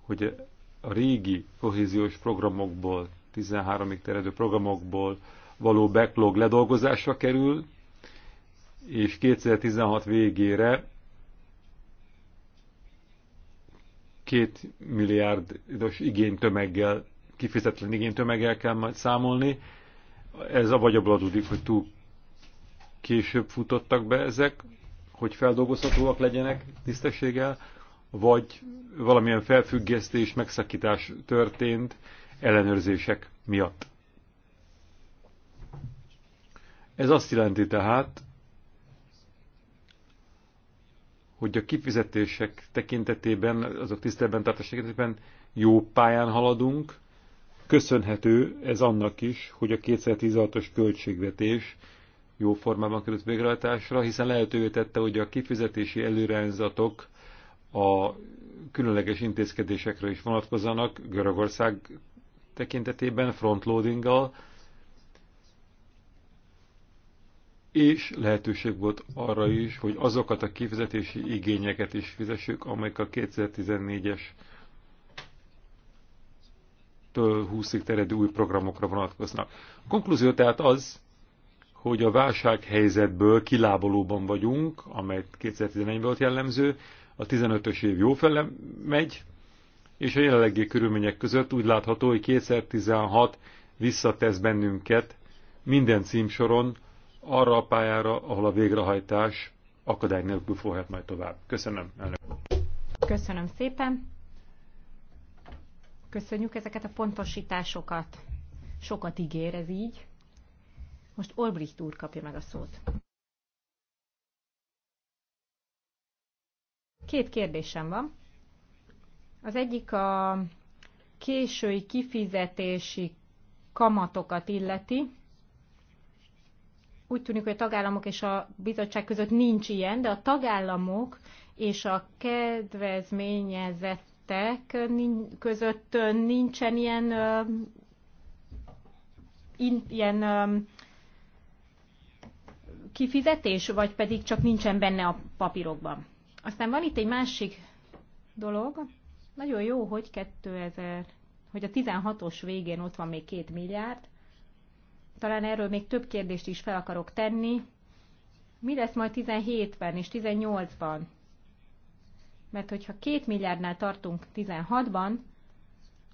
hogy a régi kohéziós programokból, 13-ig terjedő programokból való backlog ledolgozásra kerül, és 2016 végére 2 milliárdos igénytömeggel, kifizetlen igénytömeggel kell majd számolni. Ez a abból adódik, hogy túl később futottak be ezek, hogy feldolgozhatóak legyenek tisztességgel, vagy valamilyen felfüggesztés, megszakítás történt ellenőrzések miatt. Ez azt jelenti tehát, hogy a kifizetések tekintetében, azok tisztelben tartás tekintetében jó pályán haladunk. Köszönhető ez annak is, hogy a 2016-os költségvetés jó formában került végrehajtásra, hiszen lehetővé tette, hogy a kifizetési előrányzatok a különleges intézkedésekre is vonatkozanak Görögország tekintetében frontloadinggal, és lehetőség volt arra is, hogy azokat a kifizetési igényeket is fizessük, amelyek a 2014-es től 20-ig terjedő új programokra vonatkoznak. A konklúzió tehát az, hogy a válsághelyzetből kilábolóban vagyunk, amely 2011 volt jellemző, a 15-ös év jó fele megy, és a jelenlegi körülmények között úgy látható, hogy 2016 visszatesz bennünket minden címsoron arra a pályára, ahol a végrehajtás akadály nélkül folyhat majd tovább. Köszönöm, elnök.
Köszönöm szépen. Köszönjük ezeket a pontosításokat. Sokat ígér ez így. Most Olbricht úr kapja meg a szót. Két kérdésem van. Az egyik a késői kifizetési kamatokat illeti. Úgy tűnik, hogy a tagállamok és a bizottság között nincs ilyen, de a tagállamok és a kedvezményezettek között nincsen ilyen, ilyen kifizetés, vagy pedig csak nincsen benne a papírokban. Aztán van itt egy másik dolog. Nagyon jó, hogy 2000, hogy a 16-os végén ott van még két milliárd, talán erről még több kérdést is fel akarok tenni. Mi lesz majd 17-ben és 18-ban? Mert hogyha 2 milliárdnál tartunk 16-ban,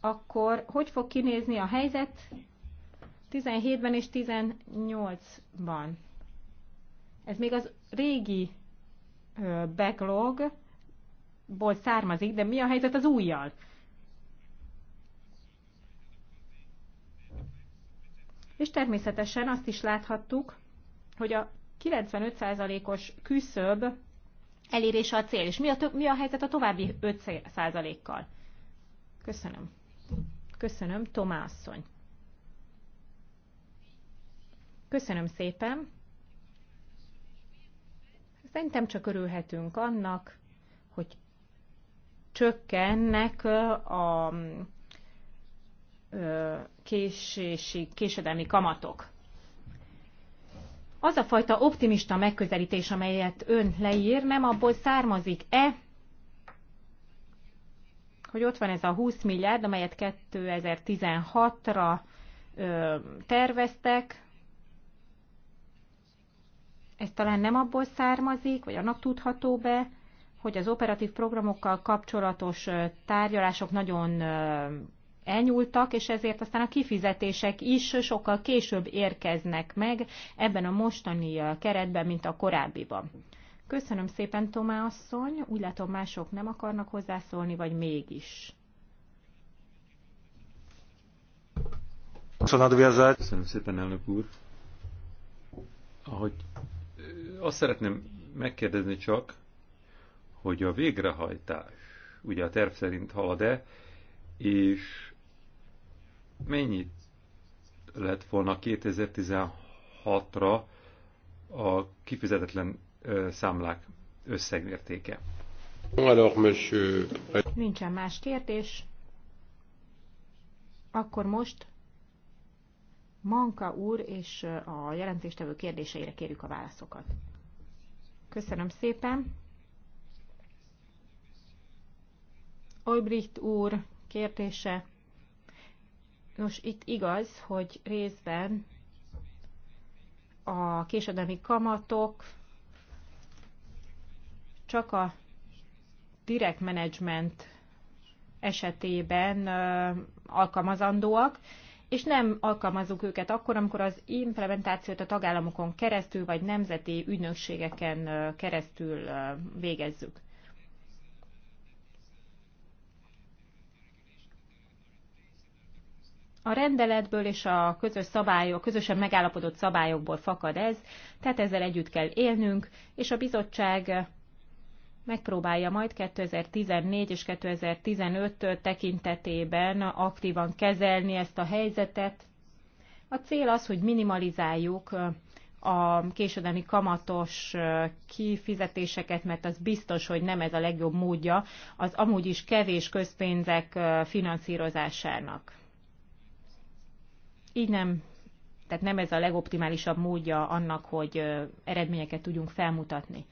akkor hogy fog kinézni a helyzet 17-ben és 18-ban? Ez még az régi backlogból származik, de mi a helyzet az újjal? És természetesen azt is láthattuk, hogy a 95%-os küszöb elérése a cél. És mi a, mi a helyzet a további 5%-kal? Köszönöm. Köszönöm, Tomá asszony. Köszönöm szépen. Szerintem csak örülhetünk annak, hogy csökkennek a, a, a késési, késedelmi kamatok. Az a fajta optimista megközelítés, amelyet ön leír, nem abból származik-e, hogy ott van ez a 20 milliárd, amelyet 2016-ra terveztek, ez talán nem abból származik, vagy annak tudható be, hogy az operatív programokkal kapcsolatos tárgyalások nagyon elnyúltak, és ezért aztán a kifizetések is sokkal később érkeznek meg ebben a mostani keretben, mint a korábbiban. Köszönöm szépen, Tomá asszony. Úgy látom, mások nem akarnak hozzászólni, vagy mégis.
Köszönöm szépen, elnök úr. Ahogy azt szeretném megkérdezni csak, hogy a végrehajtás ugye a terv szerint halad-e, és mennyit lett volna 2016-ra a kifizetetlen számlák összegmértéke?
Nincsen más kérdés. Akkor most Manka úr és a jelentéstevő kérdéseire kérjük a válaszokat. Köszönöm szépen. Olbricht úr kérdése Nos, itt igaz, hogy részben a késedelmi kamatok csak a direkt management esetében alkalmazandóak, és nem alkalmazunk őket akkor, amikor az implementációt a tagállamokon keresztül vagy nemzeti ügynökségeken keresztül végezzük. A rendeletből és a közös szabályok, közösen megállapodott szabályokból fakad ez, tehát ezzel együtt kell élnünk, és a bizottság megpróbálja majd 2014 és 2015 tekintetében aktívan kezelni ezt a helyzetet. A cél az, hogy minimalizáljuk a késődelmi kamatos kifizetéseket, mert az biztos, hogy nem ez a legjobb módja az amúgy is kevés közpénzek finanszírozásának. Így nem, tehát nem ez a legoptimálisabb módja annak, hogy eredményeket tudjunk felmutatni.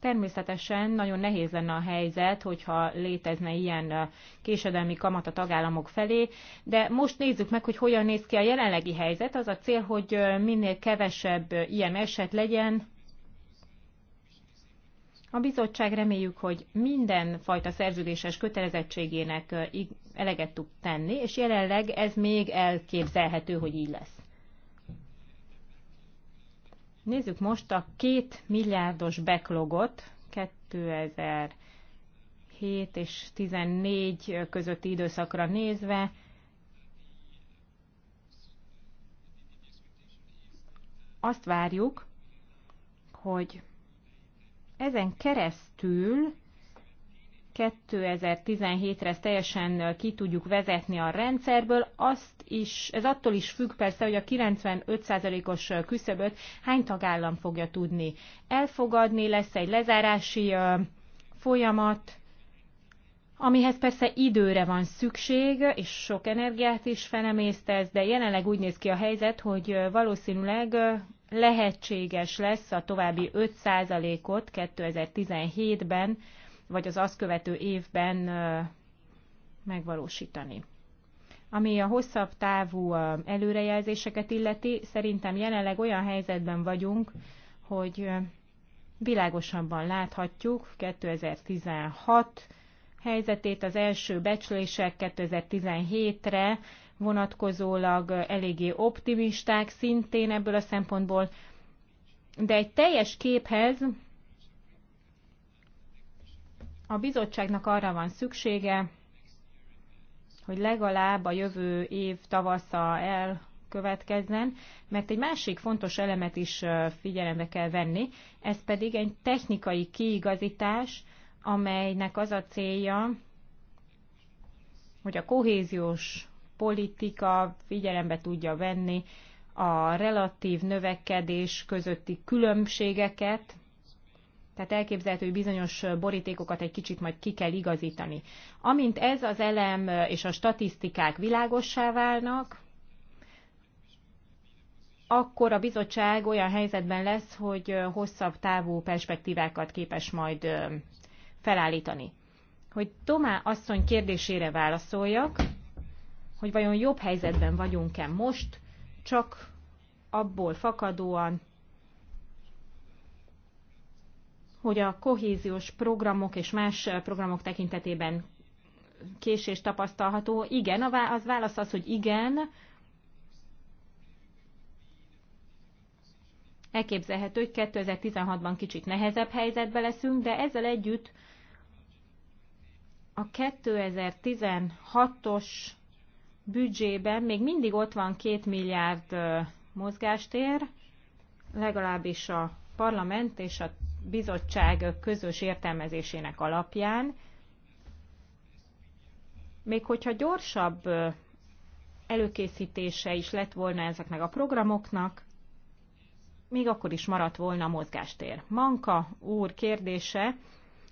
Természetesen nagyon nehéz lenne a helyzet, hogyha létezne ilyen késedelmi kamat a tagállamok felé, de most nézzük meg, hogy hogyan néz ki a jelenlegi helyzet. Az a cél, hogy minél kevesebb ilyen eset legyen, a bizottság reméljük, hogy minden fajta szerződéses kötelezettségének eleget tud tenni, és jelenleg ez még elképzelhető, hogy így lesz. Nézzük most a két milliárdos backlogot 2007 és 14 közötti időszakra nézve. Azt várjuk, hogy ezen keresztül 2017-re ezt teljesen ki tudjuk vezetni a rendszerből, azt is, ez attól is függ persze, hogy a 95%-os küszöböt hány tagállam fogja tudni elfogadni, lesz egy lezárási folyamat, amihez persze időre van szükség, és sok energiát is felemészt ez, de jelenleg úgy néz ki a helyzet, hogy valószínűleg lehetséges lesz a további 5%-ot 2017-ben, vagy az azt követő évben megvalósítani. Ami a hosszabb távú előrejelzéseket illeti, szerintem jelenleg olyan helyzetben vagyunk, hogy világosabban láthatjuk 2016 helyzetét az első becslések 2017-re vonatkozólag eléggé optimisták szintén ebből a szempontból, de egy teljes képhez a bizottságnak arra van szüksége, hogy legalább a jövő év tavasza elkövetkezzen, mert egy másik fontos elemet is figyelembe kell venni, ez pedig egy technikai kiigazítás, amelynek az a célja, hogy a kohéziós politika figyelembe tudja venni a relatív növekedés közötti különbségeket, tehát elképzelhető, hogy bizonyos borítékokat egy kicsit majd ki kell igazítani. Amint ez az elem és a statisztikák világossá válnak, akkor a bizottság olyan helyzetben lesz, hogy hosszabb távú perspektívákat képes majd felállítani. Hogy Tomá asszony kérdésére válaszoljak, hogy vajon jobb helyzetben vagyunk-e most, csak abból fakadóan, hogy a kohéziós programok és más programok tekintetében késés tapasztalható. Igen, az válasz az, hogy igen. Elképzelhető, hogy 2016-ban kicsit nehezebb helyzetbe leszünk, de ezzel együtt a 2016-os büdzsében még mindig ott van két milliárd mozgástér, legalábbis a parlament és a bizottság közös értelmezésének alapján, még hogyha gyorsabb előkészítése is lett volna ezeknek a programoknak, még akkor is maradt volna a mozgástér. Manka úr kérdése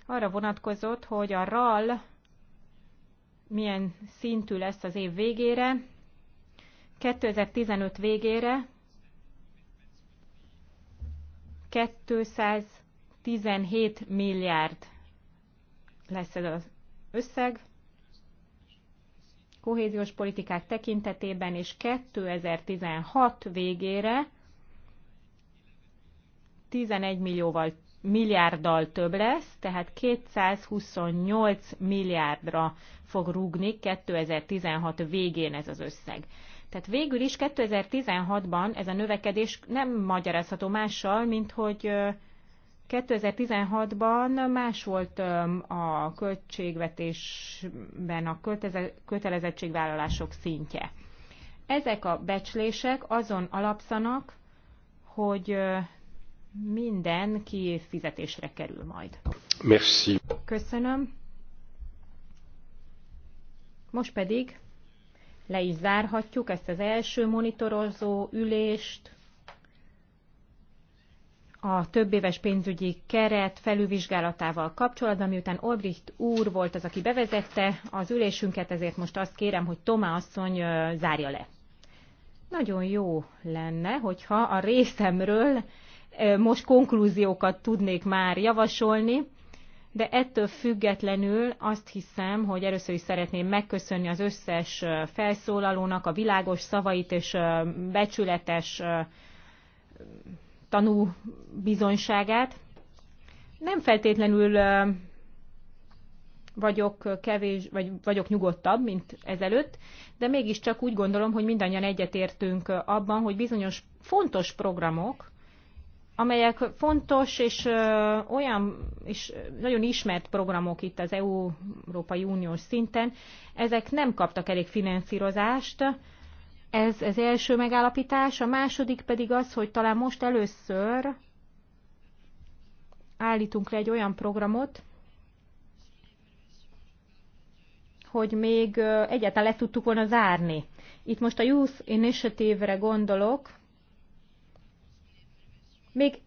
arra vonatkozott, hogy a RAL milyen szintű lesz az év végére. 2015 végére 217 milliárd lesz ez az összeg kohéziós politikák tekintetében, és 2016 végére 11 millióval milliárddal több lesz, tehát 228 milliárdra fog rúgni 2016 végén ez az összeg. Tehát végül is 2016-ban ez a növekedés nem magyarázható mással, mint hogy 2016-ban más volt a költségvetésben a kötelezettségvállalások szintje. Ezek a becslések azon alapszanak, hogy mindenki fizetésre kerül majd. Merci. Köszönöm. Most pedig le is zárhatjuk ezt az első monitorozó ülést. A több éves pénzügyi keret felülvizsgálatával kapcsolatban, miután Olbricht úr volt az, aki bevezette az ülésünket, ezért most azt kérem, hogy Tomá asszony zárja le. Nagyon jó lenne, hogyha a részemről most konklúziókat tudnék már javasolni, de ettől függetlenül azt hiszem, hogy először is szeretném megköszönni az összes felszólalónak a világos szavait és becsületes tanú bizonyságát. Nem feltétlenül vagyok kevés, vagy vagyok nyugodtabb, mint ezelőtt, de mégiscsak úgy gondolom, hogy mindannyian egyetértünk abban, hogy bizonyos fontos programok, amelyek fontos és olyan és nagyon ismert programok itt az EU, Európai Uniós szinten, ezek nem kaptak elég finanszírozást. Ez az első megállapítás. A második pedig az, hogy talán most először állítunk le egy olyan programot, hogy még egyáltalán le tudtuk volna zárni. Itt most a Youth Initiative-re gondolok, még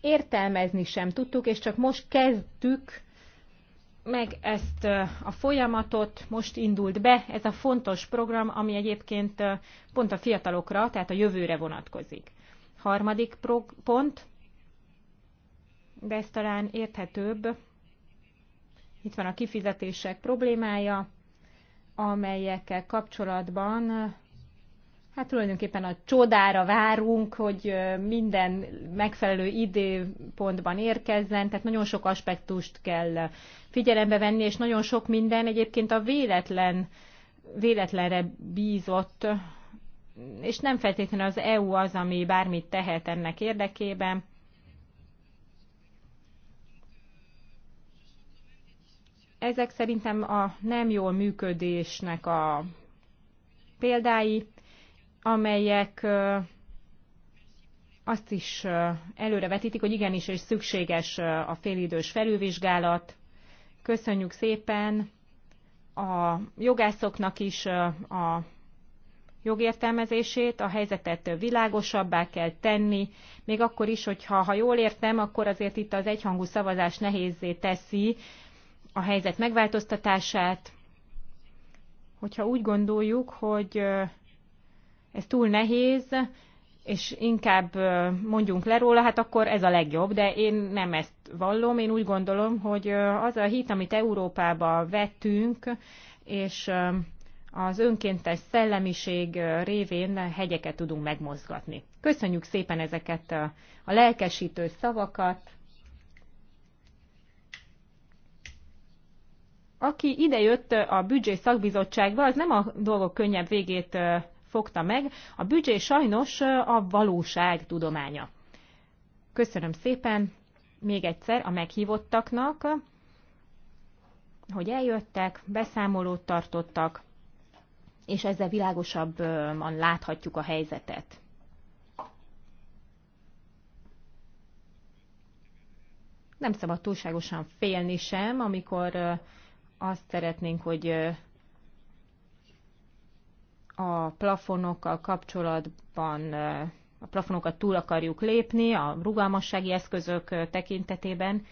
értelmezni sem tudtuk, és csak most kezdtük meg ezt a folyamatot, most indult be ez a fontos program, ami egyébként pont a fiatalokra, tehát a jövőre vonatkozik. Harmadik pont, de ez talán érthetőbb, itt van a kifizetések problémája, amelyekkel kapcsolatban Hát tulajdonképpen a csodára várunk, hogy minden megfelelő időpontban érkezzen, tehát nagyon sok aspektust kell figyelembe venni, és nagyon sok minden egyébként a véletlen, véletlenre bízott, és nem feltétlenül az EU az, ami bármit tehet ennek érdekében. Ezek szerintem a nem jól működésnek a példái amelyek azt is előrevetítik, hogy igenis és szükséges a félidős felülvizsgálat. Köszönjük szépen a jogászoknak is a jogértelmezését, a helyzetet világosabbá kell tenni, még akkor is, hogyha ha jól értem, akkor azért itt az egyhangú szavazás nehézé teszi a helyzet megváltoztatását. Hogyha úgy gondoljuk, hogy ez túl nehéz, és inkább mondjunk le róla, hát akkor ez a legjobb, de én nem ezt vallom. Én úgy gondolom, hogy az a hit, amit Európába vettünk, és az önkéntes szellemiség révén hegyeket tudunk megmozgatni. Köszönjük szépen ezeket a lelkesítő szavakat. Aki idejött a büdzsé szakbizottságba, az nem a dolgok könnyebb végét fogta meg. A büdzsé sajnos a valóság tudománya. Köszönöm szépen még egyszer a meghívottaknak, hogy eljöttek, beszámolót tartottak, és ezzel világosabban láthatjuk a helyzetet. Nem szabad túlságosan félni sem, amikor azt szeretnénk, hogy a plafonokkal kapcsolatban a plafonokat túl akarjuk lépni, a rugalmassági eszközök tekintetében.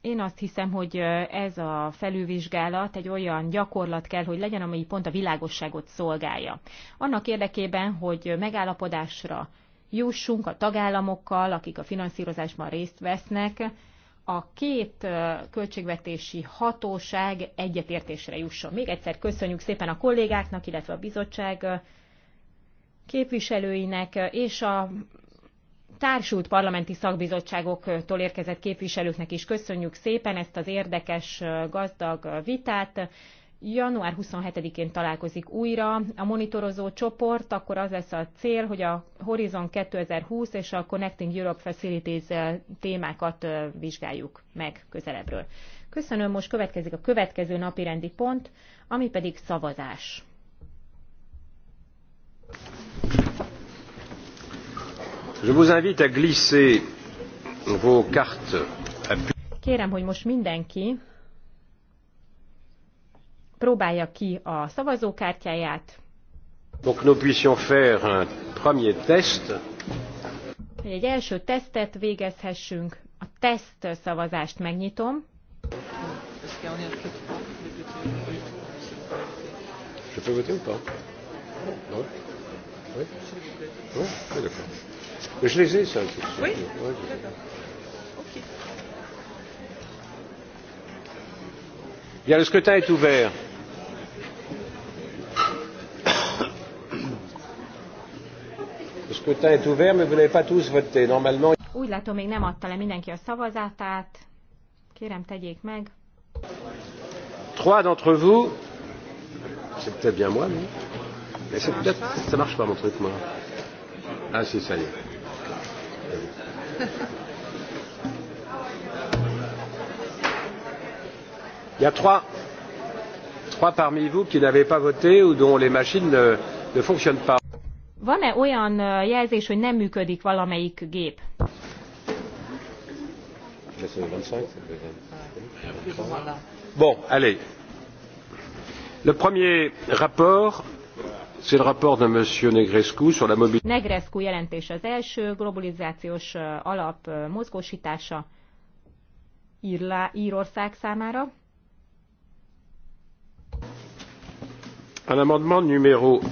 Én azt hiszem, hogy ez a felülvizsgálat egy olyan gyakorlat kell, hogy legyen, ami pont a világosságot szolgálja. Annak érdekében, hogy megállapodásra jussunk a tagállamokkal, akik a finanszírozásban részt vesznek, a két költségvetési hatóság egyetértésre jusson. Még egyszer köszönjük szépen a kollégáknak, illetve a bizottság képviselőinek és a társult parlamenti szakbizottságoktól érkezett képviselőknek is köszönjük szépen ezt az érdekes, gazdag vitát január 27-én találkozik újra a monitorozó csoport, akkor az lesz a cél, hogy a Horizon 2020 és a Connecting Europe Facilities eh, témákat eh, vizsgáljuk meg közelebbről. Köszönöm, most következik a következő napi rendi pont, ami pedig szavazás.
Je vous invite à glisser vos cartes.
Kérem, hogy most mindenki próbálja ki a szavazókártyáját.
Donc nous puissions faire un premier test.
Hogy egy első tesztet végezhessünk. A teszt szavazást megnyitom.
Je peux voter ou pas Non Oui Oui, oui d'accord. Je les ai, ça. Oui, oui Ok. Bien, le scrutin est ouvert. scrutin est ouvert, mais vous n'avez pas tous voté. Normalement...
Úgy látom, még nem adta le mindenki a szavazatát. Kérem, tegyék meg.
Trois d'entre vous, c'est peut-être bien moi, non mais c'est peut-être, ça marche pas mon truc, moi. Ah si, ça y est. Il y a trois, trois parmi vous qui n'avaient pas voté ou dont les machines ne, ne fonctionnent pas.
Van-e olyan jelzés, hogy nem működik valamelyik gép?
Bon, allez. Le premier rapport, c'est le rapport de Monsieur Negrescu sur la mobilité.
Negrescu jelentés az első, globalizációs alap mozgósítása Írlá, Írország számára.
Un amendement numéro 1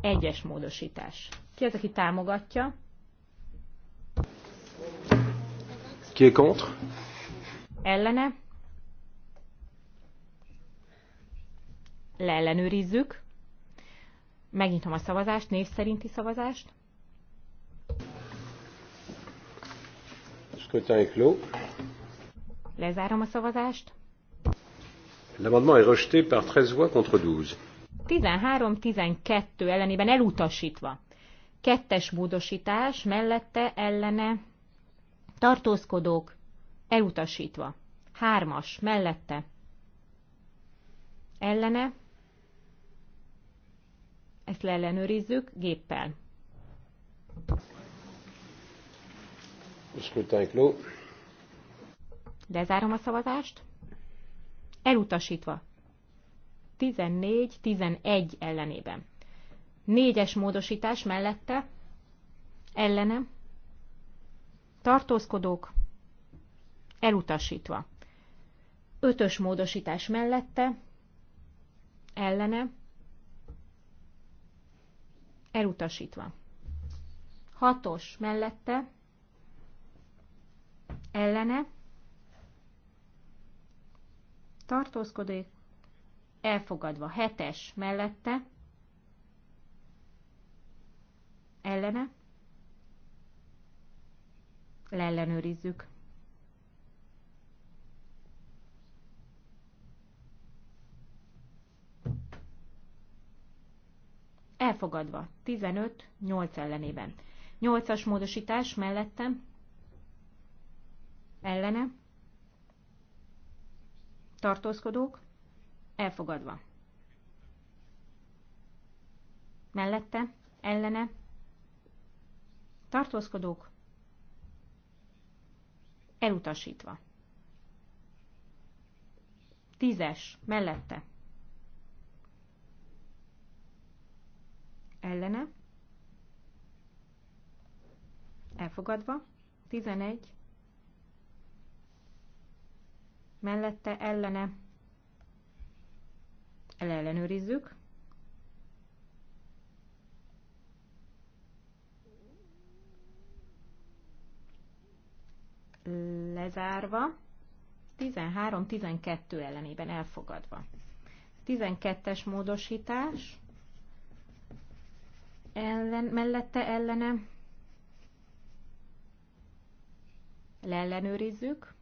egyes módosítás. Ki az, aki támogatja? Ki est contre? Ellene? Leellenőrizzük. Megnyitom a szavazást, név szerinti szavazást.
Scrutin clos.
Lezárom a szavazást.
L'amendement est rejeté par 13 voix contre 12.
13-12 ellenében elutasítva. Kettes módosítás mellette ellene tartózkodók elutasítva. Hármas mellette ellene ezt leellenőrizzük géppel. Lezárom a szavazást. Elutasítva. 14-11 ellenében. Négyes módosítás mellette, ellene, tartózkodók, elutasítva. Ötös módosítás mellette, ellene, elutasítva. Hatos mellette, ellene, tartózkodik, elfogadva. Hetes mellette, ellene, leellenőrizzük. Elfogadva. 15-8 ellenében. 8-as módosítás mellette, Ellene. Tartózkodók. Elfogadva. Mellette, ellene, tartózkodók, elutasítva. Tízes, mellette. Ellene. Elfogadva. Tizenegy. Mellette, ellene leellenőrizzük. Lezárva, 13-12 ellenében elfogadva. 12-es módosítás, ellen, mellette ellene, leellenőrizzük. 13-12.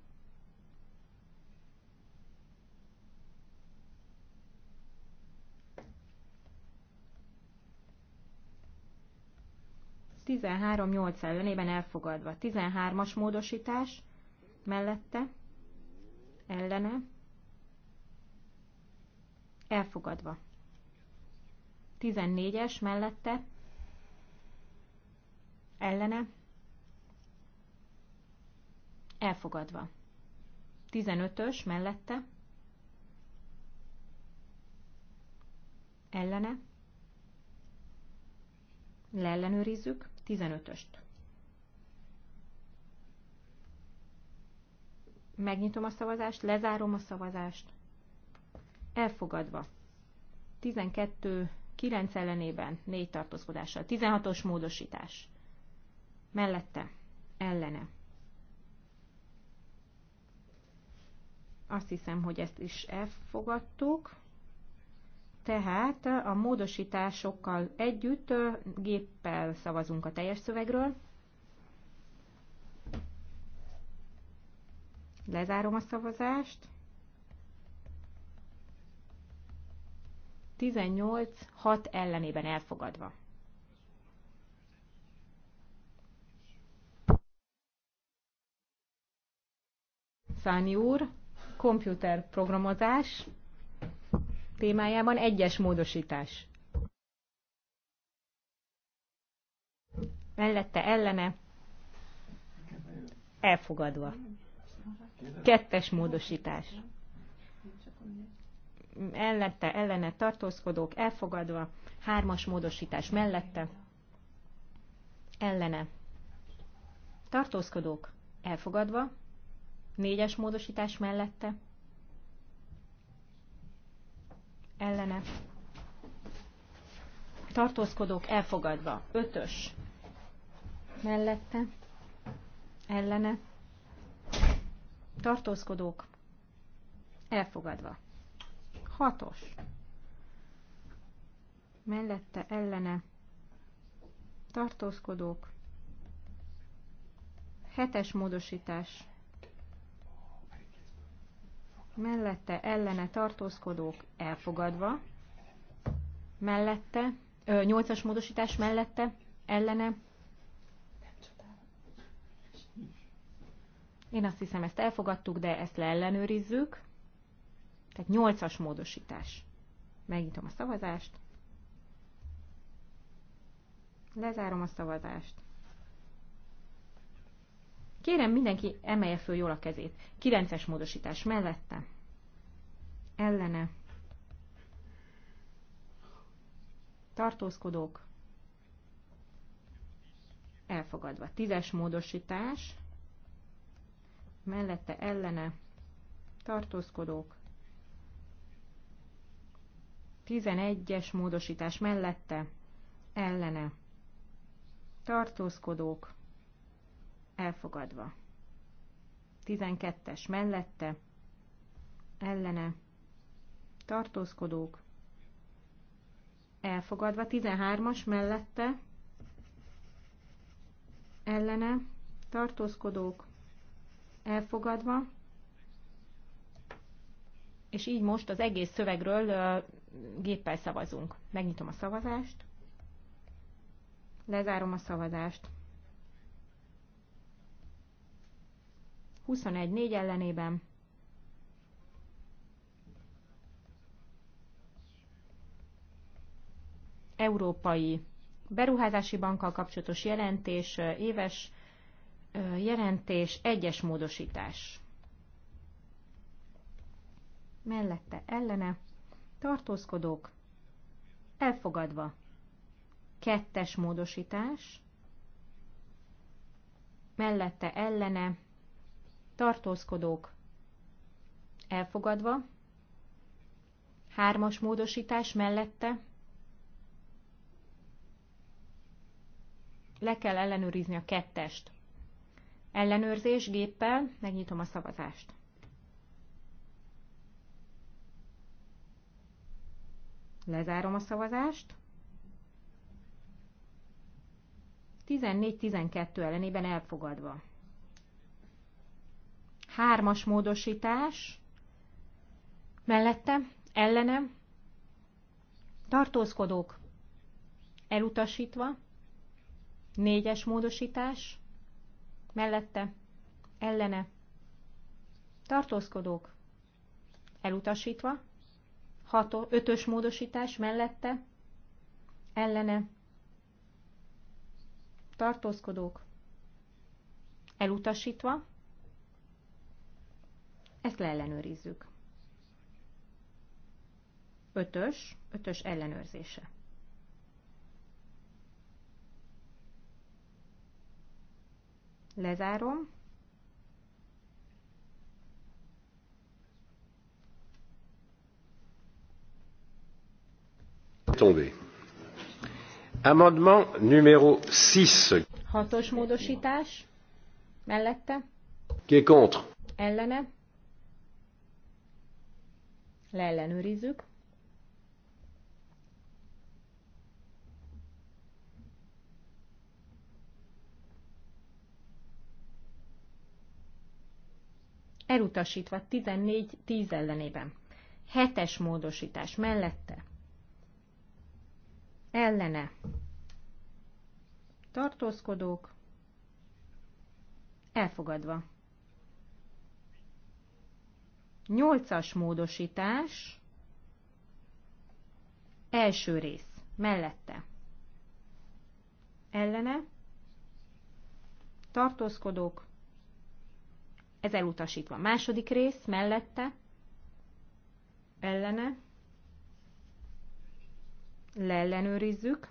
13-8 ellenében elfogadva. 13-as módosítás mellette, ellene, elfogadva. 14-es mellette, ellene, elfogadva. 15-ös mellette, ellene, leellenőrizzük, 15-öst. Megnyitom a szavazást, lezárom a szavazást. Elfogadva. 12 9 ellenében 4 tartózkodással. 16-os módosítás. Mellette. Ellene. Azt hiszem, hogy ezt is elfogadtuk. Tehát a módosításokkal együtt géppel szavazunk a teljes szövegről. Lezárom a szavazást. 18-6 ellenében elfogadva. Száni úr, komputerprogramozás témájában egyes módosítás. Mellette ellene elfogadva. Kettes módosítás. Ellette ellene tartózkodók elfogadva. Hármas módosítás mellette ellene tartózkodók elfogadva. Négyes módosítás mellette ellene tartózkodók elfogadva. Ötös mellette ellene tartózkodók elfogadva. Hatos mellette ellene tartózkodók hetes módosítás mellette ellene tartózkodók elfogadva, mellette, ö, 8-as módosítás mellette ellene. Én azt hiszem, ezt elfogadtuk, de ezt leellenőrizzük. Tehát 8-as módosítás. Megnyitom a szavazást. Lezárom a szavazást. Kérem, mindenki emelje föl jól a kezét. 9-es módosítás mellette. Ellene. Tartózkodók. Elfogadva. 10-es módosítás. Mellette ellene. Tartózkodók. 11-es módosítás mellette. Ellene. Tartózkodók elfogadva. 12-es mellette, ellene, tartózkodók, elfogadva. 13-as mellette, ellene, tartózkodók, elfogadva. És így most az egész szövegről géppel szavazunk. Megnyitom a szavazást, lezárom a szavazást. 21-4 ellenében. Európai Beruházási Bankkal kapcsolatos jelentés, éves jelentés, egyes módosítás. Mellette ellene, tartózkodók, elfogadva, kettes módosítás, mellette ellene, tartózkodók elfogadva, hármas módosítás mellette le kell ellenőrizni a kettest. Ellenőrzés géppel megnyitom a szavazást. Lezárom a szavazást. 14-12 ellenében elfogadva. Hármas módosítás mellette, ellene, tartózkodók elutasítva, négyes módosítás mellette, ellene, tartózkodók elutasítva, hato, ötös módosítás mellette, ellene, tartózkodók elutasítva, ezt leellenőrizzük. Ötös, ötös ellenőrzése. Lezárom.
Tombé. Amendement numéro 6.
Hatos módosítás. Mellette. Qui est contre? Ellene leellenőrizzük. Elutasítva 14-10 ellenében. Hetes módosítás mellette. Ellene. Tartózkodók. Elfogadva. Nyolcas módosítás, első rész, mellette. Ellene, tartózkodók, ez elutasítva. Második rész, mellette, ellene, leellenőrizzük.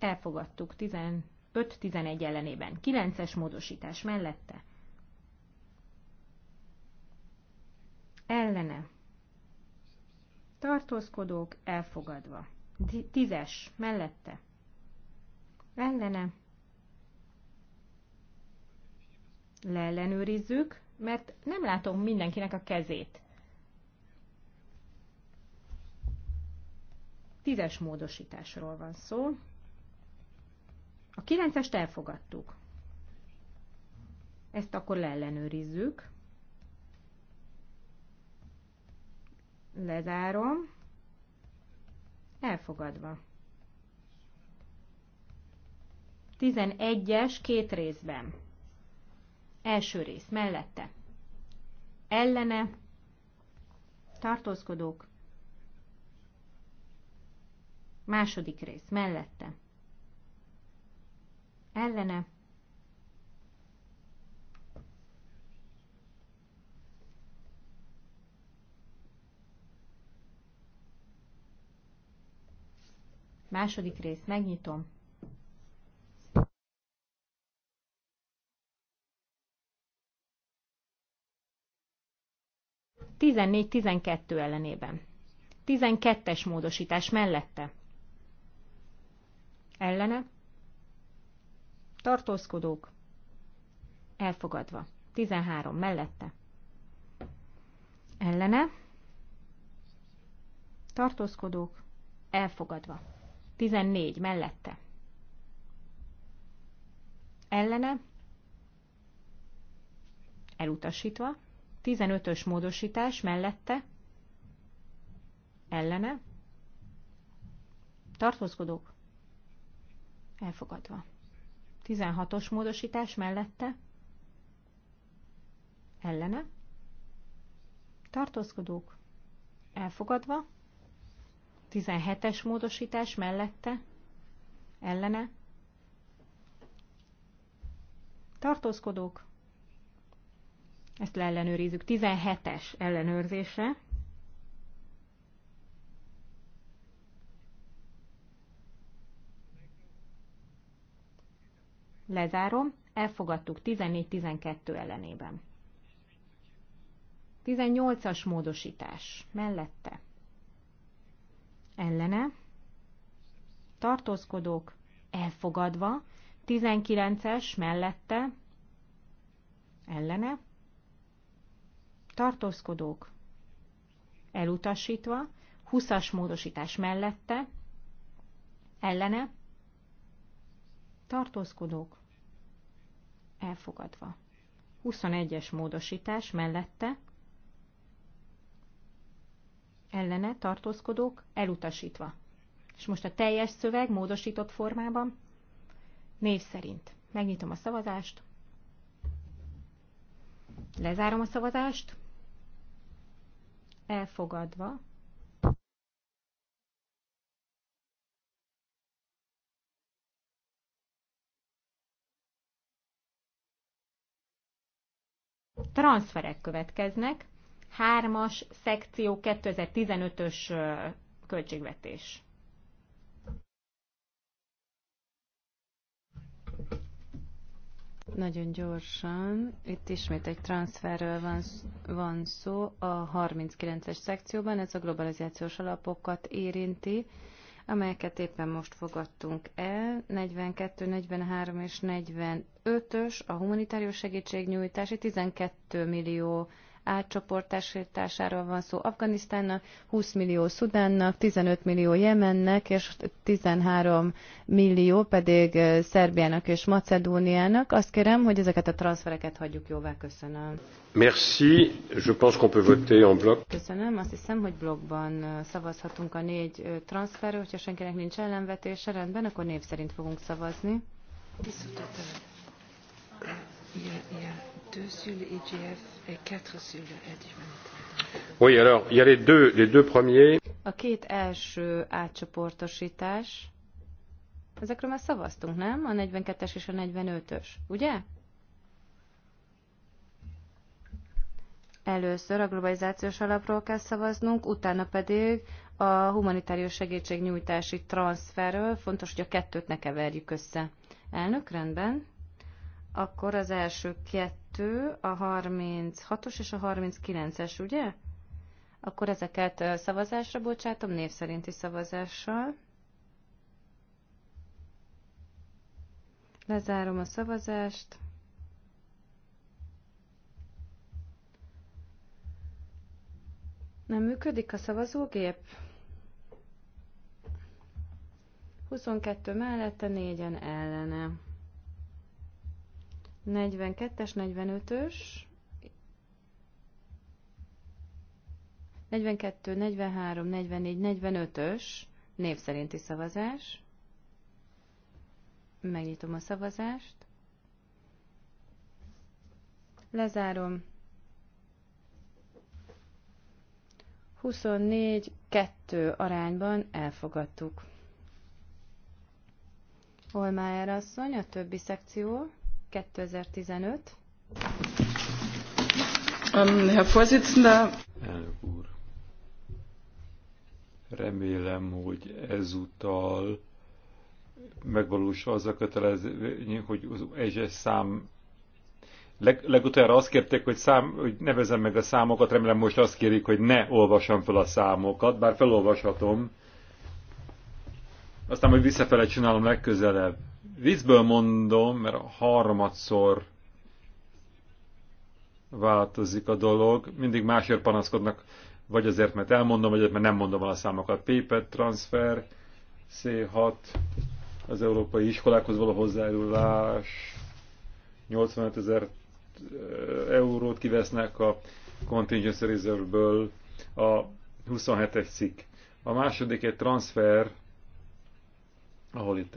elfogadtuk 15-11 ellenében. 9-es módosítás mellette. Ellene. Tartózkodók elfogadva. 10-es mellette. Ellene. Leellenőrizzük, mert nem látom mindenkinek a kezét. Tízes módosításról van szó. A 9-est elfogadtuk. Ezt akkor leellenőrizzük. Lezárom. Elfogadva. 11-es két részben. Első rész mellette. Ellene. Tartózkodók. Második rész mellette ellene Második rész, megnyitom. Tizennégy, tizenkettő ellenében. Tizenkettes módosítás mellette. Ellene tartózkodók, elfogadva. 13 mellette, ellene, tartózkodók, elfogadva. 14 mellette, ellene, elutasítva. 15-ös módosítás mellette, ellene, tartózkodók, elfogadva. 16-os módosítás mellette ellene tartózkodók elfogadva, 17-es módosítás mellette ellene tartózkodók, ezt leellenőrizzük, 17-es ellenőrzése, Lezárom. Elfogadtuk 14-12 ellenében. 18-as módosítás. Mellette. Ellene. Tartózkodók. Elfogadva. 19-es. Mellette. Ellene. Tartózkodók. Elutasítva. 20-as módosítás mellette, ellene, tartózkodók, elfogadva. 21-es módosítás mellette ellene tartózkodók elutasítva. És most a teljes szöveg módosított formában név szerint. Megnyitom a szavazást, lezárom a szavazást, elfogadva Transferek következnek. Hármas szekció 2015-ös költségvetés.
Nagyon gyorsan. Itt ismét egy transferről van, van szó a 39-es szekcióban. Ez a globalizációs alapokat érinti amelyeket éppen most fogadtunk el, 42, 43 és 45-ös a humanitárius segítségnyújtási 12 millió átcsoportosításáról van szó Afganisztánnak, 20 millió Szudánnak, 15 millió Jemennek, és 13 millió pedig Szerbiának és Macedóniának. Azt kérem, hogy ezeket a transfereket hagyjuk jóvá. Köszönöm.
Merci. Je pense qu'on peut voter en bloc.
Köszönöm. Azt hiszem, hogy blogban szavazhatunk a négy transferről. Hogyha senkinek nincs ellenvetése, rendben, akkor név szerint fogunk szavazni. Viszont Il y a deux sur le IGF et quatre sur le aide humanitaire.
Oui, alors, il y a les deux, les deux premiers.
A két első átcsoportosítás. Ezekről már szavaztunk, nem? A 42-es és a 45-ös, ugye? Először a globalizációs alapról kell szavaznunk, utána pedig a humanitárius segítségnyújtási transferről. Fontos, hogy a kettőt ne keverjük össze. Elnök, rendben. Akkor az első kettő, a 36-os és a 39-es, ugye? Akkor ezeket szavazásra bocsátom, név szerinti szavazással. Lezárom a szavazást. Nem működik a szavazógép? 22 mellette, 4-en ellene. 42-es, 45-ös. 42, 43, 44, 45-ös név szerinti szavazás. Megnyitom a szavazást. Lezárom. 24-2 arányban elfogadtuk. Olmájer asszony, a többi szekció. 2015.
Um, Herr Vorsitzender.
Elnök úr. Remélem, hogy ezúttal megvalósul az a kötelező, hogy az egyes szám Leg, legutoljára azt kérték, hogy, szám, hogy nevezem meg a számokat, remélem most azt kérik, hogy ne olvasom fel a számokat, bár felolvashatom. Aztán majd visszafele csinálom legközelebb vízből mondom, mert a harmadszor változik a dolog, mindig másért panaszkodnak, vagy azért, mert elmondom, vagy azért, mert nem mondom el a számokat. Pépet transfer, C6, az európai iskolákhoz való hozzájárulás, 85 ezer eurót kivesznek a contingency reserve-ből, a 27-es cikk. A második egy transfer ahol itt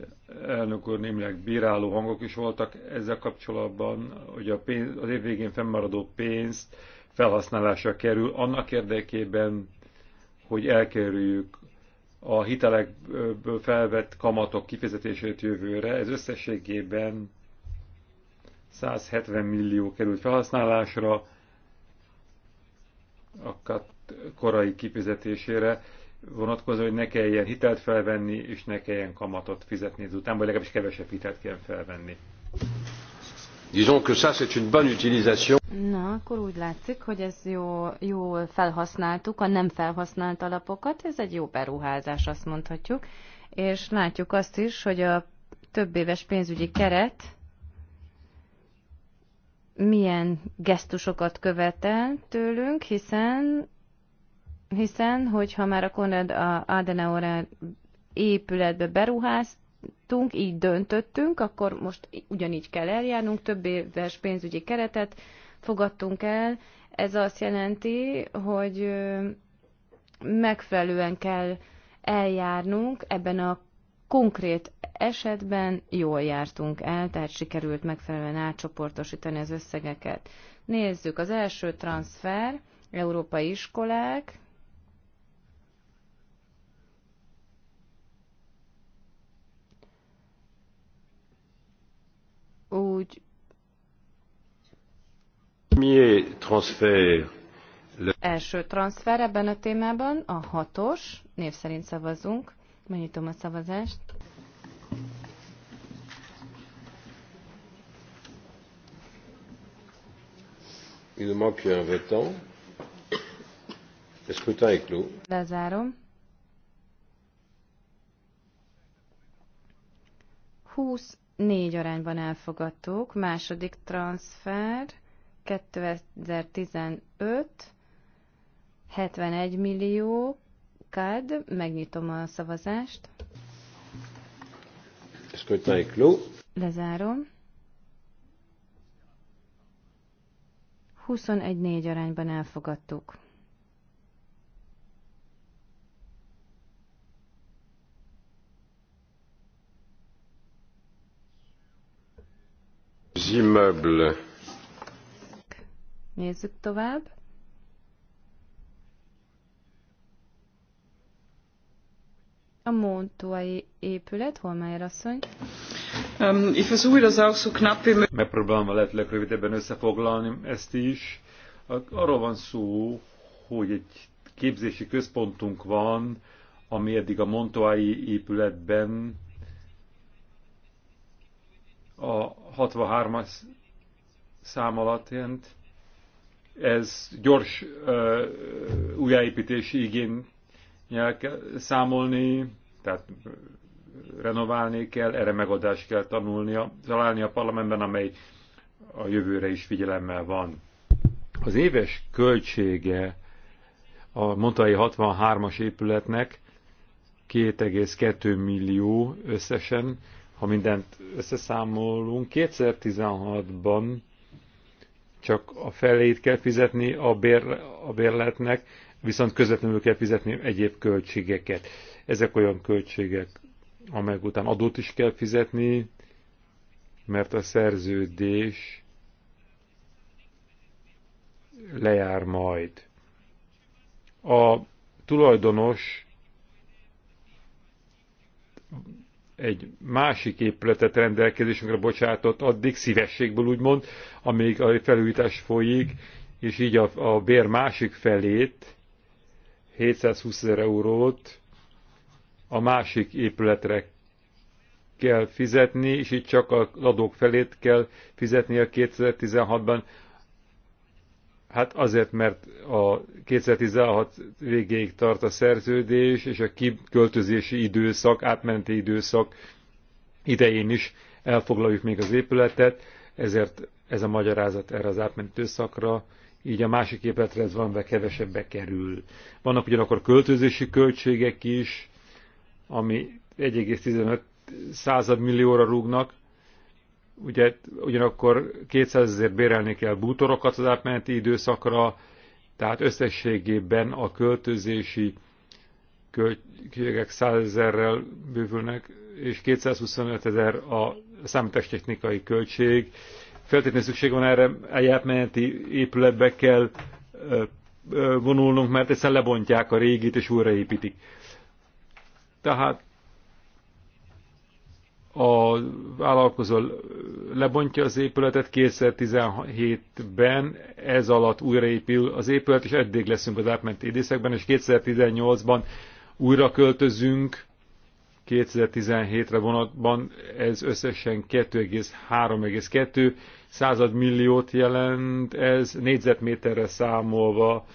elnök úr némileg bíráló hangok is voltak ezzel kapcsolatban, hogy a pénz, az év végén fennmaradó pénzt felhasználásra kerül, annak érdekében, hogy elkerüljük a hitelekből felvett kamatok kifizetését jövőre. Ez összességében 170 millió került felhasználásra, a korai kifizetésére vonatkozó, hogy ne kelljen hitelt felvenni, és ne kelljen kamatot fizetni ezután, vagy legalábbis kevesebb hitelt kell felvenni.
Disons que ça c'est une bonne utilisation.
Na, akkor úgy látszik, hogy ez jó, jól felhasználtuk a nem felhasznált alapokat, ez egy jó beruházás, azt mondhatjuk. És látjuk azt is, hogy a több éves pénzügyi keret milyen gesztusokat követel tőlünk, hiszen hiszen, hogyha már a Konrad Adenauer épületbe beruháztunk, így döntöttünk, akkor most ugyanígy kell eljárnunk, több éves pénzügyi keretet fogadtunk el. Ez azt jelenti, hogy megfelelően kell eljárnunk ebben a konkrét esetben jól jártunk el, tehát sikerült megfelelően átcsoportosítani az összegeket. Nézzük, az első transfer, európai iskolák, úgy Első transfer ebben a témában, a hatos, név szerint szavazunk. Megnyitom a szavazást.
Il nous manque un votant. Le scrutin est clos.
Lezárom. Hus négy arányban elfogadtuk. Második transfer 2015 71 millió kád. Megnyitom a szavazást. és Lezárom. 21-4 arányban elfogadtuk.
immeubles.
Nézzük tovább. A Montuai épület, Holmeyer asszony.
Um, ehm,
ich Megpróbálom a lehetőleg rövidebben összefoglalni ezt is. Arról van szó, hogy egy képzési központunk van, ami eddig a Montuai épületben a 63-as szám alatt jelent. Ez gyors uh, újjáépítési kell számolni, tehát renoválni kell, erre megoldást kell tanulnia, találni a parlamentben, amely a jövőre is figyelemmel van. Az éves költsége a Montai 63-as épületnek 2,2 millió összesen, ha mindent összeszámolunk, 2016-ban csak a felét kell fizetni a, bér, a bérletnek, viszont közvetlenül kell fizetni egyéb költségeket. Ezek olyan költségek, amelyek után adót is kell fizetni, mert a szerződés lejár majd. A tulajdonos egy másik épületet rendelkezésünkre bocsátott addig szívességből úgymond, amíg a felújítás folyik, és így a, a bér másik felét, 720 ezer eurót a másik épületre kell fizetni, és itt csak az adók felét kell fizetni a 2016-ban Hát azért, mert a 2016 végéig tart a szerződés, és a kiköltözési időszak, átmenti időszak idején is elfoglaljuk még az épületet, ezért ez a magyarázat erre az átmenti időszakra, így a másik épületre ez valamivel kevesebbe kerül. Vannak ugyanakkor költözési költségek is, ami 1,15 század millióra rúgnak, ugye ugyanakkor 200 ezer bérelni kell bútorokat az átmeneti időszakra, tehát összességében a költözési költségek 100 ezerrel bővülnek, és 225 ezer a számítástechnikai költség. Feltétlenül szükség van erre, átmeneti épületbe kell vonulnunk, mert egyszer lebontják a régit és újraépítik. Tehát a vállalkozó lebontja az épületet 2017-ben, ez alatt újraépül az épület, és eddig leszünk az átment időszakban, és 2018-ban újra költözünk, 2017-re vonatban ez összesen 2,3,2 századmilliót jelent, ez négyzetméterre számolva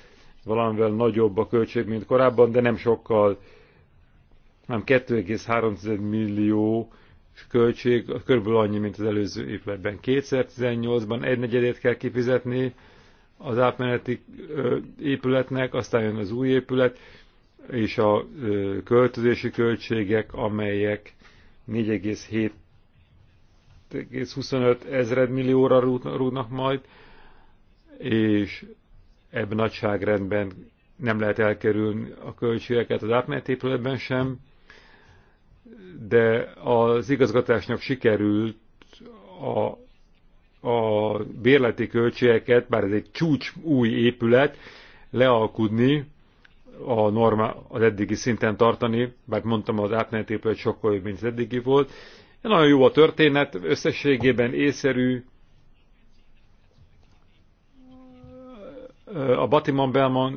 valamivel nagyobb a költség, mint korábban, de nem sokkal, nem 2,3 millió költség körülbelül annyi, mint az előző évben. 2018-ban egy negyedét kell kifizetni az átmeneti épületnek, aztán jön az új épület, és a költözési költségek, amelyek 25 ezred millióra rúgnak majd, és ebben nagyságrendben nem lehet elkerülni a költségeket az átmeneti épületben sem, de az igazgatásnak sikerült a, a bérleti költségeket, bár ez egy csúcs új épület, lealkudni, a norma, az eddigi szinten tartani, bár mondtam, az átmeneti épület sokkal jobb, mint az eddigi volt. Nagyon jó a történet, összességében észszerű, a Batiman Belman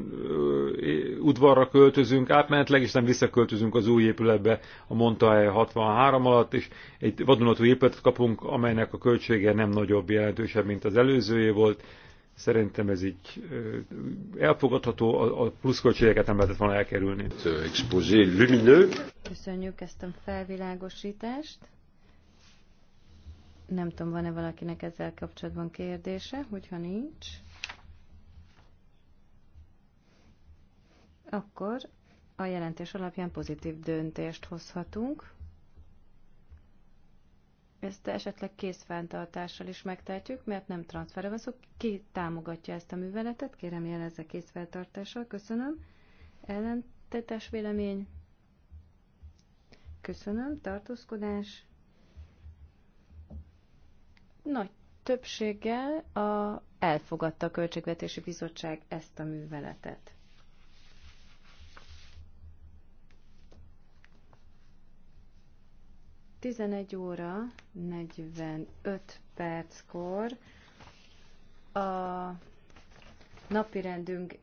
udvarra költözünk, átmenetleg, és nem visszaköltözünk az új épületbe a Montae 63 alatt, és egy vadonatúj épületet kapunk, amelynek a költsége nem nagyobb, jelentősebb, mint az előzőjé volt. Szerintem ez így elfogadható, a pluszköltségeket nem lehetett volna elkerülni.
Köszönjük ezt a felvilágosítást. Nem tudom, van-e valakinek ezzel kapcsolatban kérdése, hogyha nincs. akkor a jelentés alapján pozitív döntést hozhatunk. Ezt esetleg készfenntartással is megtehetjük, mert nem transferre van szó. Ki támogatja ezt a műveletet? Kérem jelezze készfenntartással. Köszönöm. Ellentetes vélemény. Köszönöm. Tartózkodás. Nagy többséggel a, elfogadta a Költségvetési Bizottság ezt a műveletet. 11 óra 45 perckor a napirendünk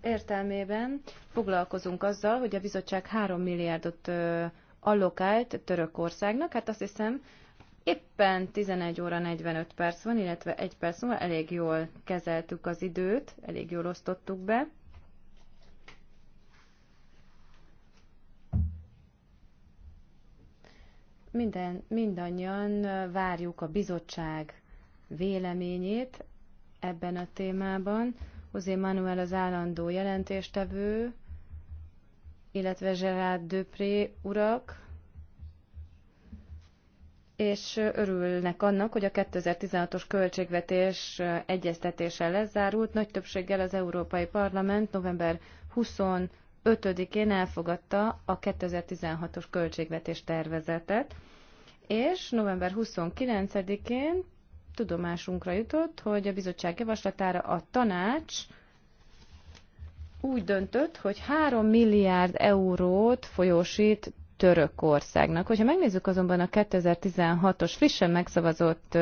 értelmében foglalkozunk azzal, hogy a bizottság 3 milliárdot allokált Törökországnak. Hát azt hiszem, éppen 11 óra 45 perc van, illetve egy perc múlva elég jól kezeltük az időt, elég jól osztottuk be. Minden, mindannyian várjuk a bizottság véleményét ebben a témában. José Manuel az állandó jelentéstevő, illetve Gerard Döpré urak, és örülnek annak, hogy a 2016-os költségvetés egyeztetése lezárult. Nagy többséggel az Európai Parlament november 25-én elfogadta a 2016-os költségvetés tervezetet és november 29-én tudomásunkra jutott, hogy a bizottság javaslatára a tanács úgy döntött, hogy 3 milliárd eurót folyósít Törökországnak. Hogyha megnézzük azonban a 2016-os frissen megszavazott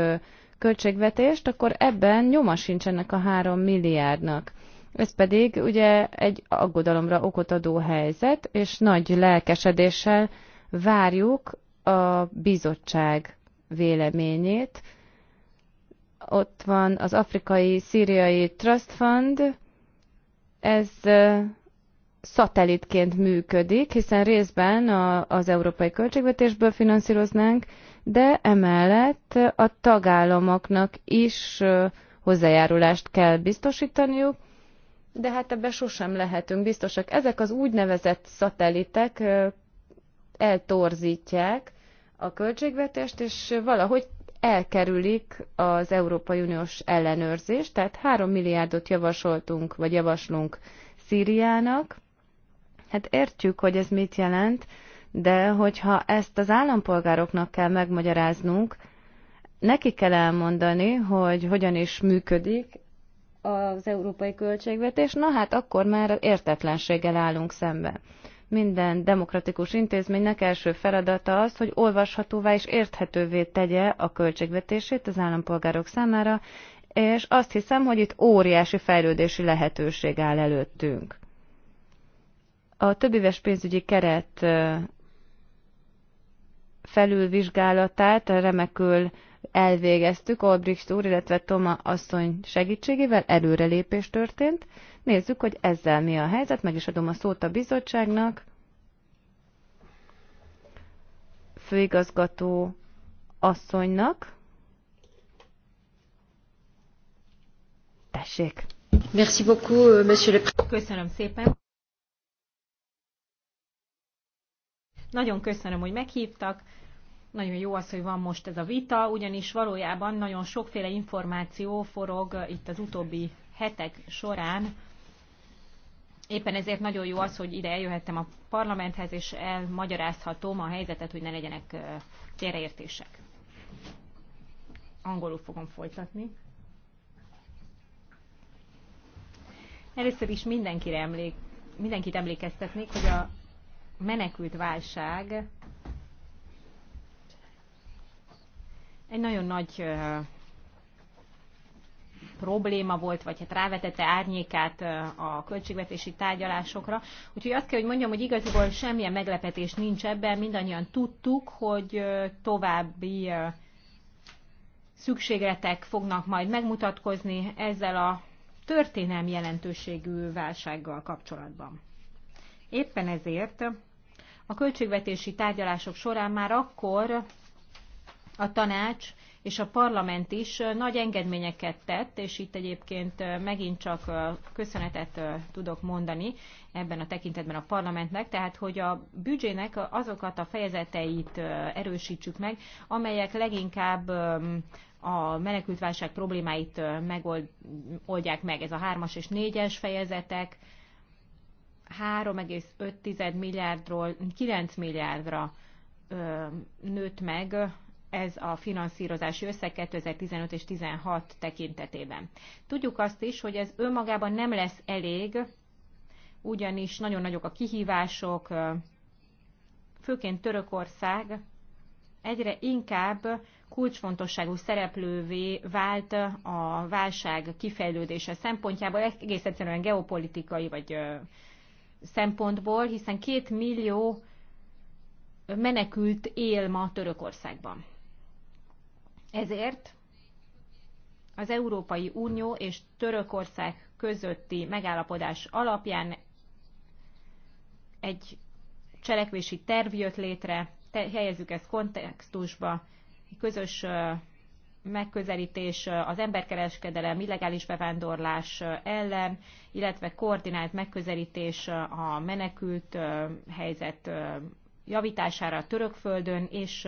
költségvetést, akkor ebben nyoma sincs ennek a 3 milliárdnak. Ez pedig ugye egy aggodalomra okot adó helyzet, és nagy lelkesedéssel várjuk a bizottság véleményét. Ott van az afrikai szíriai Trust Fund, ez szatellitként működik, hiszen részben a, az európai költségvetésből finanszíroznánk, de emellett a tagállamoknak is hozzájárulást kell biztosítaniuk, de hát ebben sosem lehetünk biztosak. Ezek az úgynevezett szatellitek eltorzítják a költségvetést, és valahogy elkerülik az Európai Uniós ellenőrzést, tehát 3 milliárdot javasoltunk, vagy javaslunk Szíriának. Hát értjük, hogy ez mit jelent, de hogyha ezt az állampolgároknak kell megmagyaráznunk, neki kell elmondani, hogy hogyan is működik az európai költségvetés, na hát akkor már értetlenséggel állunk szembe. Minden demokratikus intézménynek első feladata az, hogy olvashatóvá és érthetővé tegye a költségvetését az állampolgárok számára, és azt hiszem, hogy itt óriási fejlődési lehetőség áll előttünk. A többéves pénzügyi keret felülvizsgálatát remekül elvégeztük Olbricht úr, illetve Toma asszony segítségével, előrelépés történt, Nézzük, hogy ezzel mi a helyzet, meg is adom a szót a bizottságnak. Főigazgató asszonynak. Tessék!
Merci beaucoup, euh, monsieur le... Köszönöm szépen! Nagyon köszönöm, hogy meghívtak. Nagyon jó az, hogy van most ez a vita, ugyanis valójában nagyon sokféle információ forog itt az utóbbi hetek során Éppen ezért nagyon jó az, hogy ide eljöhettem a parlamenthez, és elmagyarázhatom a helyzetet, hogy ne legyenek félreértések. Angolul fogom folytatni. Először is mindenkire emlék, mindenkit emlékeztetnék, hogy a menekült válság egy nagyon nagy probléma volt, vagy hát rávetette árnyékát a költségvetési tárgyalásokra. Úgyhogy azt kell, hogy mondjam, hogy igaziból semmilyen meglepetés nincs ebben, mindannyian tudtuk, hogy további szükségletek fognak majd megmutatkozni ezzel a történelmi jelentőségű válsággal kapcsolatban. Éppen ezért a költségvetési tárgyalások során már akkor a tanács és a parlament is nagy engedményeket tett, és itt egyébként megint csak köszönetet tudok mondani ebben a tekintetben a parlamentnek, tehát hogy a büdzsének azokat a fejezeteit erősítsük meg, amelyek leginkább a menekültválság problémáit megoldják meg. Ez a hármas és négyes fejezetek 3,5 milliárdról 9 milliárdra nőtt meg ez a finanszírozási összeg 2015 és 16 tekintetében. Tudjuk azt is, hogy ez önmagában nem lesz elég, ugyanis nagyon nagyok a kihívások, főként Törökország egyre inkább kulcsfontosságú szereplővé vált a válság kifejlődése szempontjából, egész egyszerűen geopolitikai vagy szempontból, hiszen két millió menekült él ma Törökországban. Ezért az Európai Unió és Törökország közötti megállapodás alapján egy cselekvési terv jött létre, te, helyezzük ezt kontextusba, közös megközelítés az emberkereskedelem, illegális bevándorlás ellen, illetve koordinált megközelítés a menekült helyzet javítására a törökföldön és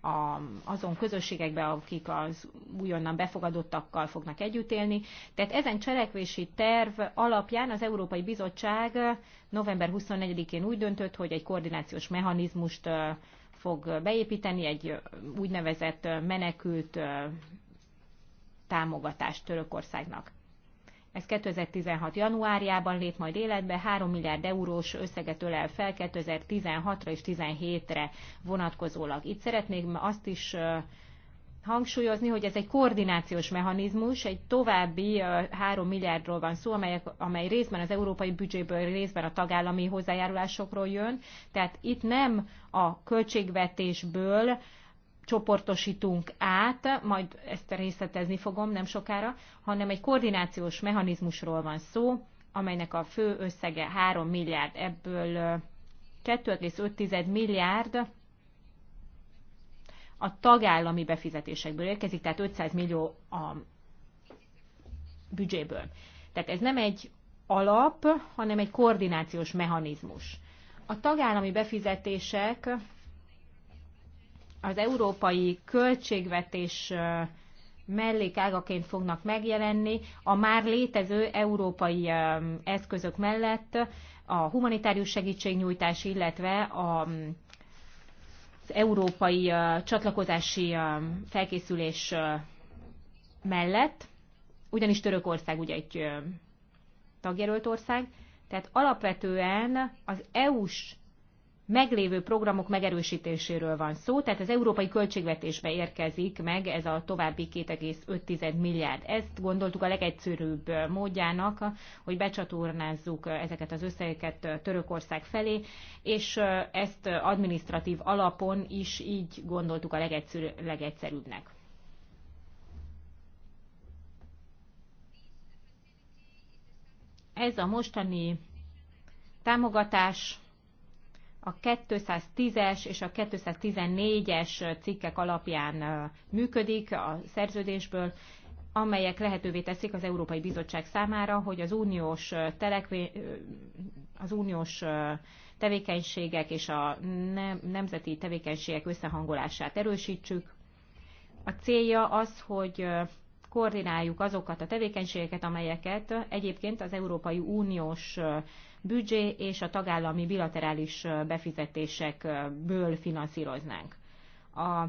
a, azon közösségekben, akik az újonnan befogadottakkal fognak együtt élni. Tehát ezen cselekvési terv alapján az Európai Bizottság november 24-én úgy döntött, hogy egy koordinációs mechanizmust fog beépíteni, egy úgynevezett menekült támogatást Törökországnak. Ez 2016. januárjában lép majd életbe, 3 milliárd eurós összeget ölel fel 2016-ra és 2017-re vonatkozólag. Itt szeretnék azt is hangsúlyozni, hogy ez egy koordinációs mechanizmus, egy további 3 milliárdról van szó, amely, amely részben az európai büdzséből, részben a tagállami hozzájárulásokról jön. Tehát itt nem a költségvetésből csoportosítunk át, majd ezt részletezni fogom nem sokára, hanem egy koordinációs mechanizmusról van szó, amelynek a fő összege 3 milliárd, ebből 2,5 milliárd a tagállami befizetésekből érkezik, tehát 500 millió a büdzséből. Tehát ez nem egy alap, hanem egy koordinációs mechanizmus. A tagállami befizetések az európai költségvetés mellékágaként fognak megjelenni a már létező európai eszközök mellett a humanitárius segítségnyújtás, illetve a, az európai csatlakozási felkészülés mellett, ugyanis Törökország ugye egy tagjelölt ország, tehát alapvetően az EU-s meglévő programok megerősítéséről van szó, tehát az európai költségvetésbe érkezik meg ez a további 2,5 milliárd. Ezt gondoltuk a legegyszerűbb módjának, hogy becsatornázzuk ezeket az összegeket Törökország felé, és ezt administratív alapon is így gondoltuk a legegyszerű, legegyszerűbbnek. Ez a mostani támogatás a 210-es és a 214-es cikkek alapján működik a szerződésből, amelyek lehetővé teszik az Európai Bizottság számára, hogy az uniós, telekvé, az uniós tevékenységek és a nemzeti tevékenységek összehangolását erősítsük. A célja az, hogy koordináljuk azokat a tevékenységeket, amelyeket egyébként az Európai Uniós büdzsé és a tagállami bilaterális befizetésekből finanszíroznánk. A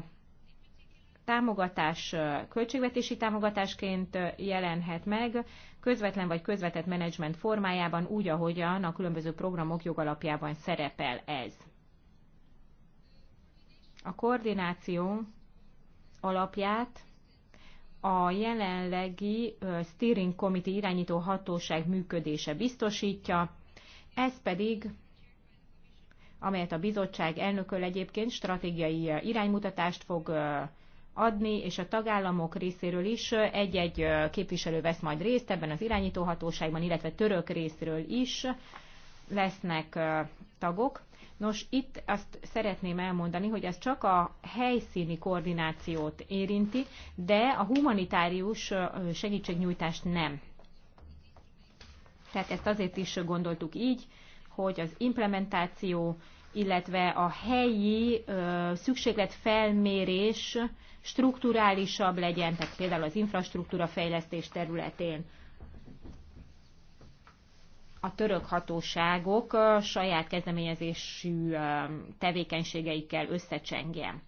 támogatás költségvetési támogatásként jelenhet meg, közvetlen vagy közvetett menedzsment formájában, úgy, ahogyan a különböző programok jogalapjában szerepel ez. A koordináció alapját a jelenlegi Steering Committee irányító hatóság működése biztosítja, ez pedig amelyet a bizottság elnököl egyébként stratégiai iránymutatást fog adni, és a tagállamok részéről is egy-egy képviselő vesz majd részt ebben az irányítóhatóságban, illetve török részről is lesznek tagok. Nos, itt azt szeretném elmondani, hogy ez csak a helyszíni koordinációt érinti, de a humanitárius segítségnyújtást nem. Tehát ezt azért is gondoltuk így, hogy az implementáció, illetve a helyi ö, szükségletfelmérés strukturálisabb legyen, tehát például az infrastruktúra fejlesztés területén a török hatóságok saját kezdeményezésű tevékenységeikkel összecsengjen.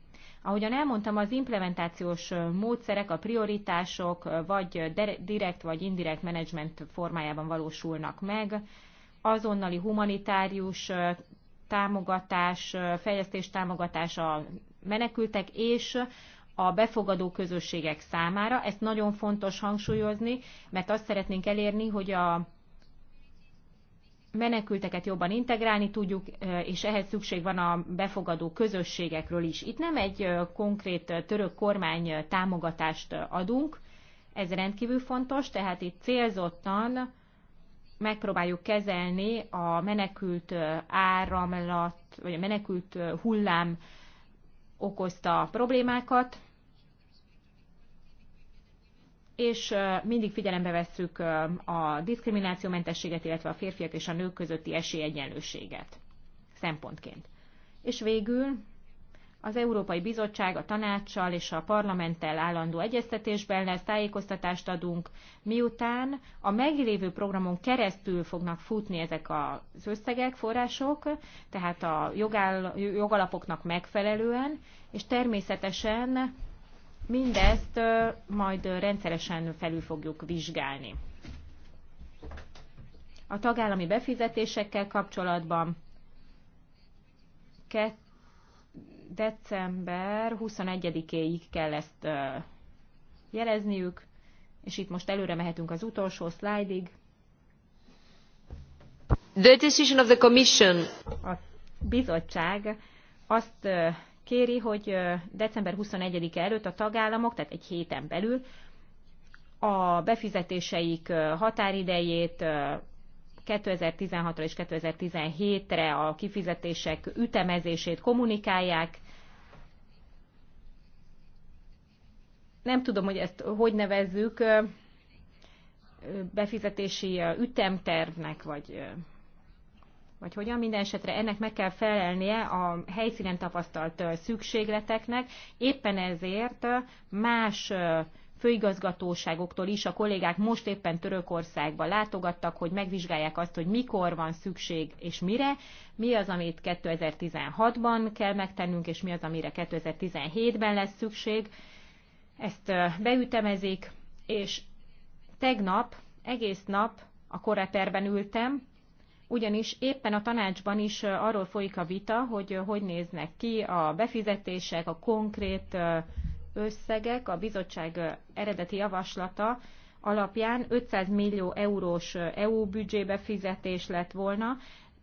Ahogyan elmondtam, az implementációs módszerek, a prioritások vagy direkt vagy indirekt menedzsment formájában valósulnak meg. Azonnali humanitárius támogatás, fejlesztés támogatása menekültek és a befogadó közösségek számára. Ezt nagyon fontos hangsúlyozni, mert azt szeretnénk elérni, hogy a menekülteket jobban integrálni tudjuk, és ehhez szükség van a befogadó közösségekről is. Itt nem egy konkrét török kormány támogatást adunk, ez rendkívül fontos, tehát itt célzottan megpróbáljuk kezelni a menekült áramlat, vagy a menekült hullám okozta problémákat, és mindig figyelembe vesszük a diszkriminációmentességet, illetve a férfiak és a nők közötti esélyegyenlőséget szempontként. És végül az Európai Bizottság a tanácssal és a parlamenttel állandó egyeztetésben lesz, tájékoztatást adunk, miután a meglévő programon keresztül fognak futni ezek az összegek, források, tehát a jogáll, jogalapoknak megfelelően, és természetesen Mindezt majd rendszeresen felül fogjuk vizsgálni. A tagállami befizetésekkel kapcsolatban december 21-éig kell ezt jelezniük, és itt most előre mehetünk az utolsó szlájdig.
The decision of the commission.
A bizottság azt kéri, hogy december 21-e előtt a tagállamok, tehát egy héten belül a befizetéseik határidejét 2016-ra és 2017-re a kifizetések ütemezését kommunikálják. Nem tudom, hogy ezt hogy nevezzük, befizetési ütemtervnek, vagy vagy hogyan. Minden esetre ennek meg kell felelnie a helyszínen tapasztalt szükségleteknek. Éppen ezért más főigazgatóságoktól is a kollégák most éppen Törökországba látogattak, hogy megvizsgálják azt, hogy mikor van szükség és mire, mi az, amit 2016-ban kell megtennünk, és mi az, amire 2017-ben lesz szükség. Ezt beütemezik, és tegnap egész nap a koreperben ültem, ugyanis éppen a tanácsban is arról folyik a vita, hogy hogy néznek ki a befizetések, a konkrét összegek, a bizottság eredeti javaslata alapján 500 millió eurós EU büdzsébe fizetés lett volna,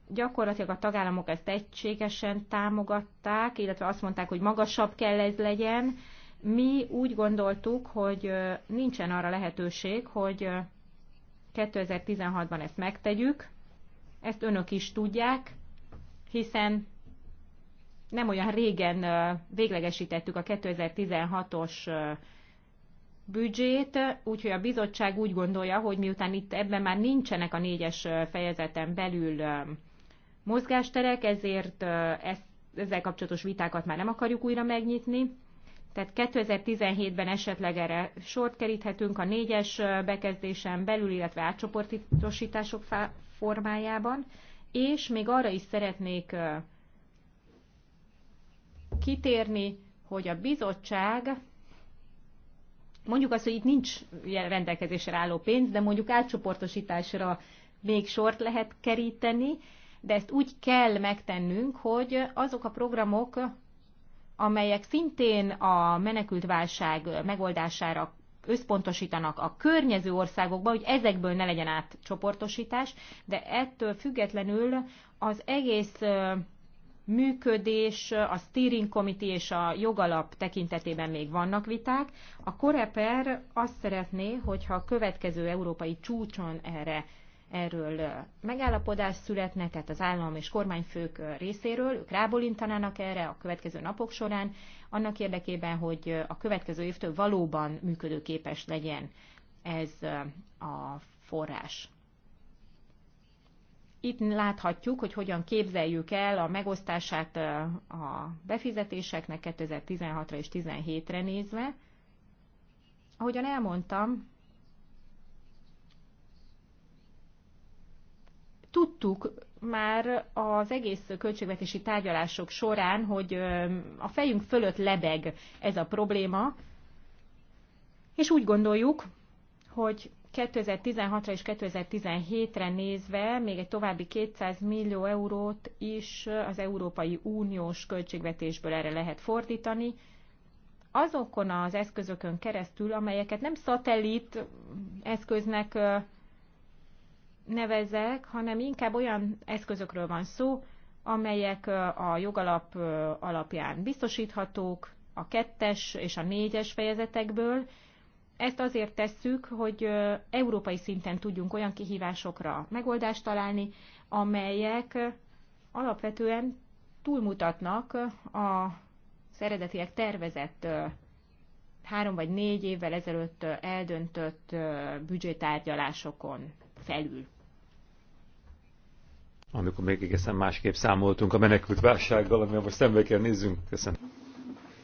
gyakorlatilag a tagállamok ezt egységesen támogatták, illetve azt mondták, hogy magasabb kell ez legyen. Mi úgy gondoltuk, hogy nincsen arra lehetőség, hogy 2016-ban ezt megtegyük, ezt önök is tudják, hiszen nem olyan régen véglegesítettük a 2016-os büdzsét, úgyhogy a bizottság úgy gondolja, hogy miután itt ebben már nincsenek a négyes fejezeten belül mozgásterek, ezért ezt, ezzel kapcsolatos vitákat már nem akarjuk újra megnyitni. Tehát 2017-ben esetleg erre sort keríthetünk a négyes bekezdésen belül, illetve átcsoportosítások formájában, és még arra is szeretnék kitérni, hogy a bizottság mondjuk azt, hogy itt nincs rendelkezésre álló pénz, de mondjuk átcsoportosításra még sort lehet keríteni, de ezt úgy kell megtennünk, hogy azok a programok, amelyek szintén a menekültválság megoldására összpontosítanak a környező országokba, hogy ezekből ne legyen átcsoportosítás, de ettől függetlenül az egész működés, a steering committee és a jogalap tekintetében még vannak viták. A Koreper azt szeretné, hogyha a következő európai csúcson erre erről megállapodás születne, tehát az állam és kormányfők részéről, ők rábolintanának erre a következő napok során, annak érdekében, hogy a következő évtől valóban működőképes legyen ez a forrás. Itt láthatjuk, hogy hogyan képzeljük el a megosztását a befizetéseknek 2016-ra és 2017-re nézve. Ahogyan elmondtam, Tudtuk már az egész költségvetési tárgyalások során, hogy a fejünk fölött lebeg ez a probléma, és úgy gondoljuk, hogy 2016-ra és 2017-re nézve még egy további 200 millió eurót is az Európai Uniós költségvetésből erre lehet fordítani, azokon az eszközökön keresztül, amelyeket nem szatellit eszköznek nevezek, hanem inkább olyan eszközökről van szó, amelyek a jogalap alapján biztosíthatók, a kettes és a négyes fejezetekből. Ezt azért tesszük, hogy európai szinten tudjunk olyan kihívásokra megoldást találni, amelyek alapvetően túlmutatnak a eredetileg tervezett három vagy négy évvel ezelőtt eldöntött büdzsétárgyalásokon felül
amikor még egészen másképp számoltunk a menekült válsággal, amivel most szembe kell nézzünk. Köszönöm.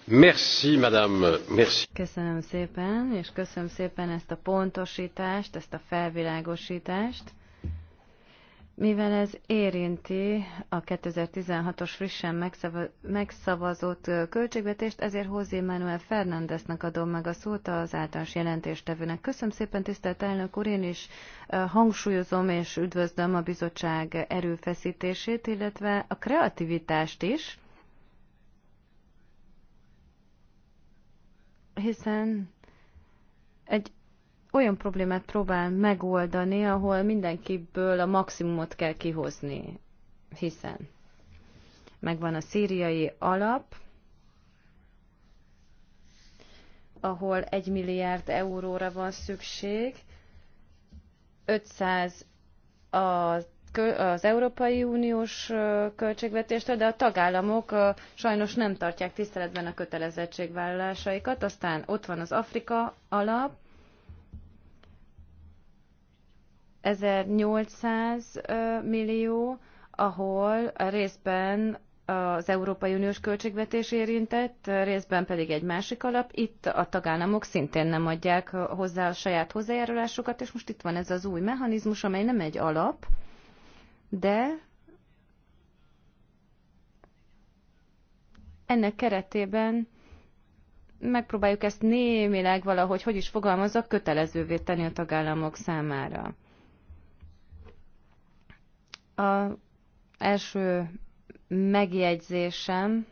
Merci, madame. Merci.
Köszönöm szépen, és köszönöm szépen ezt a pontosítást, ezt a felvilágosítást. Mivel ez érinti a 2016-os frissen megszavazott költségvetést, ezért José Manuel Fernándeznek adom meg a szót az általános jelentéstevőnek. Köszönöm szépen, tisztelt elnök úr, én is hangsúlyozom és üdvözlöm a bizottság erőfeszítését, illetve a kreativitást is, hiszen egy olyan problémát próbál megoldani, ahol mindenkiből a maximumot kell kihozni, hiszen megvan a szíriai alap, ahol egy milliárd euróra van szükség, 500 az, az Európai Uniós költségvetéstől, de a tagállamok sajnos nem tartják tiszteletben a kötelezettségvállalásaikat. Aztán ott van az Afrika alap, 1800 millió, ahol a részben az Európai Uniós költségvetés érintett, részben pedig egy másik alap. Itt a tagállamok szintén nem adják hozzá a saját hozzájárulásokat, és most itt van ez az új mechanizmus, amely nem egy alap, de ennek keretében megpróbáljuk ezt némileg valahogy, hogy is fogalmazok, kötelezővé tenni a tagállamok számára. A első megjegyzésem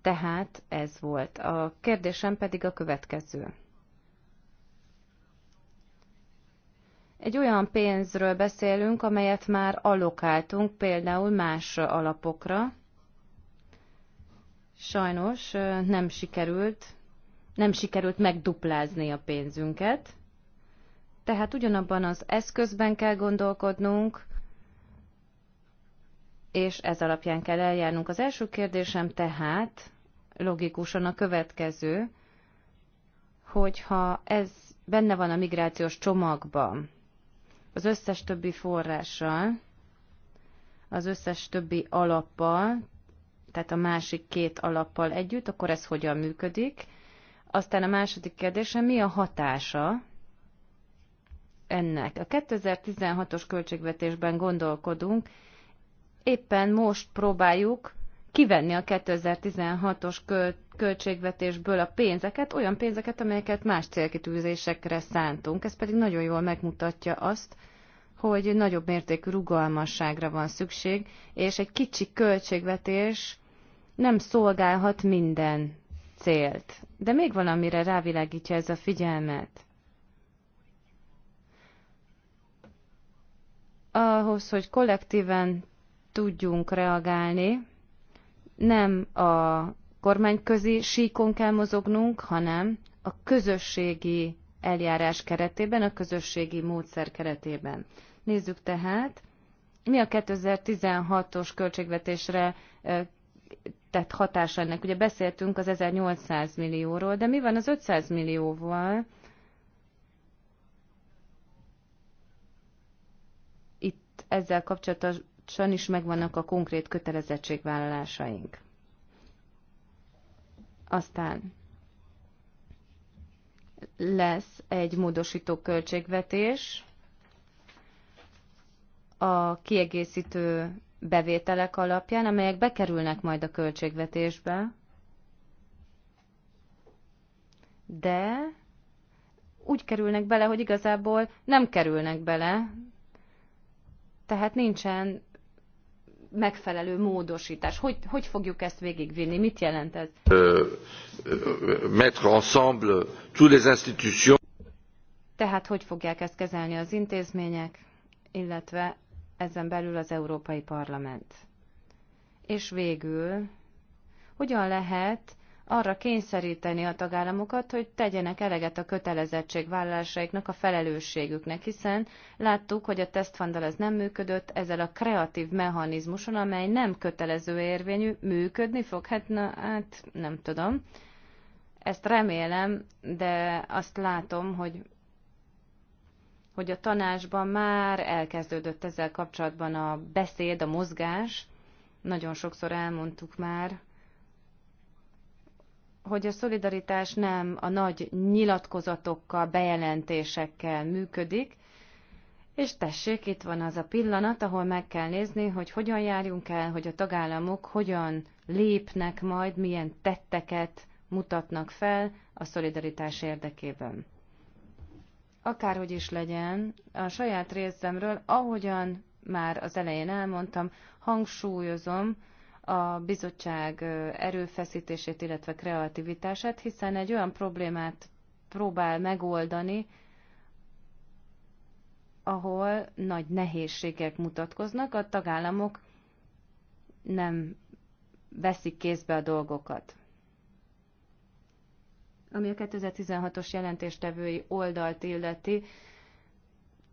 tehát ez volt. A kérdésem pedig a következő. Egy olyan pénzről beszélünk, amelyet már allokáltunk például más alapokra. Sajnos nem sikerült, nem sikerült megduplázni a pénzünket. Tehát ugyanabban az eszközben kell gondolkodnunk, és ez alapján kell eljárnunk. Az első kérdésem tehát logikusan a következő, hogyha ez benne van a migrációs csomagban, az összes többi forrással, az összes többi alappal, tehát a másik két alappal együtt, akkor ez hogyan működik. Aztán a második kérdésem, mi a hatása ennek? A 2016-os költségvetésben gondolkodunk, éppen most próbáljuk kivenni a 2016-os költségvetésből a pénzeket, olyan pénzeket, amelyeket más célkitűzésekre szántunk. Ez pedig nagyon jól megmutatja azt, hogy nagyobb mértékű rugalmasságra van szükség, és egy kicsi költségvetés nem szolgálhat minden célt. De még valamire rávilágítja ez a figyelmet. Ahhoz, hogy kollektíven tudjunk reagálni. Nem a kormányközi síkon kell mozognunk, hanem a közösségi eljárás keretében, a közösségi módszer keretében. Nézzük tehát, mi a 2016-os költségvetésre tett hatása ennek? Ugye beszéltünk az 1800 millióról, de mi van az 500 millióval? Itt ezzel kapcsolatos kapcsolatban is megvannak a konkrét kötelezettségvállalásaink. Aztán lesz egy módosító költségvetés a kiegészítő bevételek alapján, amelyek bekerülnek majd a költségvetésbe, de úgy kerülnek bele, hogy igazából nem kerülnek bele, tehát nincsen megfelelő módosítás. Hogy, hogy fogjuk ezt végigvinni? Mit jelent ez?
Mettre ensemble tous les institutions.
Tehát hogy fogják ezt kezelni az intézmények, illetve ezen belül az Európai Parlament? És végül, hogyan lehet arra kényszeríteni a tagállamokat, hogy tegyenek eleget a kötelezettségvállalásaiknak, a felelősségüknek, hiszen láttuk, hogy a tesztfandal ez nem működött, ezzel a kreatív mechanizmuson, amely nem kötelező érvényű, működni fog? Hát, na, hát nem tudom. Ezt remélem, de azt látom, hogy hogy a tanácsban már elkezdődött ezzel kapcsolatban a beszéd, a mozgás. Nagyon sokszor elmondtuk már, hogy a szolidaritás nem a nagy nyilatkozatokkal, bejelentésekkel működik, és tessék, itt van az a pillanat, ahol meg kell nézni, hogy hogyan járjunk el, hogy a tagállamok hogyan lépnek majd, milyen tetteket mutatnak fel a szolidaritás érdekében. Akárhogy is legyen, a saját részemről, ahogyan már az elején elmondtam, hangsúlyozom, a bizottság erőfeszítését, illetve kreativitását, hiszen egy olyan problémát próbál megoldani, ahol nagy nehézségek mutatkoznak, a tagállamok nem veszik kézbe a dolgokat. Ami a 2016-os jelentéstevői oldalt illeti,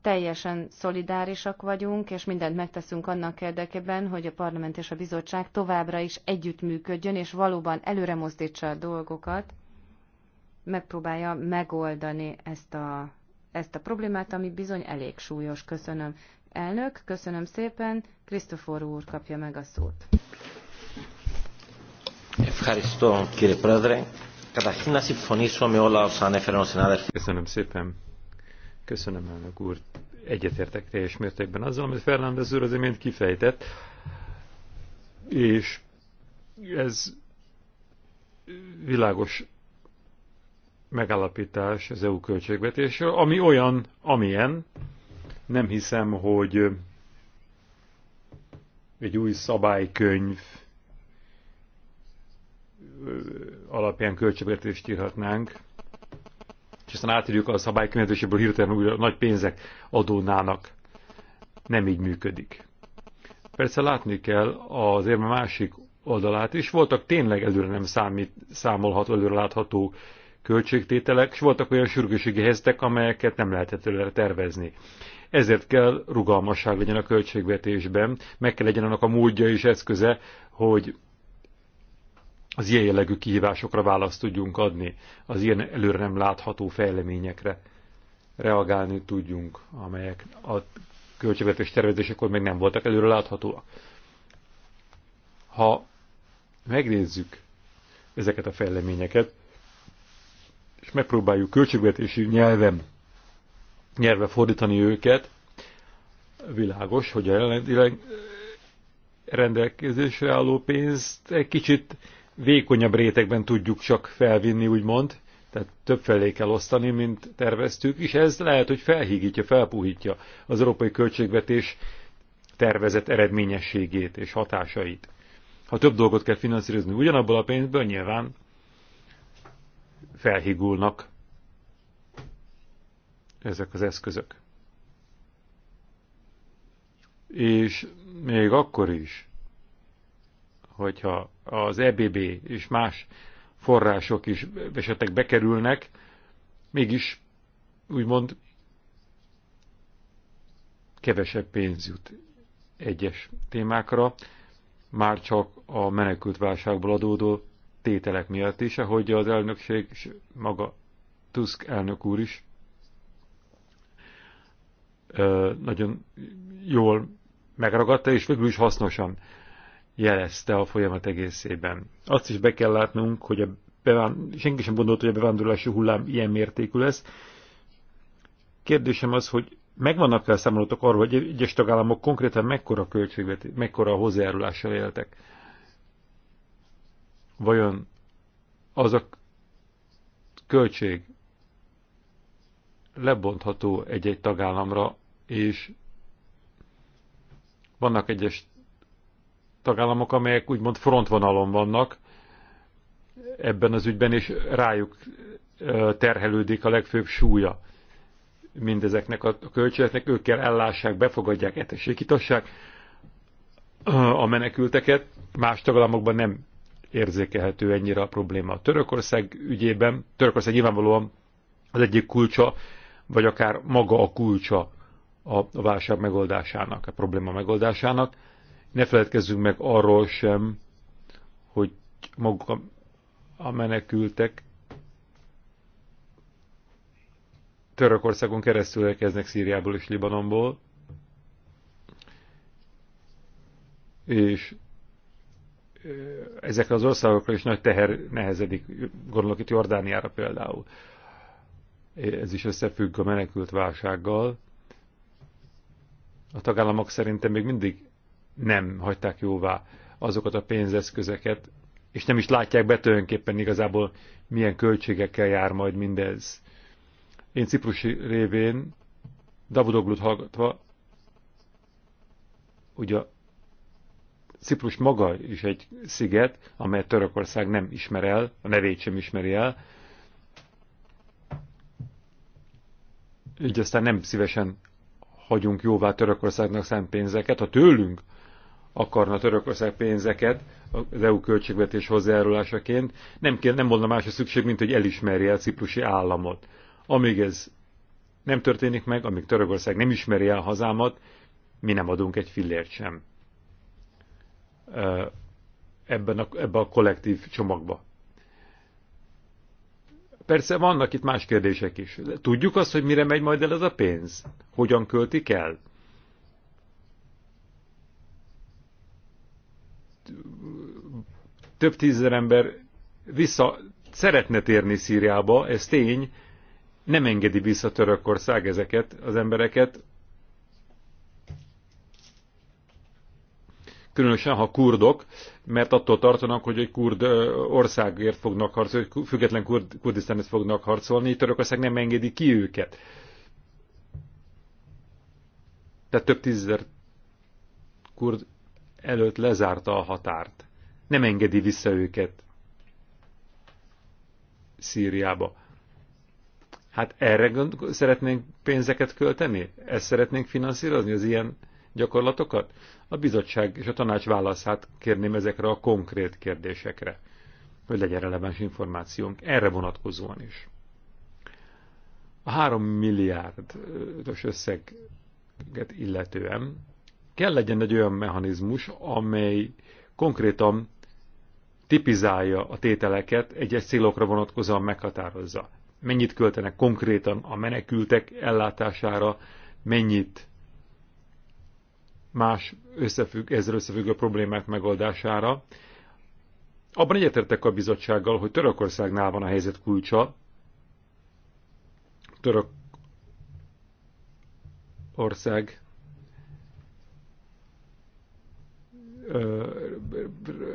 teljesen szolidárisak vagyunk, és mindent megteszünk annak érdekében, hogy a parlament és a bizottság továbbra is együttműködjön, és valóban előre mozdítsa a dolgokat, megpróbálja megoldani ezt a, ezt a problémát, ami bizony elég súlyos. Köszönöm. Elnök, köszönöm szépen. Krisztofor úr kapja meg a szót.
Köszönöm szépen, Köszönöm, elnök úr. Egyetértek teljes mértékben azzal, amit Fernández úr az imént kifejtett, és ez világos megállapítás az EU költségvetésről, ami olyan, amilyen. Nem hiszem, hogy egy új szabálykönyv alapján költségvetést írhatnánk és aztán átírjuk a szabálykönyvetéséből hirtelen újra nagy pénzek adónának. Nem így működik. Persze látni kell az érme másik oldalát is. Voltak tényleg előre nem számít, számolható, előre látható költségtételek, és voltak olyan sürgőségi helyzetek, amelyeket nem lehetett előre tervezni. Ezért kell rugalmasság legyen a költségvetésben, meg kell legyen annak a módja és eszköze, hogy az ilyen jellegű kihívásokra választ tudjunk adni, az ilyen előre nem látható fejleményekre reagálni tudjunk, amelyek a költségvetés tervezésekor még nem voltak előre láthatóak. Ha megnézzük ezeket a fejleményeket, és megpróbáljuk költségvetési nyelven, nyelve fordítani őket, világos, hogy a rendelkezésre álló pénzt egy kicsit vékonyabb rétegben tudjuk csak felvinni, úgymond, tehát több felé kell osztani, mint terveztük, és ez lehet, hogy felhígítja, felpuhítja az európai költségvetés tervezett eredményességét és hatásait. Ha több dolgot kell finanszírozni ugyanabból a pénzből, nyilván felhigulnak ezek az eszközök. És még akkor is, hogyha az EBB és más források is esetleg bekerülnek, mégis úgymond kevesebb pénz jut egyes témákra, már csak a menekült válságból adódó tételek miatt is, ahogy az elnökség és maga Tusk elnök úr is nagyon jól megragadta, és végül is hasznosan jelezte a folyamat egészében. Azt is be kell látnunk, hogy a beván... senki sem gondolta, hogy a bevándorlási hullám ilyen mértékű lesz. Kérdésem az, hogy megvannak-e számolatok arról, hogy egyes tagállamok konkrétan mekkora költségvet, mekkora hozzájárulással éltek? Vajon az a költség lebontható egy-egy tagállamra, és vannak egyes tagállamok, amelyek úgymond frontvonalon vannak ebben az ügyben, és rájuk terhelődik a legfőbb súlya mindezeknek a költségeknek, ők kell ellássák, befogadják, etessékítassák a menekülteket. Más tagállamokban nem érzékelhető ennyire a probléma. A Törökország ügyében, Törökország nyilvánvalóan az egyik kulcsa, vagy akár maga a kulcsa a válság megoldásának, a probléma megoldásának. Ne feledkezzünk meg arról sem, hogy maguk a, a menekültek Törökországon keresztül érkeznek Szíriából és Libanonból, és eh, ezekre az országokra is nagy teher nehezedik, gondolok itt Jordániára például. Ez is összefügg a menekült válsággal. A tagállamok szerintem még mindig nem hagyták jóvá azokat a pénzeszközeket, és nem is látják be tulajdonképpen igazából milyen költségekkel jár majd mindez. Én ciprusi révén Davudoglut hallgatva, ugye Ciprus maga is egy sziget, amelyet Törökország nem ismer el, a nevét sem ismeri el, így aztán nem szívesen hagyunk jóvá Törökországnak szánt pénzeket. Ha tőlünk akarna Törökország pénzeket az EU költségvetés hozzájárulásaként, nem, kér, nem volna más a szükség, mint hogy elismerje a ciprusi államot. Amíg ez nem történik meg, amíg Törökország nem ismeri el hazámat, mi nem adunk egy fillért sem ebben a, ebbe a kollektív csomagba. Persze vannak itt más kérdések is. Tudjuk azt, hogy mire megy majd el ez a pénz? Hogyan költik el? több tízezer ember vissza szeretne térni Szíriába, ez tény, nem engedi vissza Törökország ezeket az embereket, különösen ha kurdok, mert attól tartanak, hogy egy kurd országért fognak harcolni, független kurd, Kurdisztánért fognak harcolni, Törökország nem engedi ki őket. Tehát több tízezer kurd előtt lezárta a határt. Nem engedi vissza őket Szíriába. Hát erre szeretnénk pénzeket költeni? Ezt szeretnénk finanszírozni, az ilyen gyakorlatokat? A bizottság és a tanács válaszát kérném ezekre a konkrét kérdésekre, hogy legyen releváns információnk erre vonatkozóan is. A három milliárdos összeget illetően kell legyen egy olyan mechanizmus, amely konkrétan tipizálja a tételeket, egyes célokra vonatkozóan meghatározza. Mennyit költenek konkrétan a menekültek ellátására, mennyit más összefügg, ezzel összefüggő problémák megoldására. Abban egyetértek a bizottsággal, hogy Törökországnál van a helyzet kulcsa. Törökország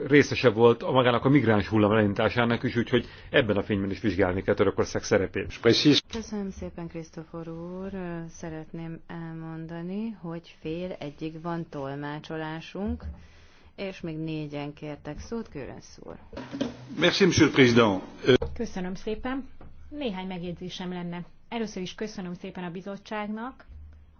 részese volt a magának a migráns hullám elindításának is, úgyhogy ebben a fényben is vizsgálni kell Törökország szerepét.
Köszönöm szépen, Krisztofor úr. Szeretném elmondani, hogy fél egyig van tolmácsolásunk, és még négyen kértek szót, Kőrensz úr. Köszönöm szépen.
Néhány megjegyzésem lenne. Először is köszönöm szépen a bizottságnak,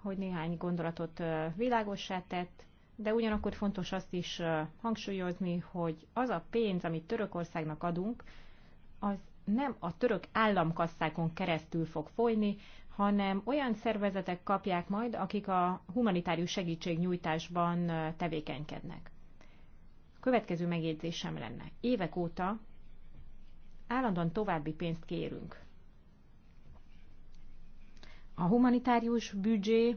hogy néhány gondolatot világossá tett, de ugyanakkor fontos azt is hangsúlyozni, hogy az a pénz, amit Törökországnak adunk, az nem a török államkasszákon keresztül fog folyni, hanem olyan szervezetek kapják majd, akik a humanitárius segítségnyújtásban tevékenykednek. A következő megjegyzésem lenne. Évek óta állandóan további pénzt kérünk. A humanitárius büdzsé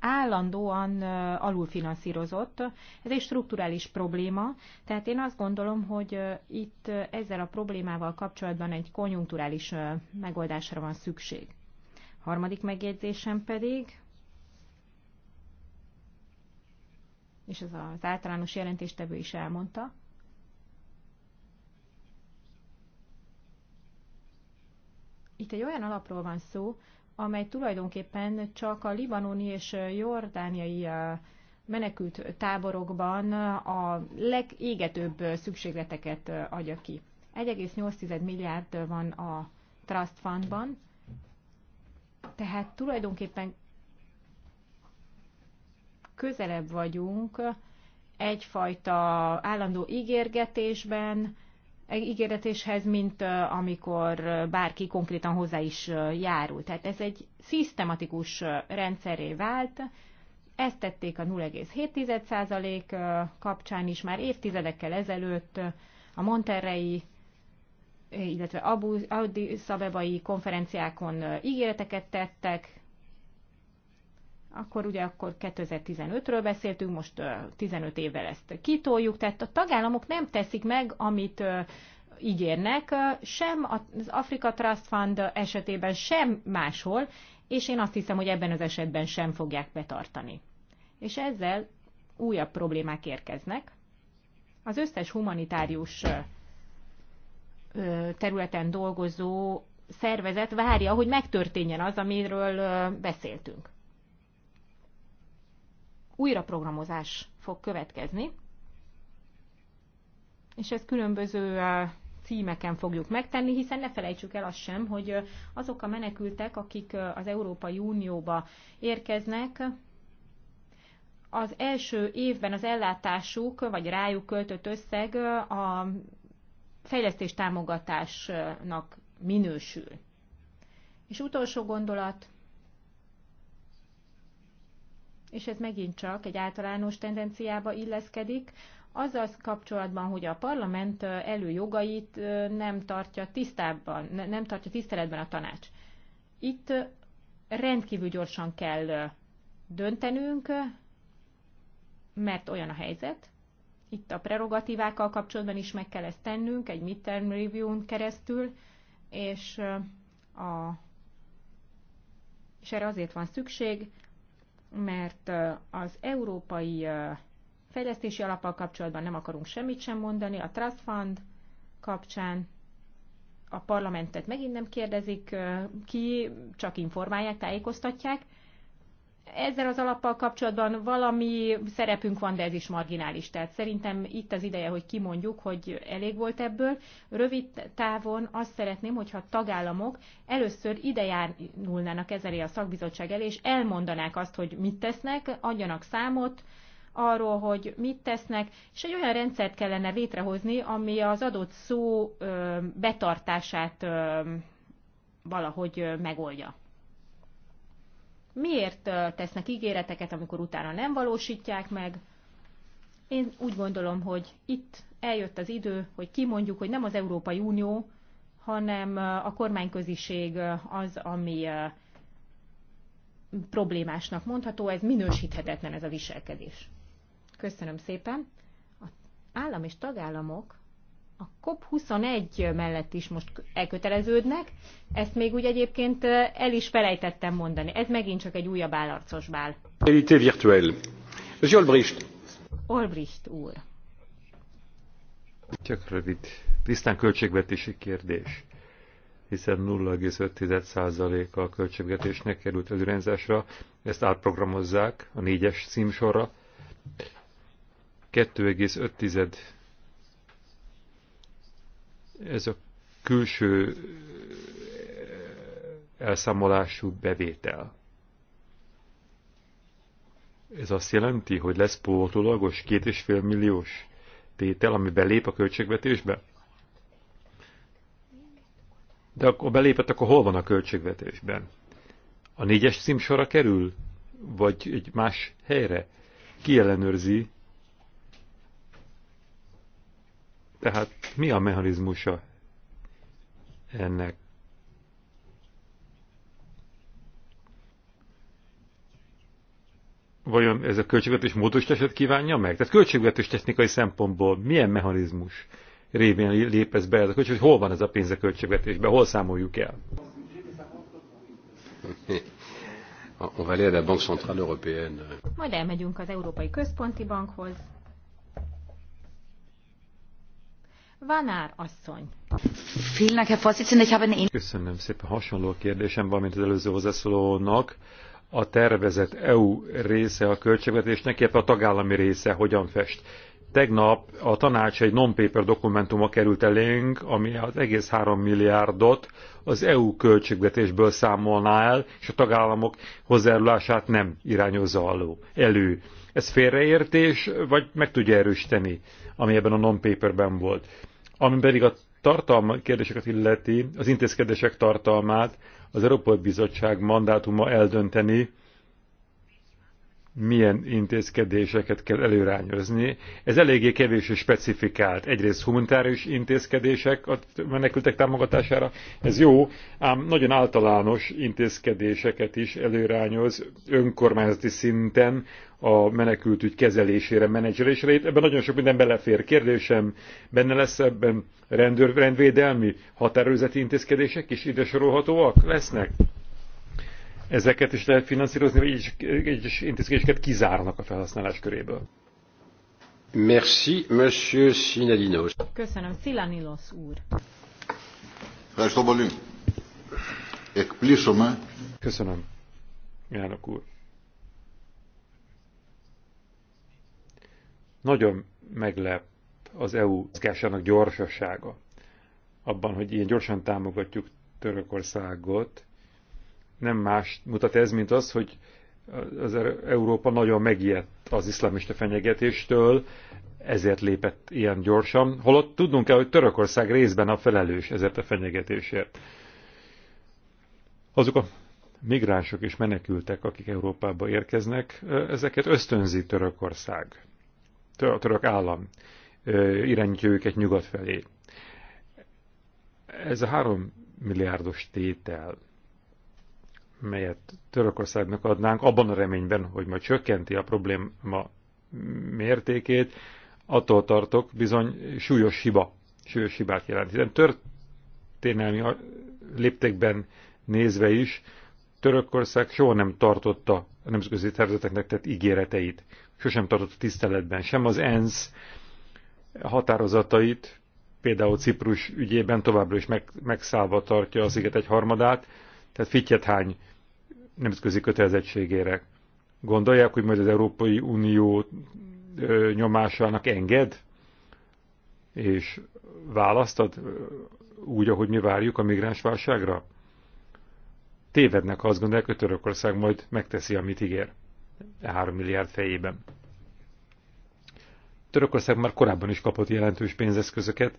állandóan alulfinanszírozott. Ez egy strukturális probléma, tehát én azt gondolom, hogy itt ezzel a problémával kapcsolatban egy konjunkturális megoldásra van szükség. Harmadik megjegyzésem pedig, és ez az általános jelentéstevő is elmondta, itt egy olyan alapról van szó, amely tulajdonképpen csak a libanoni és jordániai menekült táborokban a legégetőbb szükségleteket adja ki. 1,8 milliárd van a Trust Fundban, tehát tulajdonképpen közelebb vagyunk egyfajta állandó ígérgetésben, ígéretéshez, mint amikor bárki konkrétan hozzá is járult. Tehát ez egy szisztematikus rendszeré vált, ezt tették a 0,7% kapcsán is már évtizedekkel ezelőtt a Monterrey, illetve Abu Addis Abebai konferenciákon ígéreteket tettek, akkor ugye akkor 2015-ről beszéltünk, most 15 évvel ezt kitoljuk, tehát a tagállamok nem teszik meg, amit ígérnek, sem az Afrika Trust Fund esetében, sem máshol, és én azt hiszem, hogy ebben az esetben sem fogják betartani. És ezzel újabb problémák érkeznek. Az összes humanitárius területen dolgozó szervezet várja, hogy megtörténjen az, amiről beszéltünk újraprogramozás fog következni, és ezt különböző uh, címeken fogjuk megtenni, hiszen ne felejtsük el azt sem, hogy uh, azok a menekültek, akik uh, az Európai Unióba érkeznek, az első évben az ellátásuk, vagy rájuk költött összeg a fejlesztés támogatásnak minősül. És utolsó gondolat, és ez megint csak egy általános tendenciába illeszkedik, azaz kapcsolatban, hogy a parlament előjogait nem tartja tisztában, nem tartja tiszteletben a tanács. Itt rendkívül gyorsan kell döntenünk, mert olyan a helyzet. Itt a prerogatívákkal kapcsolatban is meg kell ezt tennünk, egy midterm review-n keresztül, és, a, és erre azért van szükség, mert az európai fejlesztési alappal kapcsolatban nem akarunk semmit sem mondani, a Trust Fund kapcsán a parlamentet megint nem kérdezik ki, csak informálják, tájékoztatják, ezzel az alappal kapcsolatban valami szerepünk van, de ez is marginális. Tehát szerintem itt az ideje, hogy kimondjuk, hogy elég volt ebből. Rövid távon azt szeretném, hogyha tagállamok először ide járulnának ezelé a szakbizottság elé, és elmondanák azt, hogy mit tesznek, adjanak számot, arról, hogy mit tesznek, és egy olyan rendszert kellene létrehozni, ami az adott szó betartását valahogy megoldja miért tesznek ígéreteket, amikor utána nem valósítják meg. Én úgy gondolom, hogy itt eljött az idő, hogy kimondjuk, hogy nem az Európai Unió, hanem a kormányköziség az, ami problémásnak mondható, ez minősíthetetlen ez a viselkedés. Köszönöm szépen. Az állam és tagállamok a COP21 mellett is most elköteleződnek. Ezt még úgy egyébként el is felejtettem mondani. Ez megint csak egy újabb állarcos bál.
virtuel. Monsieur Olbricht.
Olbricht úr.
Csak rövid. Tisztán költségvetési kérdés hiszen 0,5% a költségvetésnek került előrendezésre, ezt átprogramozzák a négyes címsorra. 2,5 ez a külső elszámolású bevétel. Ez azt jelenti, hogy lesz pótolagos két és fél milliós tétel, ami belép a költségvetésbe? De akkor belépett, akkor hol van a költségvetésben? A négyes címsora kerül? Vagy egy más helyre? Ki ellenőrzi, Tehát mi a mechanizmusa ennek? Vajon ez a költségvetés módosítását kívánja meg? Tehát költségvetés technikai szempontból milyen mechanizmus révén lép ez be ez a költség, hogy hol van ez a pénz a
költségvetésben, hol számoljuk el?
Majd elmegyünk az Európai Központi Bankhoz. Vanár asszony.
Köszönöm szépen. Hasonló kérdésem van, mint az előző hozzászólónak. A tervezett EU része a költségvetésnek, illetve a tagállami része hogyan fest? Tegnap a tanács egy non-paper dokumentuma került elénk, ami az egész 3 milliárdot az EU költségvetésből számolná el, és a tagállamok hozzájárulását nem irányozza elő ez félreértés, vagy meg tudja erősíteni, ami ebben a non-paperben volt. Ami pedig a tartalma kérdéseket illeti, az intézkedések tartalmát az Európai Bizottság mandátuma eldönteni, milyen intézkedéseket kell előrányozni. Ez eléggé kevés és specifikált. Egyrészt humanitárius intézkedések a menekültek támogatására, ez jó, ám nagyon általános intézkedéseket is előrányoz önkormányzati szinten a menekültügy kezelésére, menedzselésére. Ebben nagyon sok minden belefér. Kérdésem, benne lesz ebben rendőr, rendvédelmi, határőrzeti intézkedések is ide sorolhatóak lesznek? ezeket is lehet finanszírozni, vagy egyes intézkedéseket kizárnak a felhasználás köréből.
Merci, Monsieur Sinadinos.
Köszönöm, Szilanilos úr.
Köszönöm,
elnök úr. Nagyon meglep az EU mozgásának gyorsasága abban, hogy ilyen gyorsan támogatjuk Törökországot, nem más mutat ez, mint az, hogy az Európa nagyon megijedt az iszlamista fenyegetéstől, ezért lépett ilyen gyorsan, holott tudnunk kell, hogy Törökország részben a felelős ezért a fenyegetésért. Azok a migránsok és menekültek, akik Európába érkeznek, ezeket ösztönzi Törökország, a török állam irányítja őket nyugat felé. Ez a három milliárdos tétel, melyet Törökországnak adnánk, abban a reményben, hogy majd csökkenti a probléma mértékét, attól tartok, bizony súlyos hiba, súlyos hibát jelent. Hiszen történelmi léptekben nézve is, Törökország soha nem tartotta a nemzetközi tervezeteknek tett ígéreteit, sosem tartotta tiszteletben, sem az ENSZ határozatait, például Ciprus ügyében továbbra is meg, megszállva tartja a sziget egy harmadát, tehát fityethány hány nemzetközi kötelezettségére. Gondolják, hogy majd az Európai Unió nyomásának enged, és választad úgy, ahogy mi várjuk a migráns válságra? Tévednek, ha azt gondolják, hogy Törökország majd megteszi, amit ígér. 3 milliárd fejében. Törökország már korábban is kapott jelentős pénzeszközöket,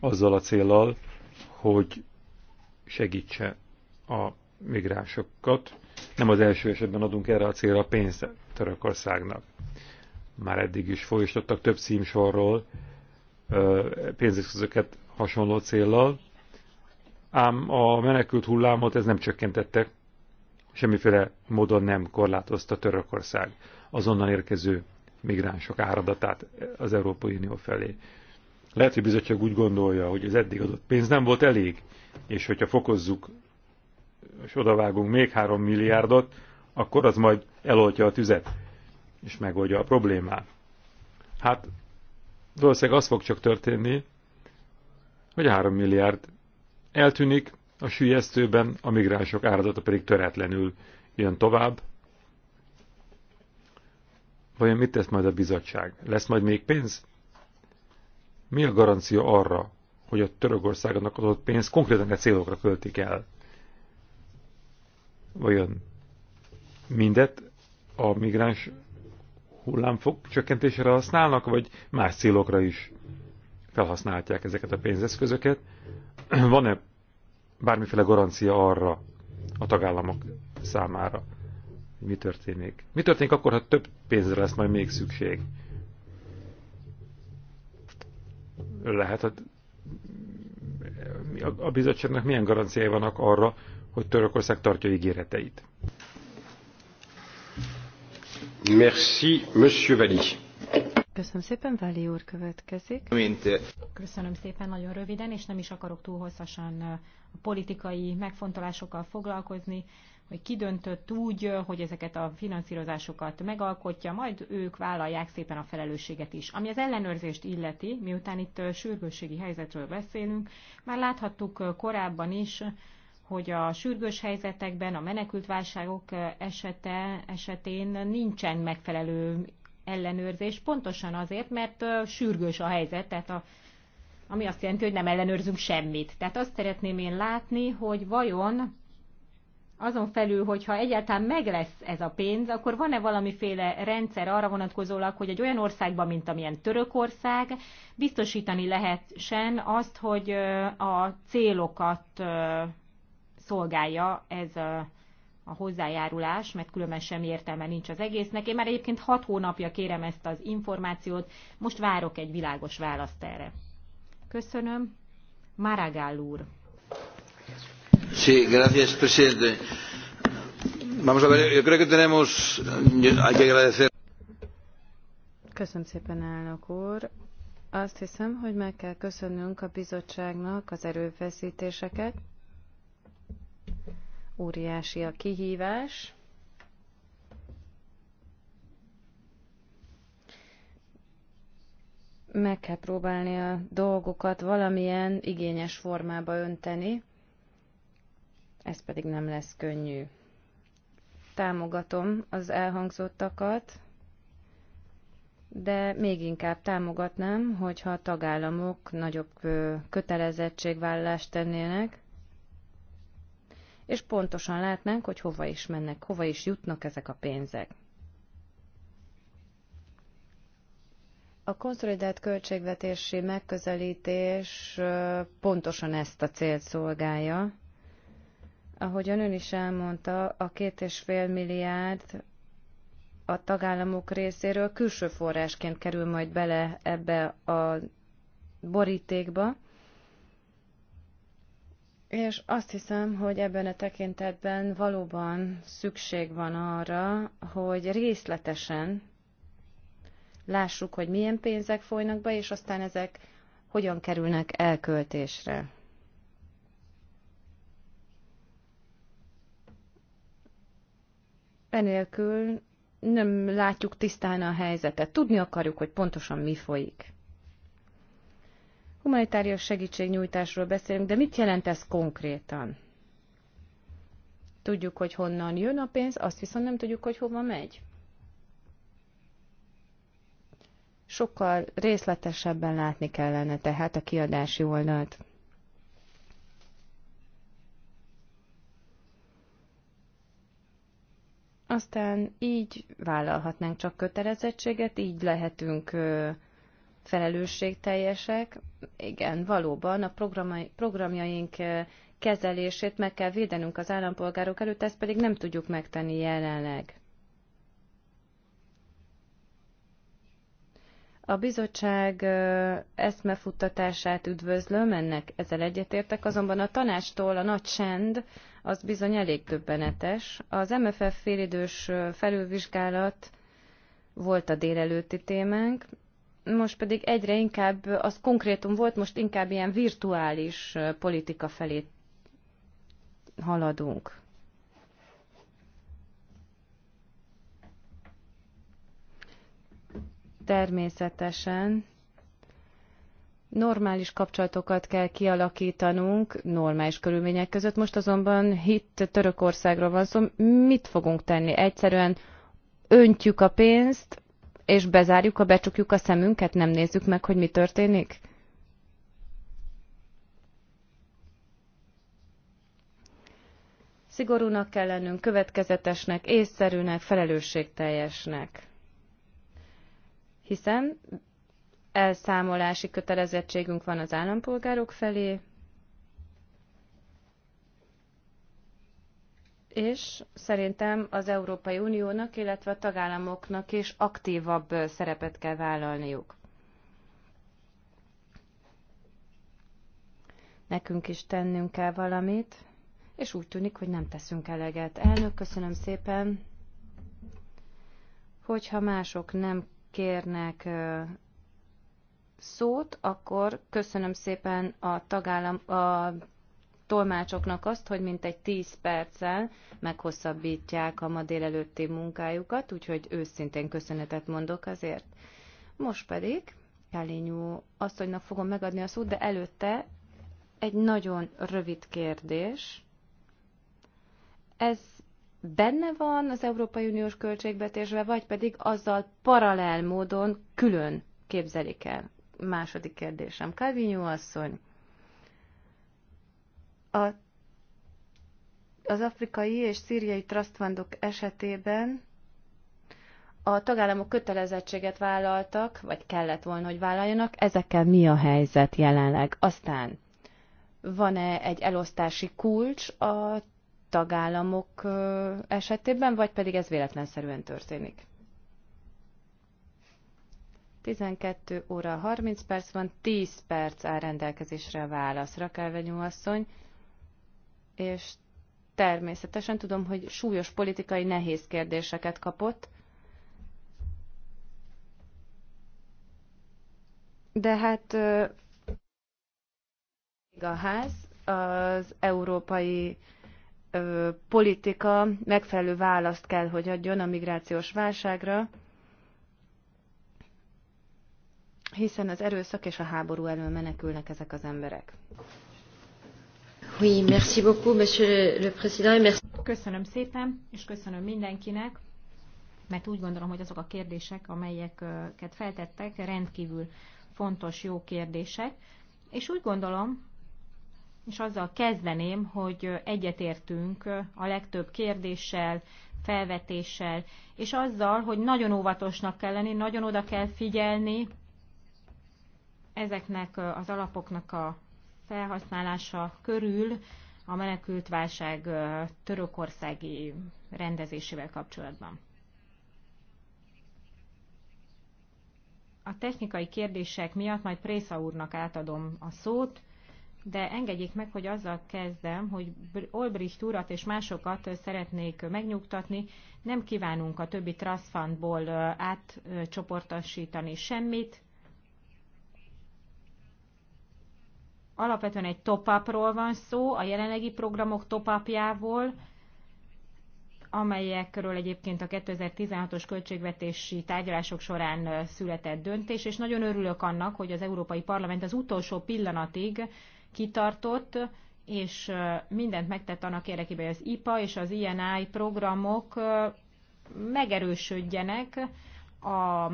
azzal a célral, hogy segítse a migránsokat. Nem az első esetben adunk erre a célra a pénzt Törökországnak. Már eddig is folyosítottak több címsorról pénzeszközöket hasonló céllal, ám a menekült hullámot ez nem csökkentette, semmiféle módon nem korlátozta Törökország azonnal érkező migránsok áradatát az Európai Unió felé. Lehet, hogy bizottság úgy gondolja, hogy az eddig adott pénz nem volt elég, és hogyha fokozzuk és odavágunk még három milliárdot, akkor az majd eloltja a tüzet, és megoldja a problémát. Hát valószínűleg az fog csak történni, hogy három milliárd eltűnik a sülyeztőben, a migránsok áradata pedig töretlenül jön tovább. Vajon mit tesz majd a bizottság? Lesz majd még pénz? Mi a garancia arra, hogy a Törökországnak adott pénz konkrétan a e célokra költik el? Vajon mindet a migráns hullámfok csökkentésére használnak, vagy más célokra is felhasználják ezeket a pénzeszközöket? Van-e bármiféle garancia arra a tagállamok számára, hogy mi történik? Mi történik akkor, ha több pénzre lesz majd még szükség? Lehet, hogy a bizottságnak milyen garanciái vannak arra, hogy Törökország tartja ígéreteit.
Merci, Monsieur Vali.
Köszönöm szépen, Vali úr következik. Mint... Köszönöm szépen, nagyon röviden, és nem is akarok túl hosszasan a politikai megfontolásokkal foglalkozni, hogy ki döntött úgy, hogy ezeket a finanszírozásokat megalkotja, majd ők vállalják szépen a felelősséget is. Ami az ellenőrzést illeti, miután itt sürgősségi helyzetről beszélünk, már láthattuk korábban is, hogy a sürgős helyzetekben, a menekültválságok esete, esetén nincsen megfelelő ellenőrzés, pontosan azért, mert sürgős a helyzet, tehát a, ami azt jelenti, hogy nem ellenőrzünk semmit. Tehát azt szeretném én látni, hogy vajon azon felül, hogyha egyáltalán meg lesz ez a pénz, akkor van-e valamiféle rendszer arra vonatkozólag, hogy egy olyan országban, mint amilyen Törökország, biztosítani lehessen azt, hogy a célokat szolgálja ez a, a hozzájárulás, mert különben sem értelme nincs az egésznek. Én már egyébként hat hónapja kérem ezt az információt, most várok egy világos választ erre. Köszönöm. Maragall
úr.
Sí, gracias, presidente.
Vamos a ver, yo creo que tenemos, hay que agradecer.
Köszönöm szépen, elnök úr. Azt hiszem, hogy meg kell köszönnünk a bizottságnak az erőfeszítéseket, Óriási a kihívás. Meg kell próbálni a dolgokat valamilyen igényes formába önteni, ez pedig nem lesz könnyű. Támogatom az elhangzottakat, de még inkább támogatnám, hogyha a tagállamok nagyobb kötelezettségvállást tennének, és pontosan látnánk, hogy hova is mennek, hova is jutnak ezek a pénzek. A konszolidált költségvetési megközelítés pontosan ezt a célt szolgálja. Ahogyan ön is elmondta, a két és fél milliárd a tagállamok részéről külső forrásként kerül majd bele ebbe a borítékba, és azt hiszem, hogy ebben a tekintetben valóban szükség van arra, hogy részletesen lássuk, hogy milyen pénzek folynak be, és aztán ezek hogyan kerülnek elköltésre. Enélkül nem látjuk tisztán a helyzetet. Tudni akarjuk, hogy pontosan mi folyik. Humanitárius segítségnyújtásról beszélünk, de mit jelent ez konkrétan? Tudjuk, hogy honnan jön a pénz, azt viszont nem tudjuk, hogy hova megy. Sokkal részletesebben látni kellene tehát a kiadási oldalt. Aztán így vállalhatnánk csak kötelezettséget, így lehetünk felelősségteljesek. Igen, valóban a programjaink eh, kezelését meg kell védenünk az állampolgárok előtt, ezt pedig nem tudjuk megtenni jelenleg. A bizottság eh, eszmefuttatását üdvözlöm, ennek ezzel egyetértek, azonban a tanástól a nagy csend az bizony elég többenetes. Az MFF félidős eh, felülvizsgálat volt a délelőtti témánk, most pedig egyre inkább az konkrétum volt, most inkább ilyen virtuális politika felé haladunk. Természetesen normális kapcsolatokat kell kialakítanunk normális körülmények között. Most azonban hit Törökországról van szó. Mit fogunk tenni? Egyszerűen öntjük a pénzt, és bezárjuk, a becsukjuk a szemünket, nem nézzük meg, hogy mi történik? Szigorúnak kell lennünk, következetesnek, észszerűnek, felelősségteljesnek. Hiszen elszámolási kötelezettségünk van az állampolgárok felé, és szerintem az Európai Uniónak, illetve a tagállamoknak is aktívabb szerepet kell vállalniuk. Nekünk is tennünk kell valamit, és úgy tűnik, hogy nem teszünk eleget. Elnök, köszönöm szépen. Hogyha mások nem kérnek szót, akkor köszönöm szépen a tagállam, a tolmácsoknak azt, hogy mintegy 10 perccel meghosszabbítják a ma délelőtti munkájukat, úgyhogy őszintén köszönetet mondok azért. Most pedig Kálényú asszonynak fogom megadni a szót, de előtte egy nagyon rövid kérdés. Ez benne van az Európai Uniós költségvetésbe, vagy pedig azzal paralel módon külön képzelik el? Második kérdésem. Calvino asszony, a, az afrikai és szíriai trustfundok esetében a tagállamok kötelezettséget vállaltak, vagy kellett volna, hogy vállaljanak, ezekkel mi a helyzet jelenleg? Aztán van-e egy elosztási kulcs a tagállamok esetében, vagy pedig ez véletlenszerűen történik? 12 óra 30 perc van, 10 perc áll rendelkezésre a válaszra, Kelvenyú asszony és természetesen tudom, hogy súlyos politikai nehéz kérdéseket kapott, de hát a ház az európai politika megfelelő választ kell, hogy adjon a migrációs válságra, hiszen az erőszak és a háború elől menekülnek ezek az emberek.
Oui, merci
beaucoup, monsieur le président. Merci.
Köszönöm szépen, és köszönöm mindenkinek, mert úgy gondolom, hogy azok a kérdések, amelyeket feltettek, rendkívül fontos, jó kérdések. És úgy gondolom, és azzal kezdeném, hogy egyetértünk a legtöbb kérdéssel, felvetéssel, és azzal, hogy nagyon óvatosnak kell lenni, nagyon oda kell figyelni ezeknek az alapoknak a felhasználása körül a menekültválság törökországi rendezésével kapcsolatban. A technikai kérdések miatt majd Présza úrnak átadom a szót, de engedjék meg, hogy azzal kezdem, hogy Olbricht urat és másokat szeretnék megnyugtatni. Nem kívánunk a többi trust fundból átcsoportosítani semmit, Alapvetően egy top-upról van szó, a jelenlegi programok top-upjából, amelyekről egyébként a 2016-os költségvetési tárgyalások során született döntés, és nagyon örülök annak, hogy az Európai Parlament az utolsó pillanatig kitartott, és mindent megtett annak érdekében, hogy az IPA és az INI programok megerősödjenek a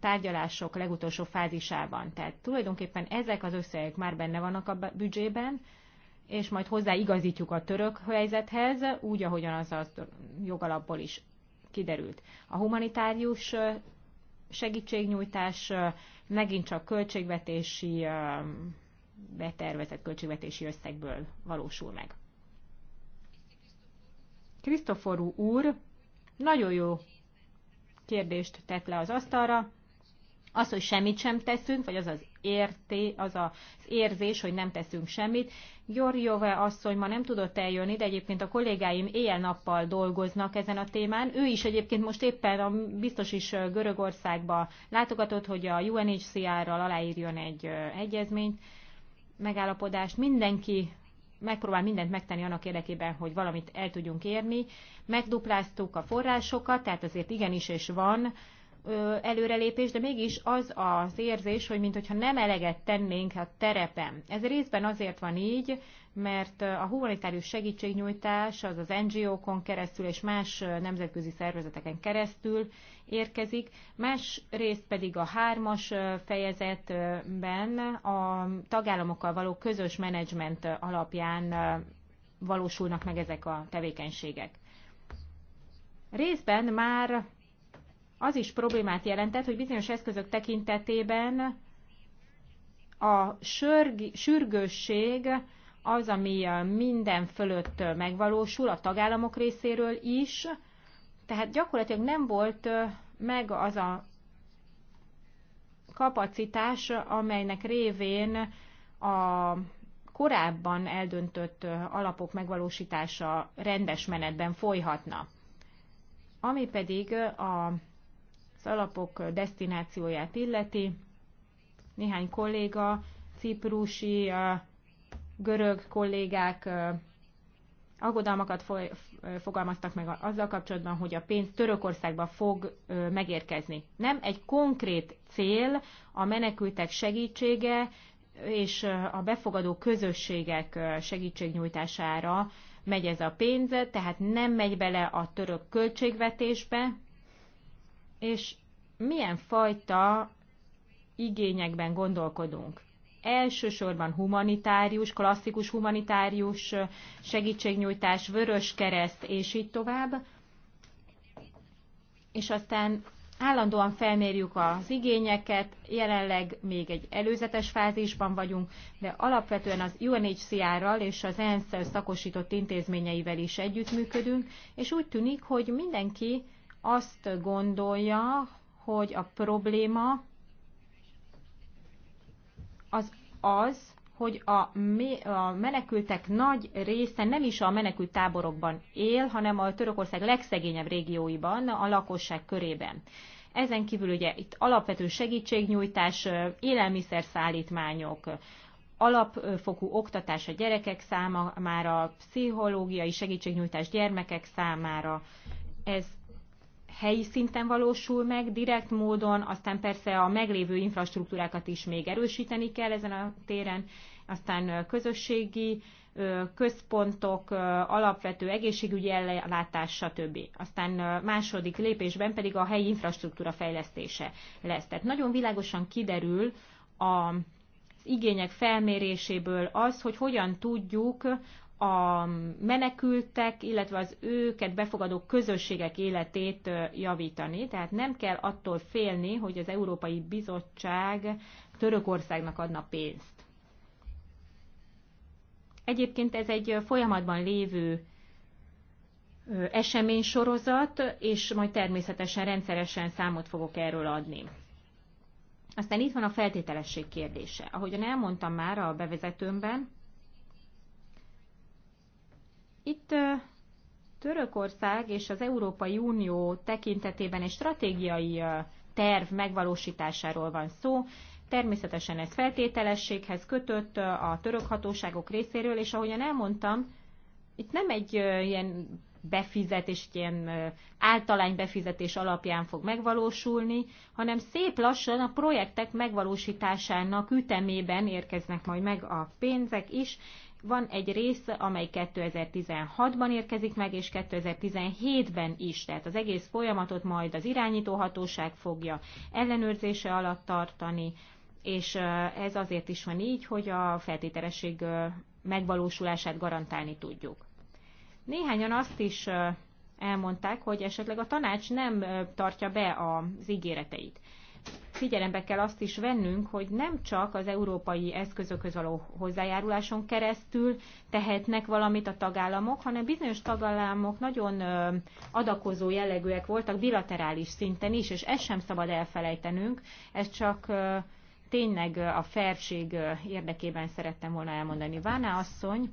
tárgyalások legutolsó fázisában. Tehát tulajdonképpen ezek az összegek már benne vannak a büdzsében, és majd hozzáigazítjuk a török helyzethez, úgy, ahogyan az a jogalapból is kiderült. A humanitárius segítségnyújtás megint csak költségvetési betervezett költségvetési összegből valósul meg. Krisztoforú úr nagyon jó kérdést tett le az asztalra, az, hogy semmit sem teszünk, vagy az az, érté, az az érzés, hogy nem teszünk semmit. Gyorjove asszony ma nem tudott eljönni, de egyébként a kollégáim éjjel-nappal dolgoznak ezen a témán. Ő is egyébként most éppen a, biztos is Görögországba látogatott, hogy a UNHCR-ral aláírjon egy egyezményt, megállapodást. Mindenki megpróbál mindent megtenni annak érdekében, hogy valamit el tudjunk érni. Megdupláztuk a forrásokat, tehát azért igenis és van előrelépés, de mégis az az érzés, hogy mintha nem eleget tennénk a terepen. Ez részben azért van így, mert a humanitárius segítségnyújtás az az NGO-kon keresztül és más nemzetközi szervezeteken keresztül érkezik, más részt pedig a hármas fejezetben a tagállamokkal való közös menedzsment alapján valósulnak meg ezek a tevékenységek. Részben már az is problémát jelentett, hogy bizonyos eszközök tekintetében a sörg, sürgősség az, ami minden fölött megvalósul, a tagállamok részéről is, tehát gyakorlatilag nem volt meg az a kapacitás, amelynek révén a korábban eldöntött alapok megvalósítása rendes menetben folyhatna. Ami pedig a az alapok destinációját illeti. Néhány kolléga, ciprusi, görög kollégák aggodalmakat fogalmaztak meg azzal kapcsolatban, hogy a pénz Törökországba fog megérkezni. Nem egy konkrét cél a menekültek segítsége és a befogadó közösségek segítségnyújtására megy ez a pénz, tehát nem megy bele a török költségvetésbe, és milyen fajta igényekben gondolkodunk. Elsősorban humanitárius, klasszikus humanitárius segítségnyújtás, vörös kereszt, és így tovább. És aztán állandóan felmérjük az igényeket, jelenleg még egy előzetes fázisban vagyunk, de alapvetően az UNHCR-ral és az ENSZ szakosított intézményeivel is együttműködünk, és úgy tűnik, hogy mindenki azt gondolja, hogy a probléma az az, hogy a, a menekültek nagy része nem is a menekült táborokban él, hanem a Törökország legszegényebb régióiban, a lakosság körében. Ezen kívül ugye itt alapvető segítségnyújtás, élelmiszerszállítmányok, alapfokú oktatás a gyerekek számára, pszichológiai segítségnyújtás gyermekek számára. Ez helyi szinten valósul meg direkt módon, aztán persze a meglévő infrastruktúrákat is még erősíteni kell ezen a téren, aztán közösségi központok, alapvető egészségügyi ellátás, stb. Aztán második lépésben pedig a helyi infrastruktúra fejlesztése lesz. Tehát nagyon világosan kiderül a az igények felméréséből az, hogy hogyan tudjuk a menekültek, illetve az őket befogadó közösségek életét javítani. Tehát nem kell attól félni, hogy az Európai Bizottság Törökországnak adna pénzt. Egyébként ez egy folyamatban lévő eseménysorozat, és majd természetesen rendszeresen számot fogok erről adni. Aztán itt van a feltételesség kérdése. Ahogyan elmondtam már a bevezetőmben, itt Törökország és az Európai Unió tekintetében egy stratégiai terv megvalósításáról van szó. Természetesen ez feltételességhez kötött a török hatóságok részéről, és ahogyan elmondtam, itt nem egy ilyen befizetés, egy ilyen általány befizetés alapján fog megvalósulni, hanem szép lassan a projektek megvalósításának ütemében érkeznek majd meg a pénzek is, van egy része, amely 2016-ban érkezik meg, és 2017-ben is, tehát az egész folyamatot majd az irányítóhatóság fogja ellenőrzése alatt tartani, és ez azért is van így, hogy a feltételesség megvalósulását garantálni tudjuk. Néhányan azt is elmondták, hogy esetleg a tanács nem tartja be az ígéreteit figyelembe kell azt is vennünk, hogy nem csak az európai eszközökhöz való hozzájáruláson keresztül tehetnek valamit a tagállamok, hanem bizonyos tagállamok nagyon adakozó jellegűek voltak bilaterális szinten is, és ezt sem szabad elfelejtenünk, ez csak tényleg a ferség érdekében szerettem volna elmondani. Vána asszony.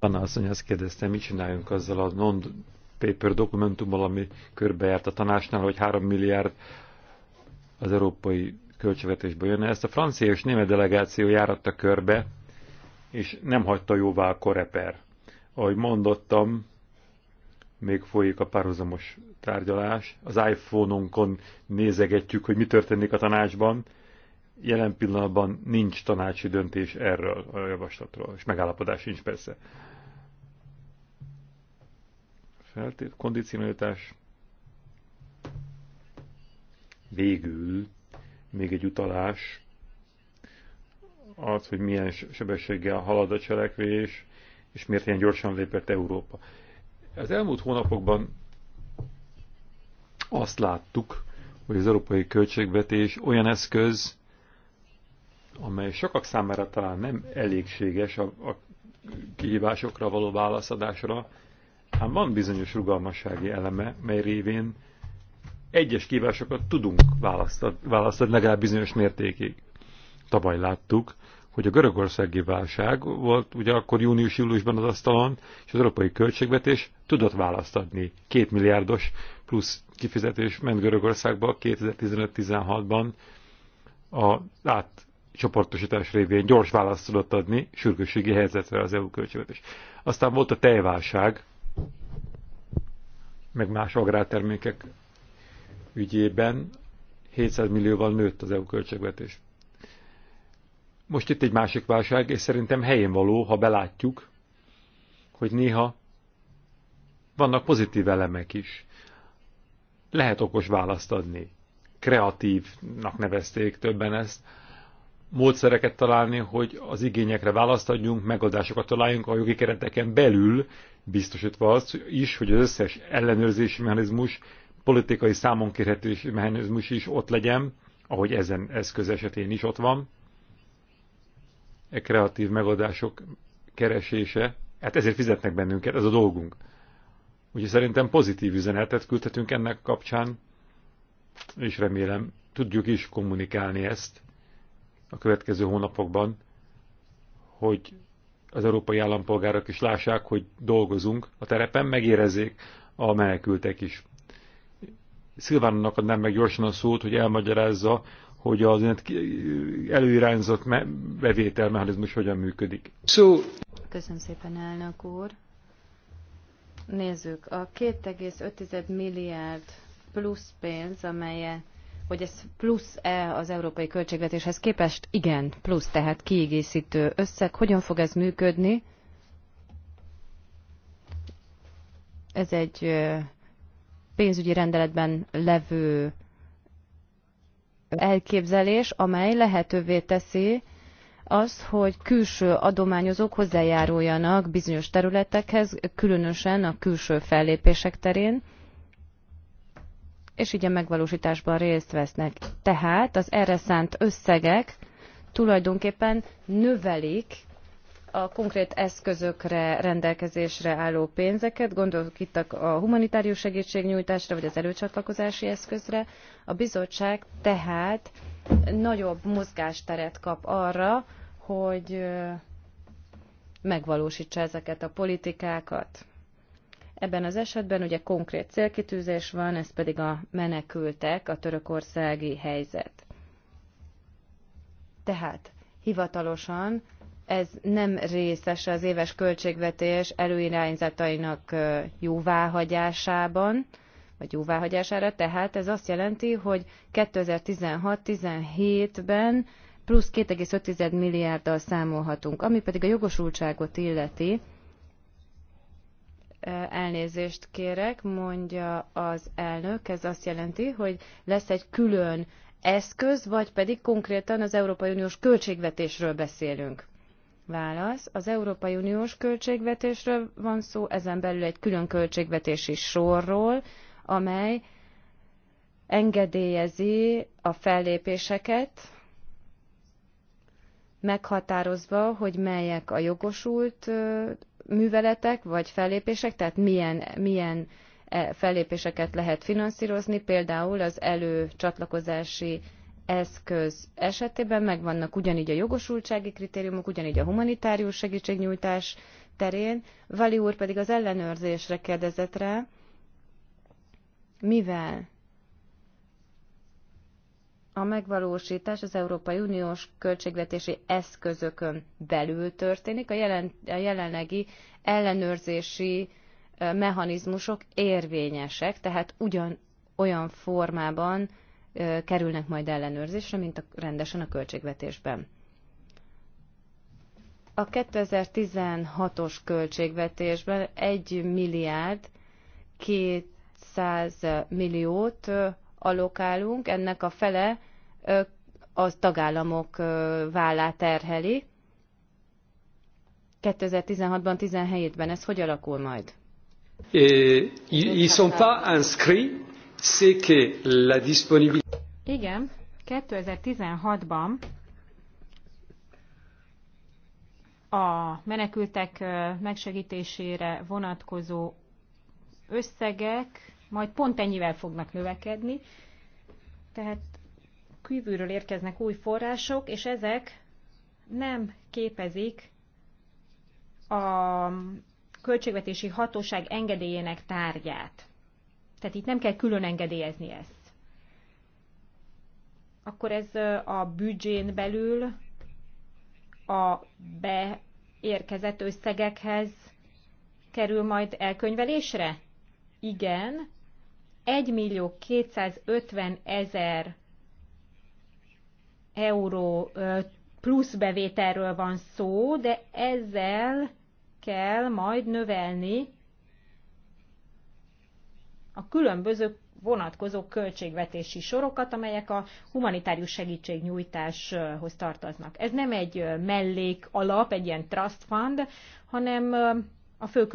Vána asszony azt kérdeztem, mit csináljunk azzal a non paper dokumentummal, ami körbejárt a tanácsnál, hogy 3 milliárd az európai költségvetésből jönne. Ezt a francia és német delegáció járatta körbe, és nem hagyta jóvá a koreper. Ahogy mondottam, még folyik a párhuzamos tárgyalás. Az iPhone-onkon nézegetjük, hogy mi történik a tanácsban. Jelen pillanatban nincs tanácsi döntés erről a javaslatról, és megállapodás nincs persze. Feltét, kondicionalitás. Végül még egy utalás az, hogy milyen sebességgel halad a cselekvés, és miért ilyen gyorsan lépett Európa. Az elmúlt hónapokban azt láttuk, hogy az európai költségvetés olyan eszköz, amely sokak számára talán nem elégséges a, a kihívásokra való válaszadásra, Ám van bizonyos rugalmassági eleme, mely révén egyes kívásokat tudunk választani, választani legalább bizonyos mértékig. Tavaly láttuk, hogy a görögországi válság volt ugye akkor június-júliusban az asztalon, és az európai költségvetés tudott választani Két milliárdos plusz kifizetés ment Görögországba 2015-16-ban a átcsoportosítás révén gyors választ tudott adni sürgősségi helyzetre az EU költségvetés. Aztán volt a tejválság, meg más agrártermékek ügyében 700 millióval nőtt az EU költségvetés. Most itt egy másik válság, és szerintem helyén való, ha belátjuk, hogy néha vannak pozitív elemek is. Lehet okos választ adni. Kreatívnak nevezték többen ezt. Módszereket találni, hogy az igényekre választ adjunk, megoldásokat találjunk a jogi kereteken belül, biztosítva azt is, hogy az összes ellenőrzési mechanizmus, politikai számonkérhetési mechanizmus is ott legyen, ahogy ezen eszköz esetén is ott van. E kreatív megoldások keresése, hát ezért fizetnek bennünket, ez a dolgunk. Úgyhogy szerintem pozitív üzenetet küldhetünk ennek kapcsán, és remélem tudjuk is kommunikálni ezt a következő hónapokban, hogy az európai állampolgárok is lássák, hogy dolgozunk a terepen, megérezzék a menekültek is. Szilvánnak adnám meg gyorsan a szót, hogy elmagyarázza, hogy az előirányzott bevételmechanizmus hogyan működik.
So... Köszönöm szépen, elnök úr. Nézzük, a 2,5 milliárd plusz pénz, amelyet hogy ez plusz-e az európai költségvetéshez képest? Igen, plusz, tehát kiegészítő összeg. Hogyan fog ez működni? Ez egy pénzügyi rendeletben levő elképzelés, amely lehetővé teszi az, hogy külső adományozók hozzájáruljanak bizonyos területekhez, különösen a külső fellépések terén és így a megvalósításban részt vesznek. Tehát az erre szánt összegek tulajdonképpen növelik a konkrét eszközökre rendelkezésre álló pénzeket, gondolok itt a humanitárius segítségnyújtásra, vagy az előcsatlakozási eszközre. A bizottság tehát nagyobb mozgásteret kap arra, hogy megvalósítsa ezeket a politikákat. Ebben az esetben ugye konkrét célkitűzés van, ez pedig a menekültek, a törökországi helyzet. Tehát hivatalosan ez nem részes az éves költségvetés előirányzatainak jóváhagyásában, vagy jóváhagyására, tehát ez azt jelenti, hogy 2016-17-ben plusz 2,5 milliárddal számolhatunk, ami pedig a jogosultságot illeti, Elnézést kérek, mondja az elnök, ez azt jelenti, hogy lesz egy külön eszköz, vagy pedig konkrétan az Európai Uniós költségvetésről beszélünk. Válasz. Az Európai Uniós költségvetésről van szó, ezen belül egy külön költségvetési sorról, amely engedélyezi a fellépéseket, meghatározva, hogy melyek a jogosult műveletek vagy fellépések, tehát milyen, milyen e, fellépéseket lehet finanszírozni, például az előcsatlakozási eszköz esetében megvannak ugyanígy a jogosultsági kritériumok, ugyanígy a humanitárius segítségnyújtás terén. Vali úr pedig az ellenőrzésre kérdezett rá, mivel a megvalósítás az Európai Uniós költségvetési eszközökön belül történik, a, jelen, a jelenlegi ellenőrzési mechanizmusok érvényesek, tehát ugyan olyan formában kerülnek majd ellenőrzésre, mint a, rendesen a költségvetésben. A 2016-os költségvetésben 1 milliárd 200 milliót allokálunk, ennek a fele az tagállamok vállát terheli. 2016-ban, 17-ben ez hogy alakul majd?
ils sont pas inscrits, c'est que la disponibilité.
Igen,
2016-ban a menekültek megsegítésére vonatkozó összegek majd pont ennyivel fognak növekedni, tehát kívülről érkeznek új források, és ezek nem képezik a költségvetési hatóság engedélyének tárgyát. Tehát itt nem kell külön engedélyezni ezt. Akkor ez a büdzsén belül a beérkezett összegekhez kerül majd elkönyvelésre? Igen, 1 millió 250 ezer euró plusz bevételről van szó, de ezzel kell majd növelni a különböző vonatkozó költségvetési sorokat, amelyek a humanitárius segítségnyújtáshoz tartoznak. Ez nem egy mellék alap, egy ilyen trust fund, hanem a fő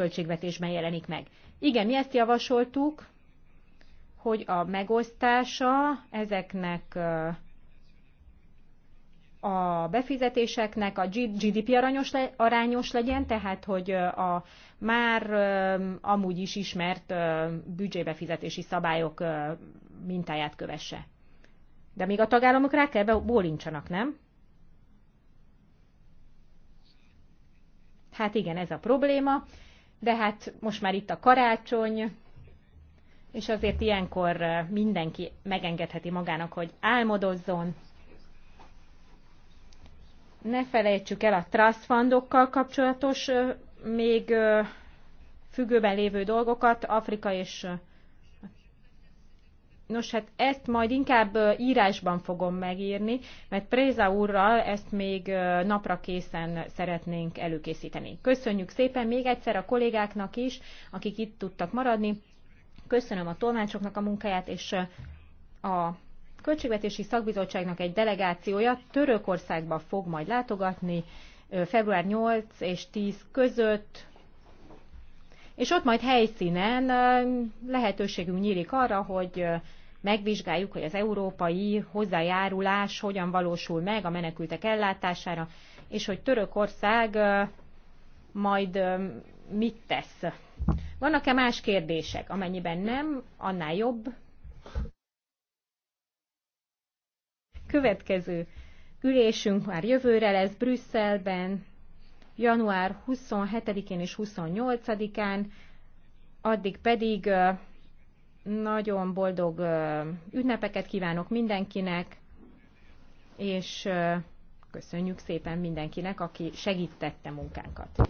jelenik meg. Igen, mi ezt javasoltuk, hogy a megosztása ezeknek a befizetéseknek a GDP arányos, le, arányos legyen, tehát hogy a már amúgy is ismert büdzsébefizetési szabályok mintáját kövesse. De még a tagállamok rá kell bólincsanak, nem? Hát igen, ez a probléma, de hát most már itt a karácsony, és azért ilyenkor mindenki megengedheti magának, hogy álmodozzon. Ne felejtsük el a trust fundokkal kapcsolatos még függőben lévő dolgokat, Afrika és Nos, hát ezt majd inkább írásban fogom megírni, mert Préza úrral ezt még napra készen szeretnénk előkészíteni. Köszönjük szépen még egyszer a kollégáknak is, akik itt tudtak maradni. Köszönöm a tolmácsoknak a munkáját, és a Költségvetési Szakbizottságnak egy delegációja Törökországba fog majd látogatni február 8 és 10 között, és ott majd helyszínen lehetőségünk nyílik arra, hogy megvizsgáljuk, hogy az európai hozzájárulás hogyan valósul meg a menekültek ellátására, és hogy Törökország majd mit tesz. Vannak-e más kérdések? Amennyiben nem, annál jobb. Következő ülésünk már jövőre lesz Brüsszelben, január 27-én és 28-án, addig pedig nagyon boldog ünnepeket kívánok mindenkinek, és köszönjük szépen mindenkinek, aki segítette
munkánkat.